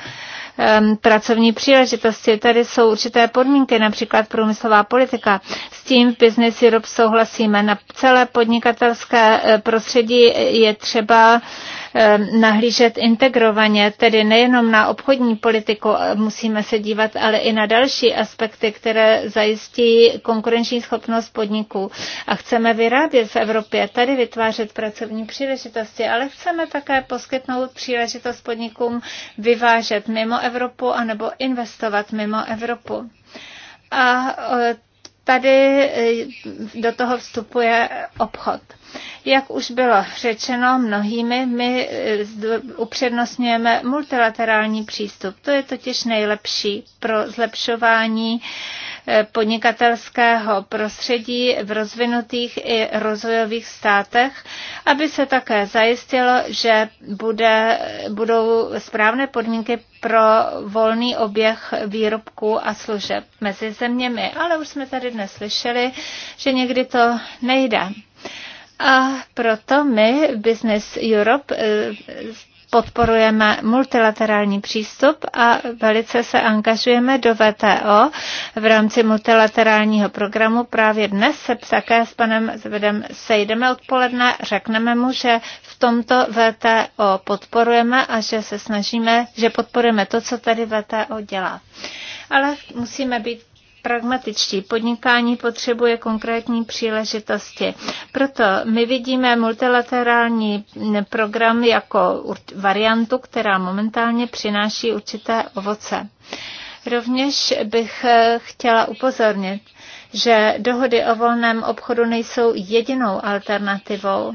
pracovní příležitosti. Tady jsou určité podmínky, například průmyslová politika. S tím v Business Europe souhlasíme. Na celé podnikatelské eh, prostředí je třeba Eh, nahlížet integrovaně, tedy nejenom na obchodní politiku eh, musíme se dívat, ale i na další aspekty, které zajistí konkurenční schopnost podniků. A chceme vyrábět v Evropě, tady vytvářet pracovní příležitosti, ale chceme také poskytnout příležitost podnikům vyvážet mimo Evropu anebo investovat mimo Evropu. A eh, tady do toho vstupuje obchod. Jak už bylo řečeno mnohými, my eh, upřednostňujeme multilaterální přístup. To je totiž nejlepší pro zlepšování eh, podnikatelského prostředí v rozvinutých i rozvojových státech, aby se také zajistilo, že bude, budou správné podmínky pro volný oběh výrobků a služeb mezi zeměmi. Ale už jsme tady dnes slyšeli, že někdy to nejde. A proto my, Business Europe, eh, podporujeme multilaterální přístup a velice se angažujeme do VTO v rámci multilaterálního programu. Právě dnes se také s panem Zvedem sejdeme odpoledne, řekneme mu, že v tomto VTO podporujeme a že se snažíme, že podporujeme to, co tady VTO dělá. Ale musíme být pragmatičtí. Podnikání potřebuje konkrétní příležitosti. Proto my vidíme multilaterální program jako variantu, která momentálně přináší určité ovoce. Rovněž bych eh, chtěla upozornit, že dohody o volném obchodu nejsou jedinou alternativou.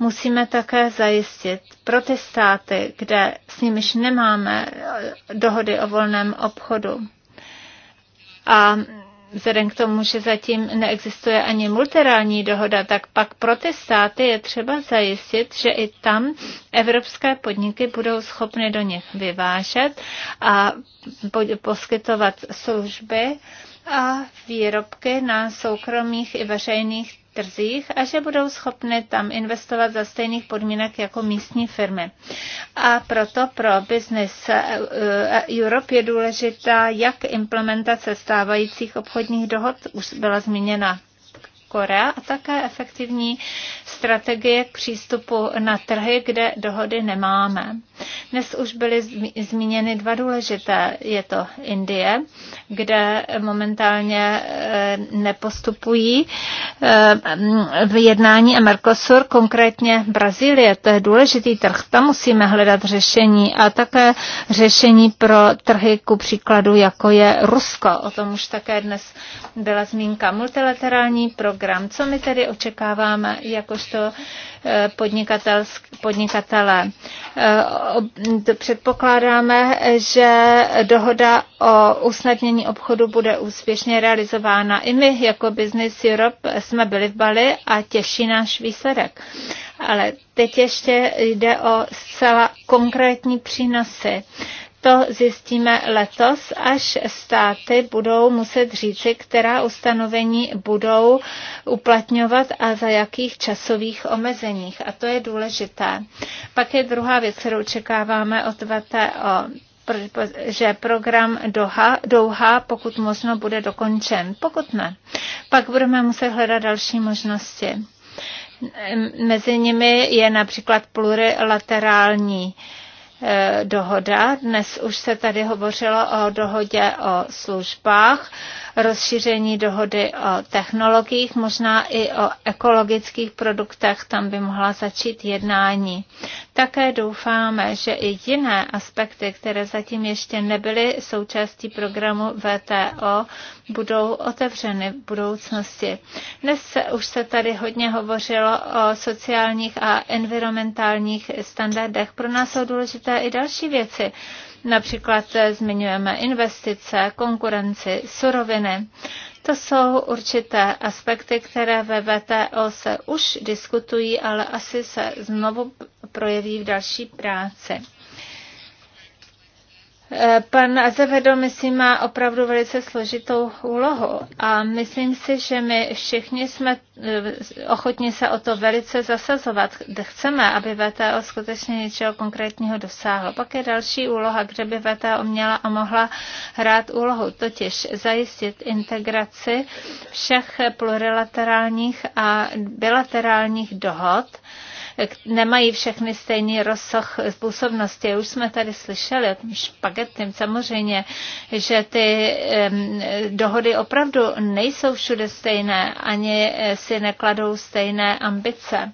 Musíme také zajistit pro ty státy, kde s nimiž nemáme eh, dohody o volném obchodu, a vzhledem k tomu, že zatím neexistuje ani multilaterální dohoda, tak pak pro ty státy je třeba zajistit, že i tam evropské podniky budou schopny do nich vyvážet a poskytovat služby a výrobky na soukromých i veřejných trzích a že budou schopny tam investovat za stejných podmínek jako místní firmy. A proto pro Business e- e- e- Europe je důležitá jak implementace stávajících obchodních dohod, už byla zmíněna Korea a také efektivní strategie k přístupu na trhy, kde dohody nemáme. Dnes už byly zmíněny dva důležité. Je to Indie, kde momentálně eh, nepostupují eh, v jednání a Mercosur, konkrétně Brazílie. To je důležitý trh. Tam musíme hledat řešení a také řešení pro trhy ku příkladu, jako je Rusko. O tom už také dnes byla zmínka. Multilaterální program program. Co my tedy očekáváme jakožto eh, podnikatele? Eh, předpokládáme, že dohoda o usnadnění obchodu bude úspěšně realizována. I my jako Business Europe jsme byli v Bali a těší náš výsledek. Ale teď ještě jde o zcela konkrétní přínosy. Uh, to zjistíme letos, až státy budou muset říci, která ustanovení budou uplatňovat a za jakých časových omezeních. A to je důležité. Pak je druhá věc, kterou očekáváme od VTO že program Doha, Doha pokud možno bude dokončen. Pokud ne, pak budeme muset hledat další možnosti. Mezi nimi je například plurilaterální uh, Eh, dohoda. Dnes už se tady hovořilo o dohodě o službách, rozšíření dohody o technologiích, možná i o ekologických produktech, tam by mohla začít jednání. Také doufáme, že i jiné aspekty, které zatím ještě nebyly součástí programu VTO, budou otevřeny v budoucnosti. Dnes se, už se tady hodně hovořilo o sociálních a environmentálních standardech. Pro nás jsou důležité důležité i další věci. Například zmiňujeme investice, konkurenci, suroviny. To jsou určité aspekty, které ve VTO se už diskutují, ale asi se znovu projeví v další práci. Pan Azevedo, myslím, má opravdu velice složitou úlohu a myslím si, že my všichni jsme e, ochotni se o to velice zasazovat. Chceme, aby VTO skutečně něčeho konkrétního dosáhlo. Pak je další úloha, kde by VTO měla a mohla hrát úlohu, totiž zajistit integraci všech plurilaterálních a bilaterálních dohod, nemají všechny stejný rozsah způsobnosti. Už jsme tady slyšeli o tom špagetným samozřejmě, že ty dohody opravdu nejsou všude stejné, ani eh, si nekladou stejné ambice.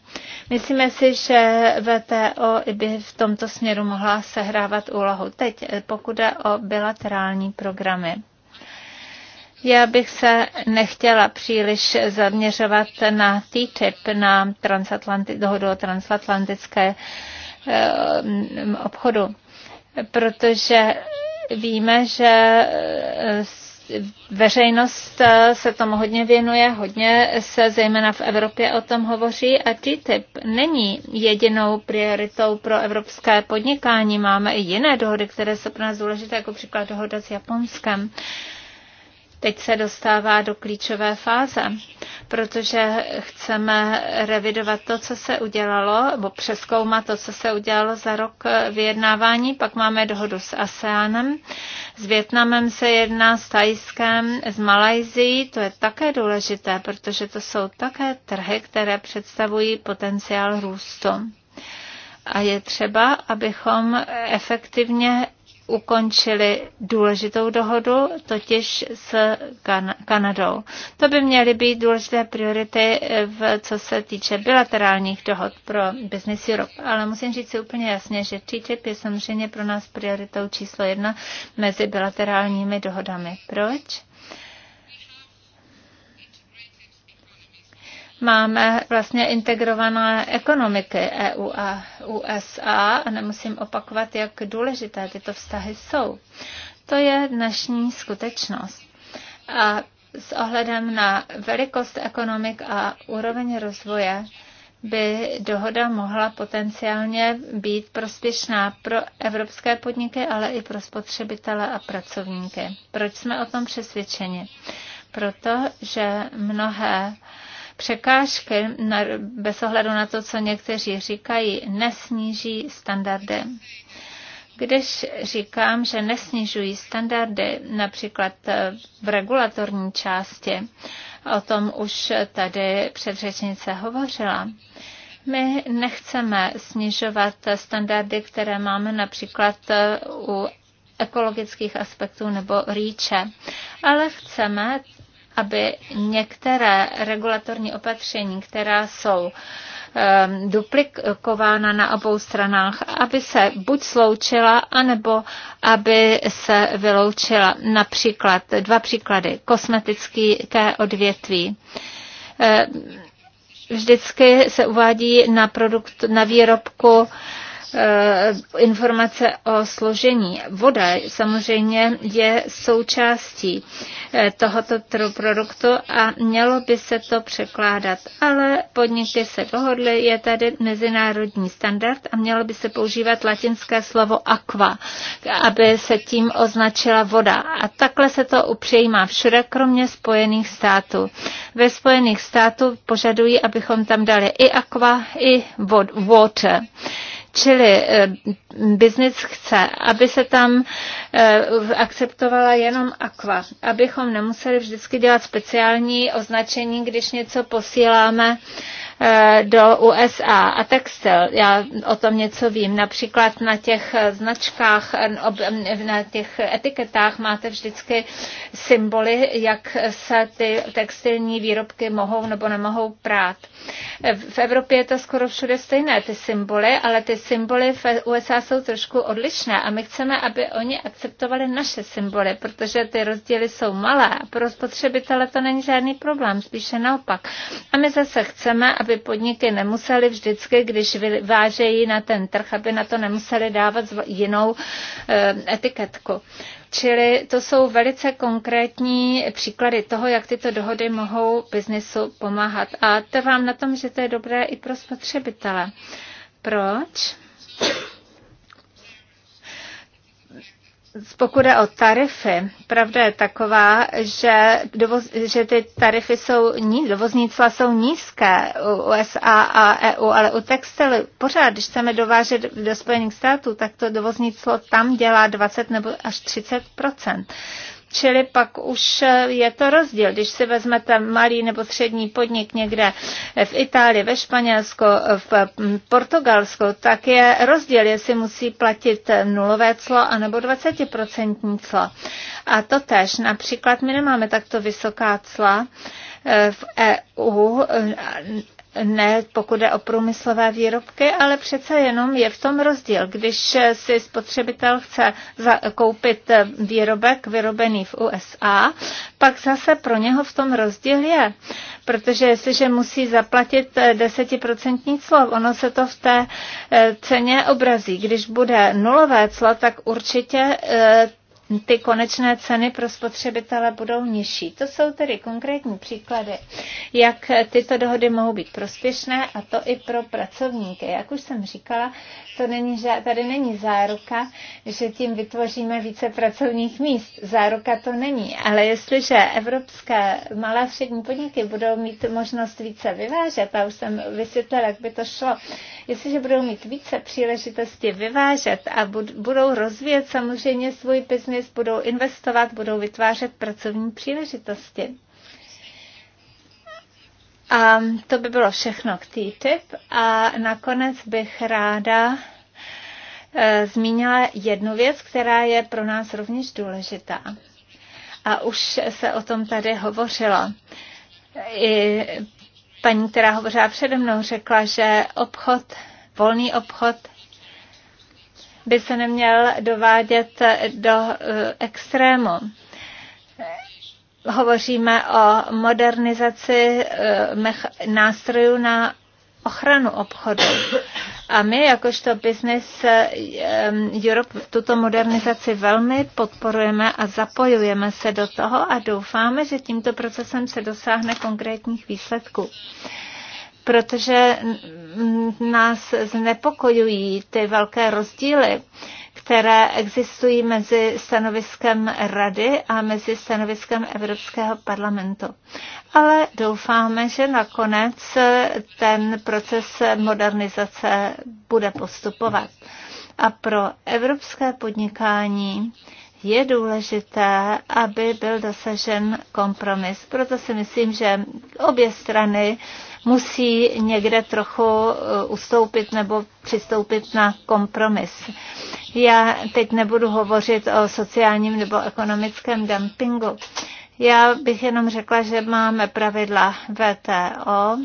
Myslíme si, že VTO by v tomto směru mohla sehrávat úlohu. Teď, eh, pokud jde o bilaterální programy. Já bych se nechtěla příliš zaměřovat na TTIP, na dohodu o transatlantické eh, obchodu, protože víme, že eh, veřejnost eh, se tomu hodně věnuje, hodně se zejména v Evropě o tom hovoří a TTIP není jedinou prioritou pro evropské podnikání. Máme i jiné dohody, které jsou pro nás důležité, jako příklad dohoda s Japonskem teď se dostává do klíčové fáze, protože chceme revidovat to, co se udělalo, nebo přeskoumat to, co se udělalo za rok vyjednávání. Pak máme dohodu s ASEANem, s Větnamem se jedná, s Tajskem, s Malajzií. To je také důležité, protože to jsou také trhy, které představují potenciál růstu. A je třeba, abychom efektivně ukončili důležitou dohodu, totiž s kan- Kanadou. To by měly být důležité priority, eh, v, co se týče bilaterálních dohod pro Business Europe. Ale musím říct si úplně jasně, že TTIP je samozřejmě pro nás prioritou číslo jedna mezi bilaterálními dohodami. Proč? máme vlastně integrované ekonomiky EU a USA a nemusím opakovat, jak důležité tyto vztahy jsou. To je dnešní skutečnost. A s ohledem na velikost ekonomik a úroveň rozvoje by dohoda mohla potenciálně být prospěšná pro evropské podniky, ale i pro spotřebitele a pracovníky. Proč jsme o tom přesvědčeni? Protože že mnohé uh, překážky, bez ohledu na to, co někteří říkají, nesníží standardy. Když říkám, že nesnižují standardy, například eh, v regulatorní části, o tom už tady předřečnice hovořila, my nechceme snižovat standardy, které máme například eh, u ekologických aspektů nebo rýče, ale chceme aby některé regulatorní opatření, která jsou ehm, duplikována na obou stranách, aby se buď sloučila, anebo aby se vyloučila. Například dva příklady. Kosmetické odvětví ehm, vždycky se uvádí na, produkt, na výrobku Eh, informace o složení. Voda samozřejmě je součástí eh, tohoto produktu a mělo by se to překládat, ale podniky se dohodly, je tady mezinárodní standard a mělo by se používat latinské slovo aqua, aby se tím označila voda. A takhle se to upřejímá všude, kromě Spojených států. Ve Spojených států požadují, abychom tam dali i aqua, i water. Čili eh, biznis chce, aby se tam eh, akceptovala jenom aqua, abychom nemuseli vždycky dělat speciální označení, když něco posíláme Eh, do USA a textil. Já o tom něco vím. Například na těch značkách, na těch etiketách máte vždycky symboly, jak se ty textilní výrobky mohou nebo nemohou prát. V Evropě je to skoro všude stejné, ty symboly, ale ty symboly v USA jsou trošku odlišné a my chceme, aby oni akceptovali naše symboly, protože ty rozdíly jsou malé pro spotřebitele to není žádný problém, spíše naopak. A my zase chceme, aby aby podniky nemusely vždycky, když vyvážejí na ten trh, aby na to nemusely dávat jinou eh, etiketku. Čili to jsou velice konkrétní příklady toho, jak tyto dohody mohou biznesu pomáhat. A trvám na tom, že to je dobré i pro spotřebitele. Proč? pokud je o tarify, pravda je taková, že, dovoz, že ty tarify jsou ní, dovozní cla jsou nízké u USA a EU, ale u textilu pořád, když chceme dovážet do Spojených států, tak to dovozní clo tam dělá 20 nebo až 30 Čili pak už je to rozdíl, když si vezmete malý nebo střední podnik někde v Itálii, ve Španělsku, v Portugalsku, tak je rozdíl, jestli musí platit nulové clo anebo 20% clo. A to tež, například my nemáme takto vysoká cla v EU, ne pokud je o průmyslové výrobky, ale přece jenom je v tom rozdíl. Když si spotřebitel chce koupit výrobek vyrobený v USA, pak zase pro něho v tom rozdíl je. Protože jestliže musí zaplatit desetiprocentní clo, ono se to v té eh, ceně obrazí. Když bude nulové clo, tak určitě eh, ty konečné ceny pro spotřebitele budou nižší. To jsou tedy konkrétní příklady, jak tyto dohody mohou být prospěšné a to i pro pracovníky. Jak už jsem říkala, to není, tady není záruka, že tím vytvoříme více pracovních míst. Záruka to není, ale jestliže evropské malé a střední podniky budou mít možnost více vyvážet, a už jsem vysvětlila, jak by to šlo, Jestliže budou mít více příležitosti vyvážet a budou rozvíjet samozřejmě svůj biznis, budou investovat, budou vytvářet pracovní příležitosti. A to by bylo všechno k TTIP a nakonec bych ráda e, zmínila jednu věc, která je pro nás rovněž důležitá. A už se o tom tady hovořilo. I paní, která hovořila přede mnou, řekla, že obchod, volný obchod by se neměl dovádět do eh, extrému. Hovoříme o modernizaci eh, nástrojů na ochranu obchodu. A my, jakožto Business eh, Europe, tuto modernizaci velmi podporujeme a zapojujeme se do toho a doufáme, že tímto procesem se dosáhne konkrétních výsledků protože nás znepokojují ty velké rozdíly, které existují mezi stanoviskem Rady a mezi stanoviskem Evropského parlamentu. Ale doufáme, že nakonec ten proces modernizace bude postupovat. A pro evropské podnikání je důležité, aby byl dosažen kompromis. Proto si myslím, že obě strany musí někde trochu eh, ustoupit nebo přistoupit na kompromis. Já teď nebudu hovořit o sociálním nebo ekonomickém dumpingu. Já bych jenom řekla, že máme pravidla VTO,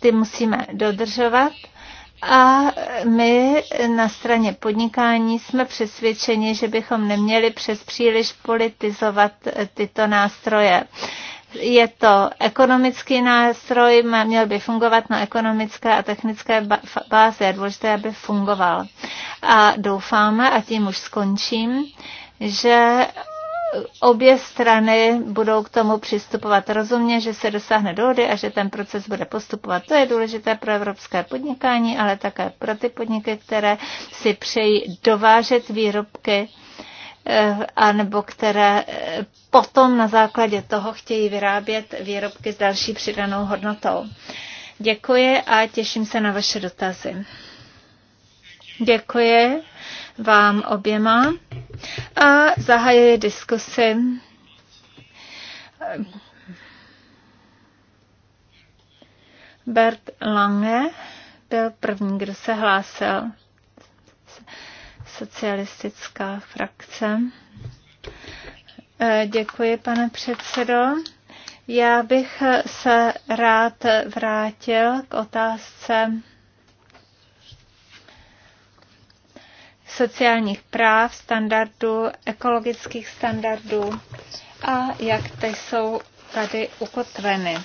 ty musíme dodržovat a my na straně podnikání jsme přesvědčeni, že bychom neměli přes příliš politizovat eh, tyto nástroje. Je to ekonomický nástroj, měl by fungovat na ekonomické a technické bázi, je důležité, aby fungoval. A doufáme, a tím už skončím, že obě strany budou k tomu přistupovat rozumně, že se dosáhne dohody a že ten proces bude postupovat. To je důležité pro evropské podnikání, ale také pro ty podniky, které si přejí dovážet výrobky eh, anebo které eh, potom na základě toho chtějí vyrábět výrobky s další přidanou hodnotou. Děkuji a těším se na vaše dotazy. Děkuji vám oběma a zahajuji diskusi. Bert Lange byl první, kdo se hlásil. Socialistická frakce. Eh, děkuji, pane předsedo. Já bych se rád vrátil k otázce sociálních práv, standardů, ekologických standardů a jak ty jsou tady ukotveny.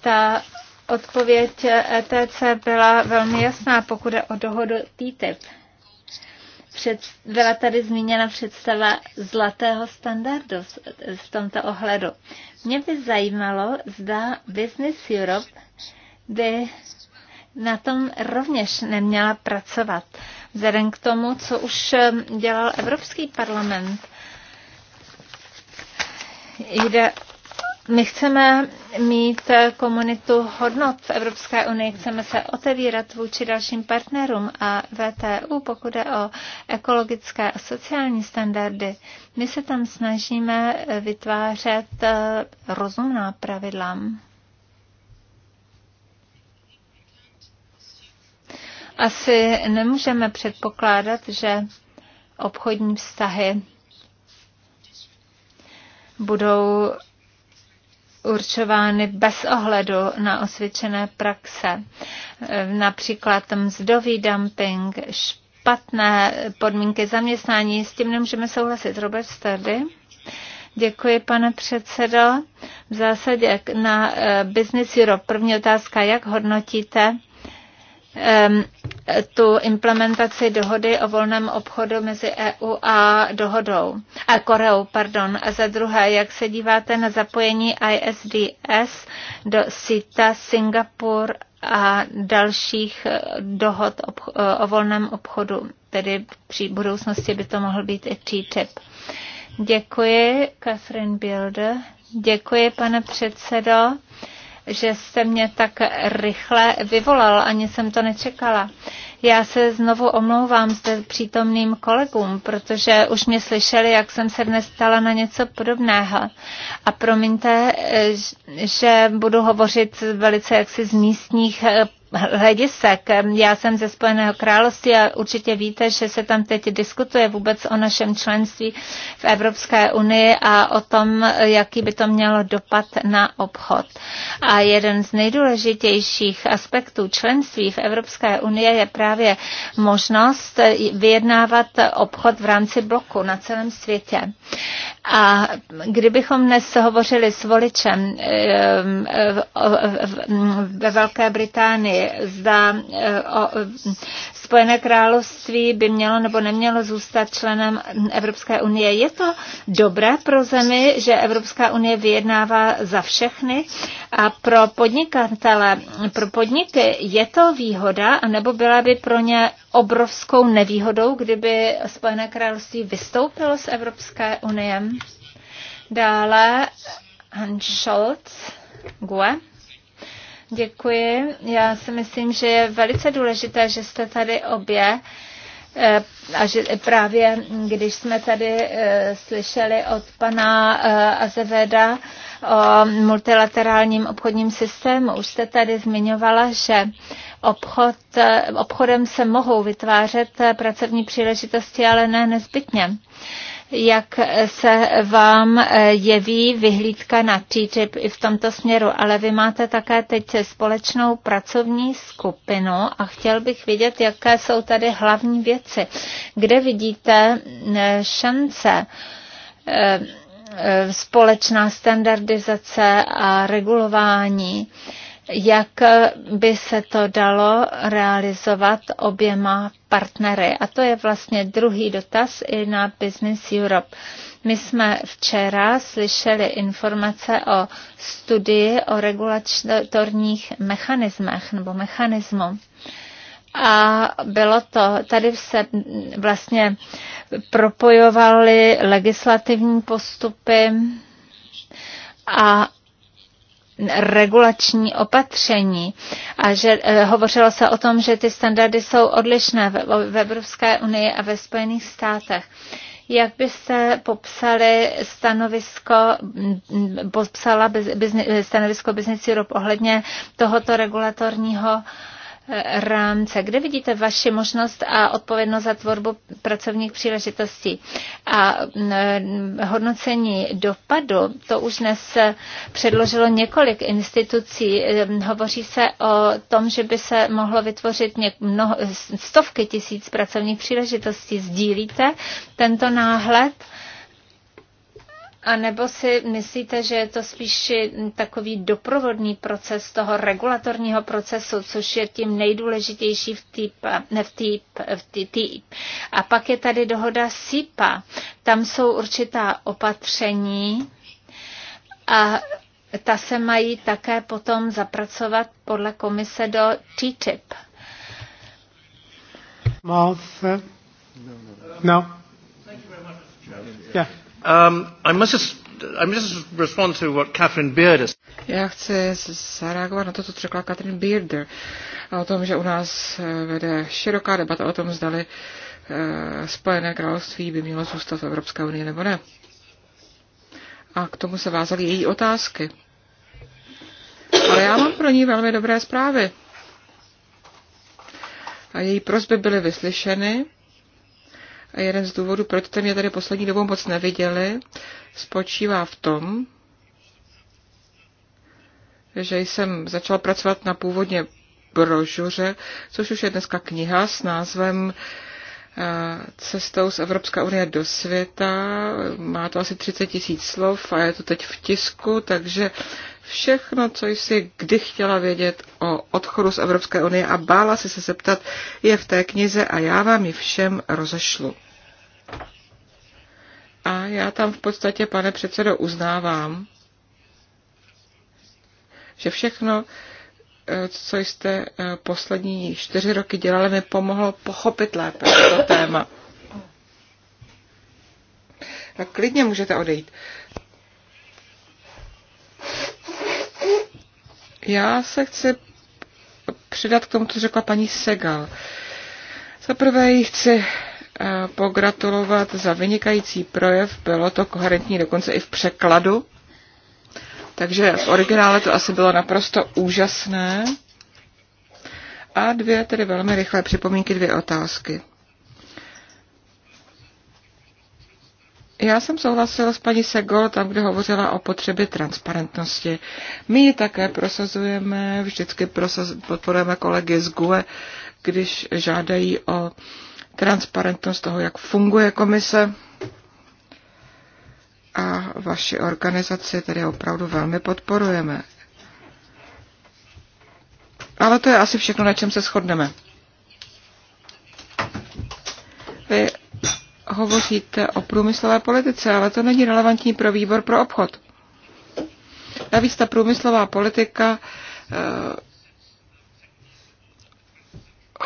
Ta odpověď ETC byla velmi jasná, pokud je o dohodu TTIP. Před, byla tady zmíněna představa zlatého standardu v tomto ohledu. Mě by zajímalo, zda Business Europe by na tom rovněž neměla pracovat vzhledem k tomu, co už eh, dělal Evropský parlament. Jde my chceme mít eh, komunitu hodnot v Evropské unii, chceme se otevírat vůči dalším partnerům a VTU, pokud je o ekologické a sociální standardy. My se tam snažíme eh, vytvářet rozumná pravidla. asi nemůžeme předpokládat, že obchodní vztahy budou určovány bez ohledu na osvědčené praxe. Například mzdový dumping, špatné podmínky zaměstnání, s tím nemůžeme souhlasit. Robert Sturdy. Děkuji, pane předsedo. V zásadě na eh, Business Europe první otázka, jak hodnotíte tu implementaci dohody o volném obchodu mezi EU a dohodou a Koreou, pardon. A za druhé, jak se díváte na zapojení ISDS do SITA, Singapur a dalších eh, dohod eh, o volném obchodu, tedy při budoucnosti by to mohl být i TTIP. Děkuji, Catherine Bilde. Děkuji, pane předsedo že jste mě tak rychle vyvolal, ani jsem to nečekala. Já se znovu omlouvám zde přítomným kolegům, protože už mě slyšeli, jak jsem se dnes stala na něco podobného. A promiňte, eh, že budu hovořit velice jaksi z místních eh, hledisek. Já jsem ze Spojeného království a určitě víte, že se tam teď diskutuje vůbec o našem členství v Evropské unii a o tom, jaký by to mělo dopad na obchod. A jeden z nejdůležitějších aspektů členství v Evropské unii je právě možnost vyjednávat obchod v rámci bloku na celém světě. A kdybychom dnes hovořili s voličem eh, eh, ve Velké Británii, zda eh, o, eh, Spojené království by mělo nebo nemělo zůstat členem Evropské unie. Je to dobré pro zemi, že Evropská unie vyjednává za všechny a pro podnikatele, pro podniky je to výhoda, anebo byla by pro ně obrovskou nevýhodou, kdyby Spojené království vystoupilo z Evropské unie? Dále Hans Scholz, GUE. Děkuji. Já si myslím, že je velice důležité, že jste tady obě. Eh, a že právě když jsme tady eh, slyšeli od pana eh, Azeveda o multilaterálním obchodním systému, už jste tady zmiňovala, že obchod, obchodem se mohou vytvářet pracovní příležitosti, ale ne nezbytně jak se vám eh, jeví vyhlídka na TTIP i v tomto směru, ale vy máte také teď společnou pracovní skupinu a chtěl bych vědět, jaké jsou tady hlavní věci. Kde vidíte eh, šance eh, společná standardizace a regulování? jak by se to dalo realizovat oběma partnery. A to je vlastně druhý dotaz i na Business Europe. My jsme včera slyšeli informace o studii o regulatorních mechanismech nebo mechanismu. A bylo to, tady se vlastně propojovaly legislativní postupy a regulační opatření a že eh, hovořilo se o tom, že ty standardy jsou odlišné v Evropské unii a ve Spojených státech. Jak byste popsali stanovisko, popsala biz, biz, stanovisko Business Europe ohledně tohoto regulatorního rámce. Kde vidíte vaši možnost a odpovědnost za tvorbu pracovních příležitostí? A hodnocení dopadu, to už dnes předložilo několik institucí. Ehm, hovoří se o tom, že by se mohlo vytvořit mnoho, stovky tisíc pracovních příležitostí. Sdílíte tento náhled? A nebo si myslíte, že je to spíš takový doprovodný proces toho regulatorního procesu, což je tím nejdůležitější v TIP, ne v týp, v TIP. A pak je tady dohoda SIPA. Tam jsou určitá opatření a ta se mají také potom zapracovat podle komise do TTIP. Martha? No. no. no. Yeah. Um, I must just já chci zareagovat na to, co řekla Katrin Bearder o tom, že u nás eh, vede široká debata o tom, zdali eh, Spojené království by mělo zůstat v Evropské unii nebo ne. A k tomu se vázaly její otázky. Ale já mám pro ní velmi dobré zprávy. A její prozby byly vyslyšeny a jeden z důvodů, proč jste mě tady poslední dobou moc neviděli, spočívá v tom, že jsem začala pracovat na původně brožuře, což už je dneska kniha s názvem uh, cestou z Evropské unie do světa. Má to asi 30 tisíc slov a je to teď v tisku, takže všechno, co jsi kdy chtěla vědět o odchodu z Evropské unie a bála si se zeptat, je v té knize a já vám ji všem rozešlu. A já tam v podstatě, pane předsedo, uznávám, že všechno, Eh, co jste eh, poslední čtyři roky dělali, mi pomohlo pochopit lépe to téma. Tak klidně můžete odejít. Já se chci přidat k tomu, co řekla paní Segal. Za prvé jí chci eh, pogratulovat za vynikající projev, bylo to koherentní dokonce i v překladu. Takže v originále to asi bylo naprosto úžasné. A dvě tedy velmi rychlé připomínky, dvě otázky. Já jsem souhlasila s paní Segol tam, kde hovořila o potřebě transparentnosti. My ji také prosazujeme, vždycky prosaz, podporujeme kolegy z GUE, když žádají o transparentnost toho, jak funguje komise a vaši organizaci tedy opravdu velmi podporujeme. Ale to je asi všechno, na čem se shodneme. Vy hovoříte o průmyslové politice, ale to není relevantní pro výbor pro obchod. Navíc ta průmyslová politika eh,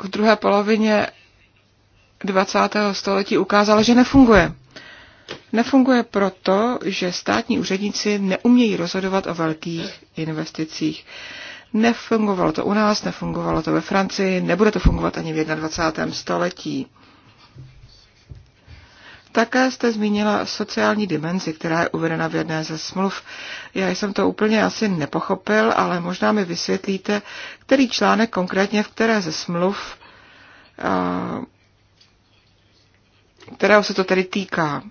v druhé polovině 20. století ukázala, že nefunguje. Nefunguje proto, že státní úředníci neumějí rozhodovat o velkých investicích. Nefungovalo to u nás, nefungovalo to ve Francii, nebude to fungovat ani v 21. století. Také jste zmínila sociální dimenzi, která je uvedena v jedné ze smluv. Já jsem to úplně asi nepochopil, ale možná mi vysvětlíte, který článek konkrétně v které ze smluv, eh, kterého se to tedy týká.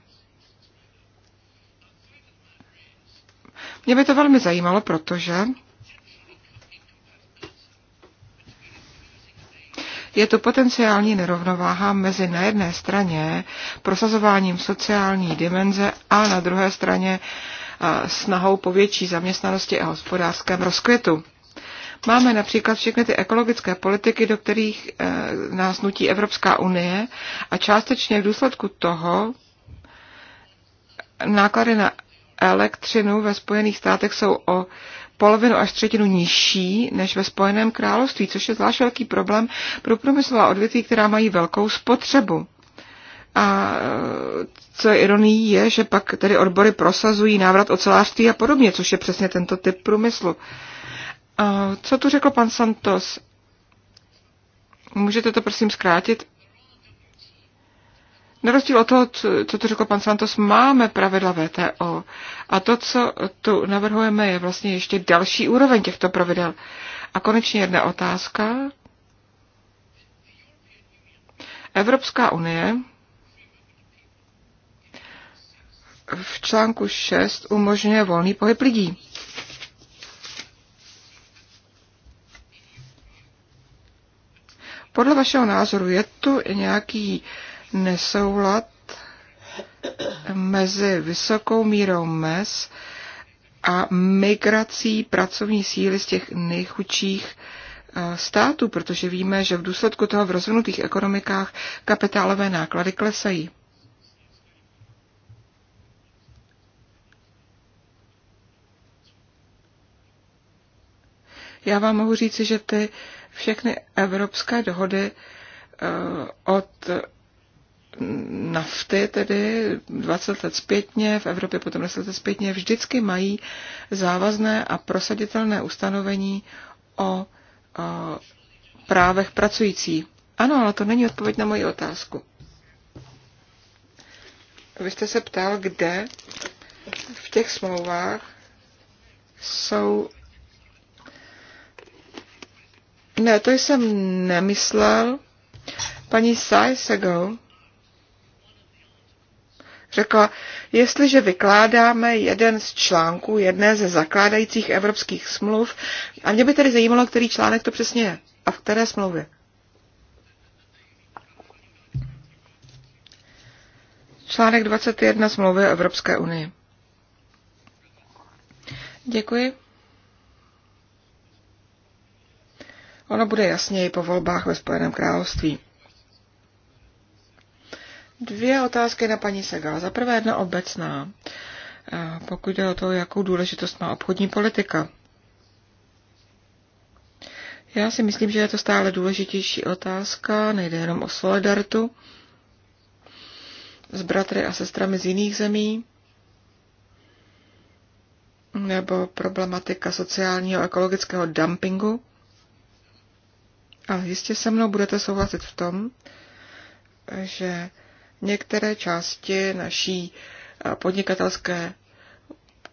Mě by to velmi zajímalo, protože je to potenciální nerovnováha mezi na jedné straně prosazováním sociální dimenze a na druhé straně snahou po větší zaměstnanosti a hospodářském rozkvětu. Máme například všechny ty ekologické politiky, do kterých e, nás nutí Evropská unie a částečně v důsledku toho náklady na elektřinu ve Spojených státech jsou o polovinu až třetinu nižší než ve Spojeném království, což je zvlášť velký problém pro průmyslová odvětví, která mají velkou spotřebu. A e, co je ironií je, že pak tedy odbory prosazují návrat ocelářství a podobně, což je přesně tento typ průmyslu. A co tu řekl pan Santos? Můžete to prosím zkrátit? Na rozdíl od toho, co tu řekl pan Santos, máme pravidla VTO. A to, co tu navrhujeme, je vlastně ještě další úroveň těchto pravidel. A konečně jedna otázka. Evropská unie v článku 6 umožňuje volný pohyb lidí. Podle vašeho názoru je tu nějaký uh, nesoulad mezi vysokou mírou mez a migrací pracovní síly z těch nejchudších eh, států, protože víme, že v důsledku toho v rozvinutých ekonomikách kapitálové náklady klesají. Já vám mohu říci, že ty všechny evropské dohody eh, od nafty, tedy 20 let zpětně, v Evropě potom 10 let zpětně, vždycky mají závazné a prosaditelné ustanovení o, o právech pracující. Ano, ale to není odpověď na moji otázku. Vy jste se ptal, kde v těch smlouvách jsou. Ne, to jsem nemyslel. Paní Sai řekla, jestliže vykládáme jeden z článků jedné ze zakládajících evropských smluv, a mě by tedy zajímalo, který článek to přesně je a v které smlouvě. Článek 21 smlouvy o Evropské unii. Děkuji. Ono bude jasněji po volbách ve Spojeném království. Dvě otázky na paní Segal. Za prvé jedna obecná, pokud jde o to, jakou důležitost má obchodní politika. Já si myslím, že je to stále důležitější otázka, nejde jenom o solidaritu s bratry a sestrami z jiných zemí, nebo problematika sociálního a ekologického dumpingu. Ale jistě se mnou budete souhlasit v tom, že některé části naší eh, podnikatelské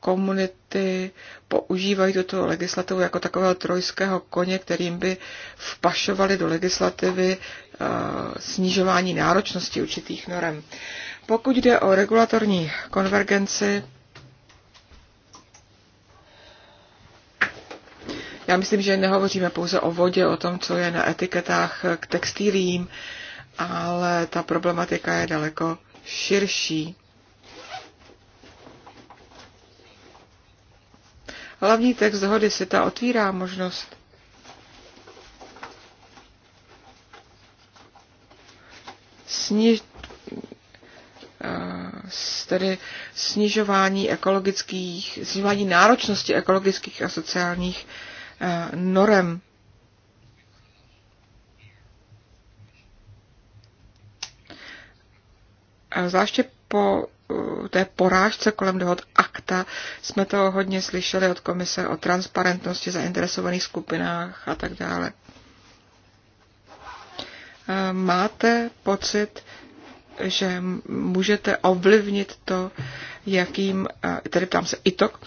komunity používají tuto legislativu jako takového trojského koně, kterým by vpašovali do legislativy eh, snižování náročnosti určitých norem. Pokud jde o regulatorní konvergenci, já myslím, že nehovoříme pouze o vodě, o tom, co je na etiketách k textilím, ale ta problematika je daleko širší. Hlavní text dohody ta otvírá možnost sniž, tedy snižování ekologických, snižování náročnosti ekologických a sociálních norem. Zvláště po eh, té porážce kolem dohod akta jsme to hodně slyšeli od komise o transparentnosti, zainteresovaných skupinách a tak dále. Eh, máte pocit, že můžete ovlivnit to, jakým, eh, tedy ptám se ITOK,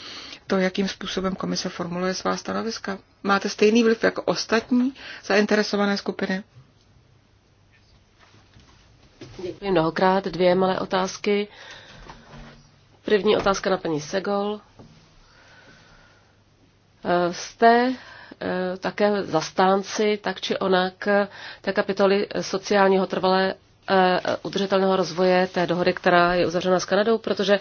to, jakým způsobem komise formuluje svá stanoviska? Máte stejný vliv jako ostatní zainteresované skupiny? Děkuji mnohokrát. Dvě malé otázky. První otázka na paní Segol. Eh, jste eh, také zastánci tak či onak té kapitoly sociálního trvalé eh, udržitelného rozvoje té dohody, která je uzavřena s Kanadou, protože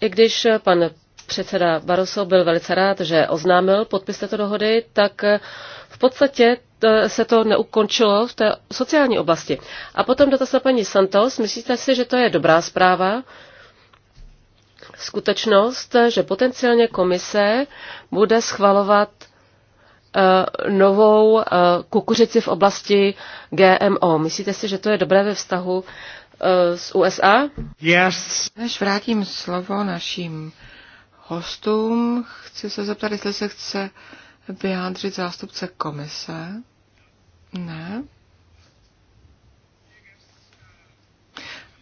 i když pan Předseda Barroso byl velice rád, že oznámil podpis této dohody, tak eh, v podstatě eh, se to neukončilo v té sociální oblasti. A potom dotaz na paní Santos. Myslíte si, že to je dobrá zpráva? Skutečnost, eh, že potenciálně komise bude schvalovat novou kukuřici v oblasti GMO. Myslíte si, že to je dobré ve vztahu s USA? Yes. Než vrátím slovo našim hostům. Chci se zeptat, jestli se chce vyjádřit zástupce komise. Ne.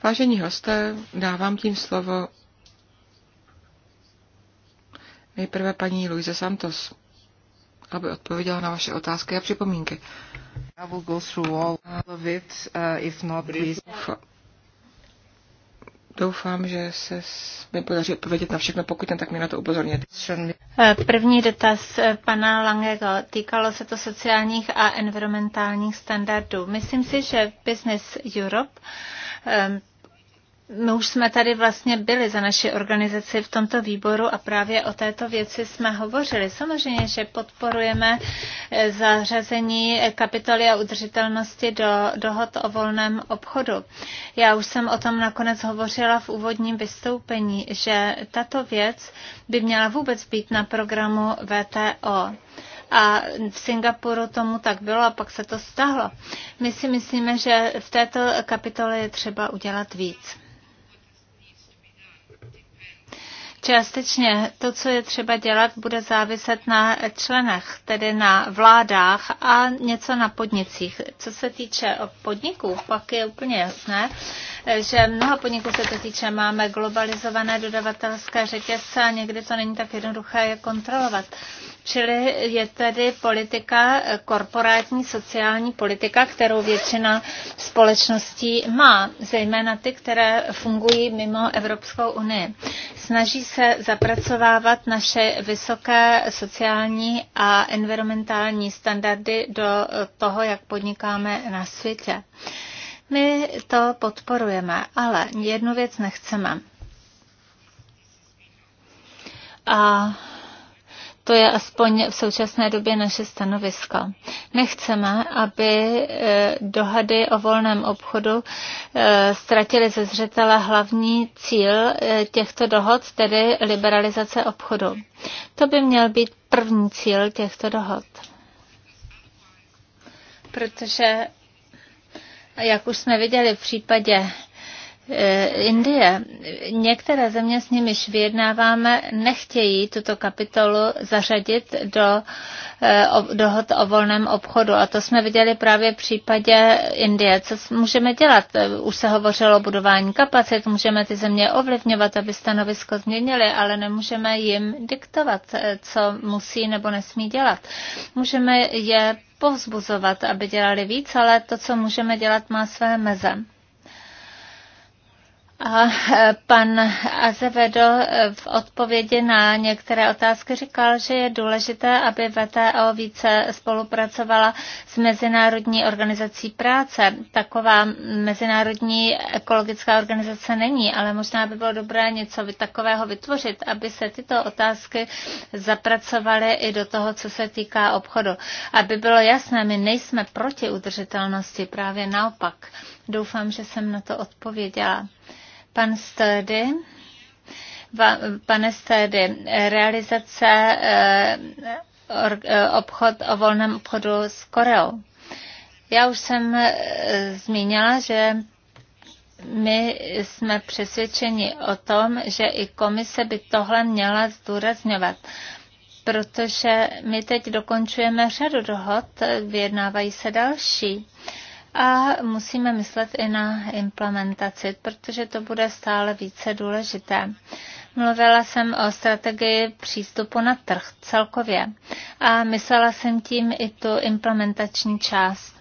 Vážení hosté, dávám tím slovo nejprve paní Luise Santos, aby odpověděla na vaše otázky a připomínky. I will go through all of it, uh, if not, please. Doufám, že se mi podaří odpovědět na všechno, pokud ne, tak mě na to upozorněte. Eh, první dotaz eh, pana Langego. Týkalo se to sociálních a environmentálních standardů. Myslím si, že Business Europe ehm, my už jsme tady vlastně byli za naši organizaci v tomto výboru a právě o této věci jsme hovořili. Samozřejmě, že podporujeme eh, zařazení kapitoly a udržitelnosti do dohod o volném obchodu. Já už jsem o tom nakonec hovořila v úvodním vystoupení, že tato věc by měla vůbec být na programu VTO a v Singapuru tomu tak bylo a pak se to stahlo. My si myslíme, že v této kapitole je třeba udělat víc. Částečně to, co je třeba dělat, bude záviset na členech, tedy na vládách a něco na podnicích. Co se týče podniků, pak je úplně jasné, že mnoha podniků se to týče. Máme globalizované dodavatelské řetězce a někdy to není tak jednoduché je kontrolovat. Čili je tedy politika, korporátní sociální politika, kterou většina společností má, zejména ty, které fungují mimo Evropskou unii. Snaží se zapracovávat naše vysoké sociální a environmentální standardy do toho, jak podnikáme na světě. My to podporujeme, ale jednu věc nechceme. A to je aspoň v současné době naše stanovisko. Nechceme, aby e, dohady o volném obchodu e, ztratily ze zřetele hlavní cíl e, těchto dohod, tedy liberalizace obchodu. To by měl být první cíl těchto dohod. Protože, jak už jsme viděli v případě Eh, Indie. Některé země s nimiž vyjednáváme nechtějí tuto kapitolu zařadit do eh, dohod o volném obchodu. A to jsme viděli právě v případě Indie. Co můžeme dělat? Eh, už se hovořilo o budování kapacit, můžeme ty země ovlivňovat, aby stanovisko změnili, ale nemůžeme jim diktovat, co musí nebo nesmí dělat. Můžeme je povzbuzovat, aby dělali víc, ale to, co můžeme dělat, má své meze. A e, pan Azevedo e, v odpovědi na některé otázky říkal, že je důležité, aby VTO více spolupracovala s Mezinárodní organizací práce. Taková mezinárodní ekologická organizace není, ale možná by bylo dobré něco takového vytvořit, aby se tyto otázky zapracovaly i do toho, co se týká obchodu. Aby bylo jasné, my nejsme proti udržitelnosti, právě naopak. Doufám, že jsem na to odpověděla. Pan Sturdy pane Stédy, realizace eh, eh, obchod o volném obchodu s Koreou. Já už jsem eh, zmínila, že my jsme přesvědčeni o tom, že i komise by tohle měla zdůrazňovat, protože my teď dokončujeme řadu dohod, vyjednávají se další. Uh, a musíme myslet i na implementaci, protože to bude stále více důležité. Mluvila jsem o strategii přístupu na trh celkově a myslela jsem tím i tu implementační část.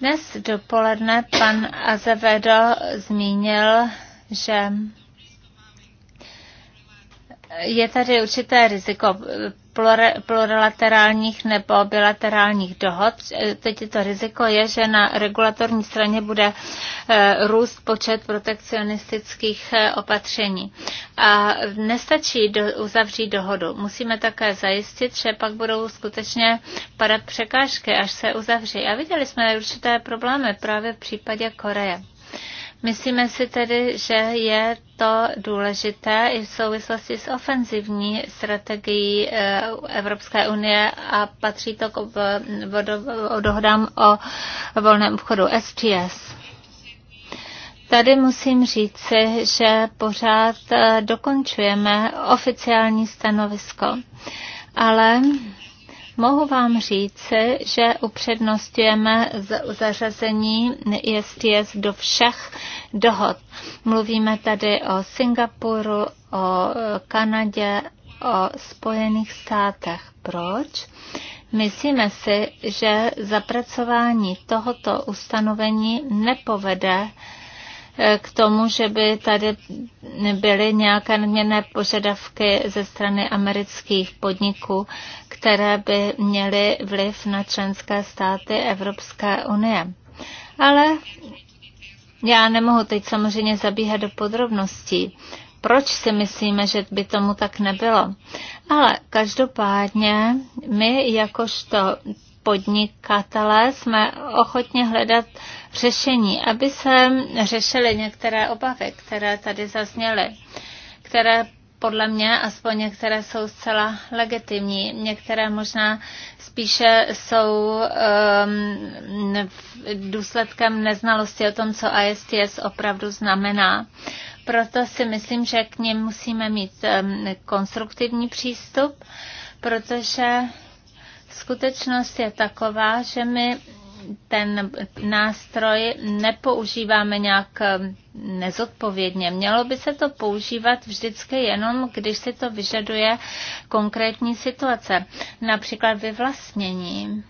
Dnes dopoledne pan Azevedo zmínil, že je tady určité riziko plurilaterálních nebo bilaterálních dohod. Teď to riziko je, že na regulatorní straně bude eh, růst počet protekcionistických eh, opatření. A nestačí do, uzavřít dohodu. Musíme také zajistit, že pak budou skutečně padat překážky, až se uzavří. A viděli jsme určité problémy právě v případě Koreje. Myslíme si tedy, že je to důležité i v souvislosti s ofenzivní strategií eh, Evropské unie a patří to k dohodám o volném obchodu SPS. Tady musím říci, že pořád eh, dokončujeme oficiální stanovisko, ale Mohu vám říci, že upřednostňujeme zařazení ISTS do všech dohod. Mluvíme tady o Singapuru, o Kanadě, o Spojených státech. Proč? Myslíme si, že zapracování tohoto ustanovení nepovede k tomu, že by tady byly nějaké nadměrné požadavky ze strany amerických podniků, které by měly vliv na členské státy Evropské unie. Ale já nemohu teď samozřejmě zabíhat do podrobností, proč si myslíme, že by tomu tak nebylo. Ale každopádně my jakožto podnikatelé jsme ochotně hledat řešení, aby se řešily některé obavy, které tady zazněly, které podle mě aspoň některé jsou zcela legitimní, některé možná spíše jsou um, důsledkem neznalosti o tom, co ISTS opravdu znamená. Proto si myslím, že k ním musíme mít um, konstruktivní přístup, protože skutečnost je taková, že my ten nástroj nepoužíváme nějak eh, nezodpovědně. Mělo by se to používat vždycky jenom, když si to vyžaduje konkrétní situace, například vyvlastnění.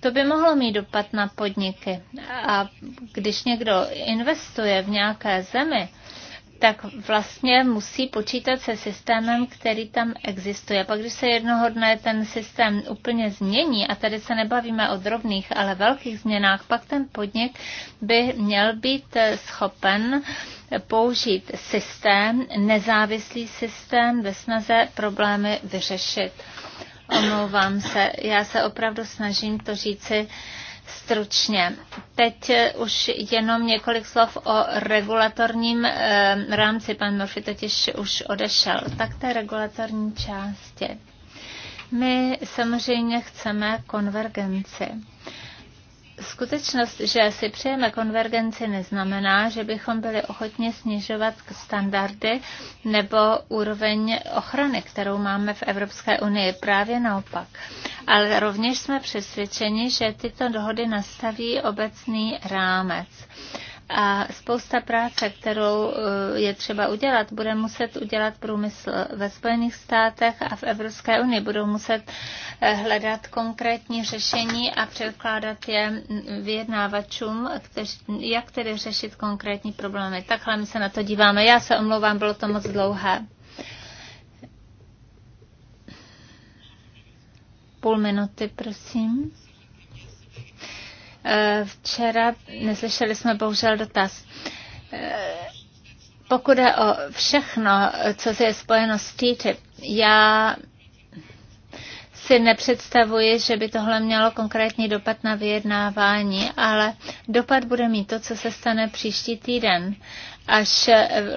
To by mohlo mít dopad na podniky. A když někdo investuje v nějaké zemi, tak vlastně musí počítat se systémem, který tam existuje. Pak, když se jednoho dne ten systém úplně změní, a tady se nebavíme o drobných, ale velkých změnách, pak ten podnik by měl být eh, schopen použít systém, nezávislý systém ve snaze problémy vyřešit. Omlouvám se, já se opravdu snažím to říci stručně. Teď eh, už jenom několik slov o regulatorním eh, rámci. Pan Murphy totiž už odešel. Tak té regulatorní části. My samozřejmě chceme konvergenci. Skutečnost, že si přejeme konvergenci, neznamená, že bychom byli ochotni snižovat standardy nebo úroveň ochrany, kterou máme v Evropské unii. Právě naopak. Ale rovněž jsme přesvědčeni, že tyto dohody nastaví obecný rámec. A spousta práce, kterou eh, je třeba udělat, bude muset udělat průmysl ve Spojených státech a v Evropské unii. Budou muset eh, hledat konkrétní řešení a předkládat je mm, vyjednávačům, kteř, jak tedy řešit konkrétní problémy. Takhle my se na to díváme. Já se omlouvám, bylo to moc dlouhé. Půl minuty, prosím. Eh, včera neslyšeli jsme bohužel dotaz. Eh, pokud je o všechno, co se je spojeno s TTIP, já si nepředstavuji, že by tohle mělo konkrétní dopad na vyjednávání, ale dopad bude mít to, co se stane příští týden až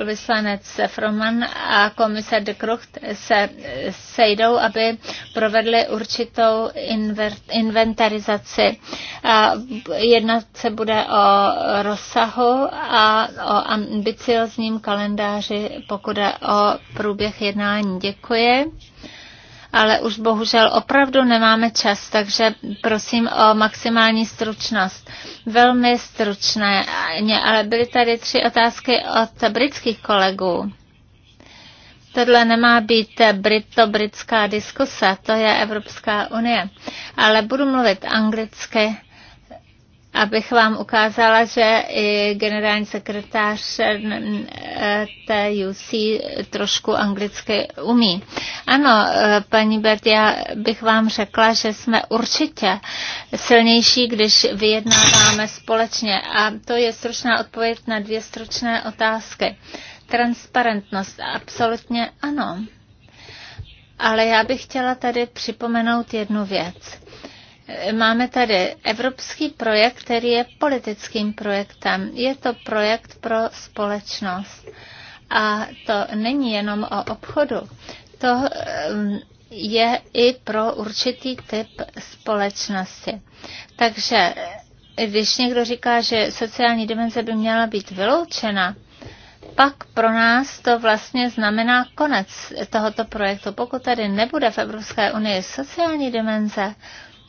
vyslanec Froman a komisar de Krucht se sejdou, aby provedli určitou inventarizaci. Jednat se bude o rozsahu a o ambiciozním kalendáři, pokud je o průběh jednání. Děkuji ale už bohužel opravdu nemáme čas, takže prosím o maximální stručnost. Velmi stručné, ale byly tady tři otázky od britských kolegů. Tohle nemá být brito-britská diskuse, to je Evropská unie. Ale budu mluvit anglicky abych vám ukázala, že i generální sekretář TUC trošku anglicky umí. Ano, eh, paní Bert, já bych vám řekla, že jsme určitě silnější, když vyjednáváme společně. A to je stručná odpověď na dvě stručné otázky. Transparentnost, absolutně ano. Ale já bych chtěla tady připomenout jednu věc. Máme tady evropský projekt, který je politickým projektem. Je to projekt pro společnost. A to není jenom o obchodu. To um, je i pro určitý typ společnosti. Takže když někdo říká, že sociální dimenze by měla být vyloučena, pak pro nás to vlastně znamená konec tohoto projektu. Pokud tady nebude v Evropské unii sociální dimenze,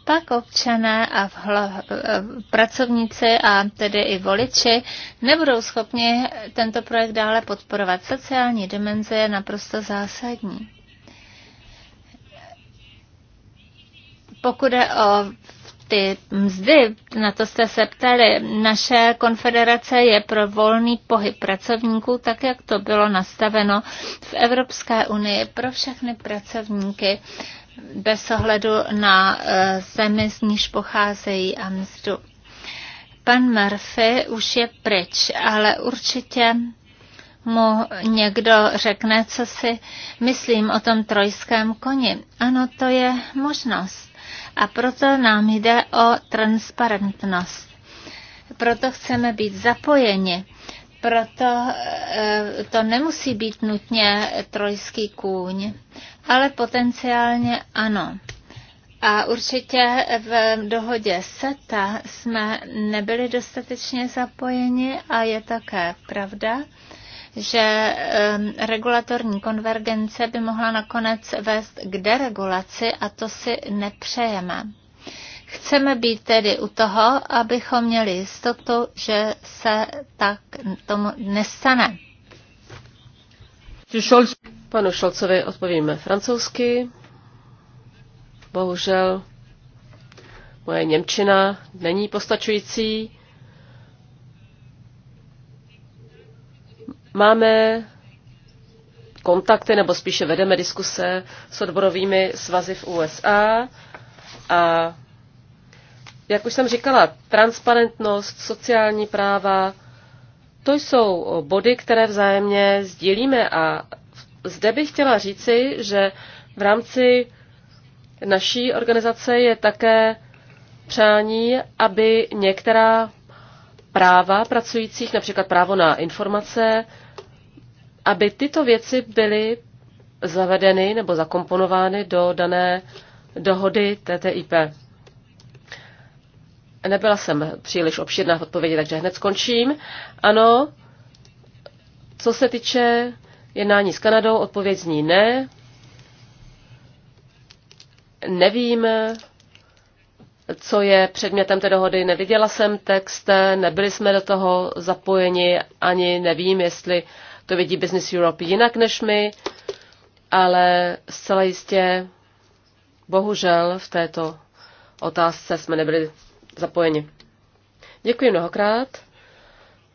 pak občané a vhla, eh, pracovníci a tedy i voliči nebudou schopni tento projekt dále podporovat. Sociální dimenze je naprosto zásadní. Pokud je o ty mzdy, na to jste se ptali, naše konfederace je pro volný pohyb pracovníků, tak jak to bylo nastaveno v Evropské unii pro všechny pracovníky bez ohledu na eh, zemi, z níž pocházejí a mzdu. Pan Murphy už je pryč, ale určitě mu někdo řekne, co si myslím o tom trojském koni. Ano, to je možnost. A proto nám jde o transparentnost. Proto chceme být zapojeni proto eh, to nemusí být nutně trojský kůň, ale potenciálně ano. A určitě v dohodě SETA jsme nebyli dostatečně zapojeni a je také pravda, že eh, regulatorní konvergence by mohla nakonec vést k deregulaci a to si nepřejeme. Chceme být tedy u toho, abychom měli jistotu, že se tak tomu nestane. Panu Šolcovi odpovíme francouzsky. Bohužel moje Němčina není postačující. Máme kontakty, nebo spíše vedeme diskuse s odborovými svazy v USA a jak už jsem říkala, transparentnost, sociální práva, to jsou body, které vzájemně sdílíme a zde bych chtěla říci, že v rámci naší organizace je také přání, aby některá práva pracujících, například právo na informace, aby tyto věci byly zavedeny nebo zakomponovány do dané dohody TTIP. Nebyla jsem příliš obširná v odpovědi, takže hned skončím. Ano, co se týče jednání s Kanadou, odpověď zní ne. Nevím, co je předmětem té dohody. Neviděla jsem text, nebyli jsme do toho zapojeni, ani nevím, jestli to vidí Business Europe jinak než my, ale zcela jistě, bohužel, v této otázce jsme nebyli zapojeni. Děkuji mnohokrát.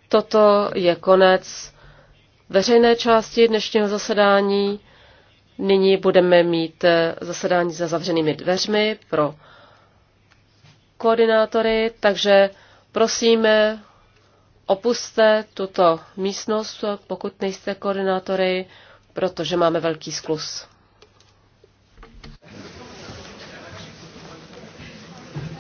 Toto je konec veřejné části dnešního zasedání. Nyní budeme mít eh, zasedání za zavřenými dveřmi pro koordinátory, takže prosíme, opuste tuto místnost, pokud nejste koordinátory, protože máme velký sklus.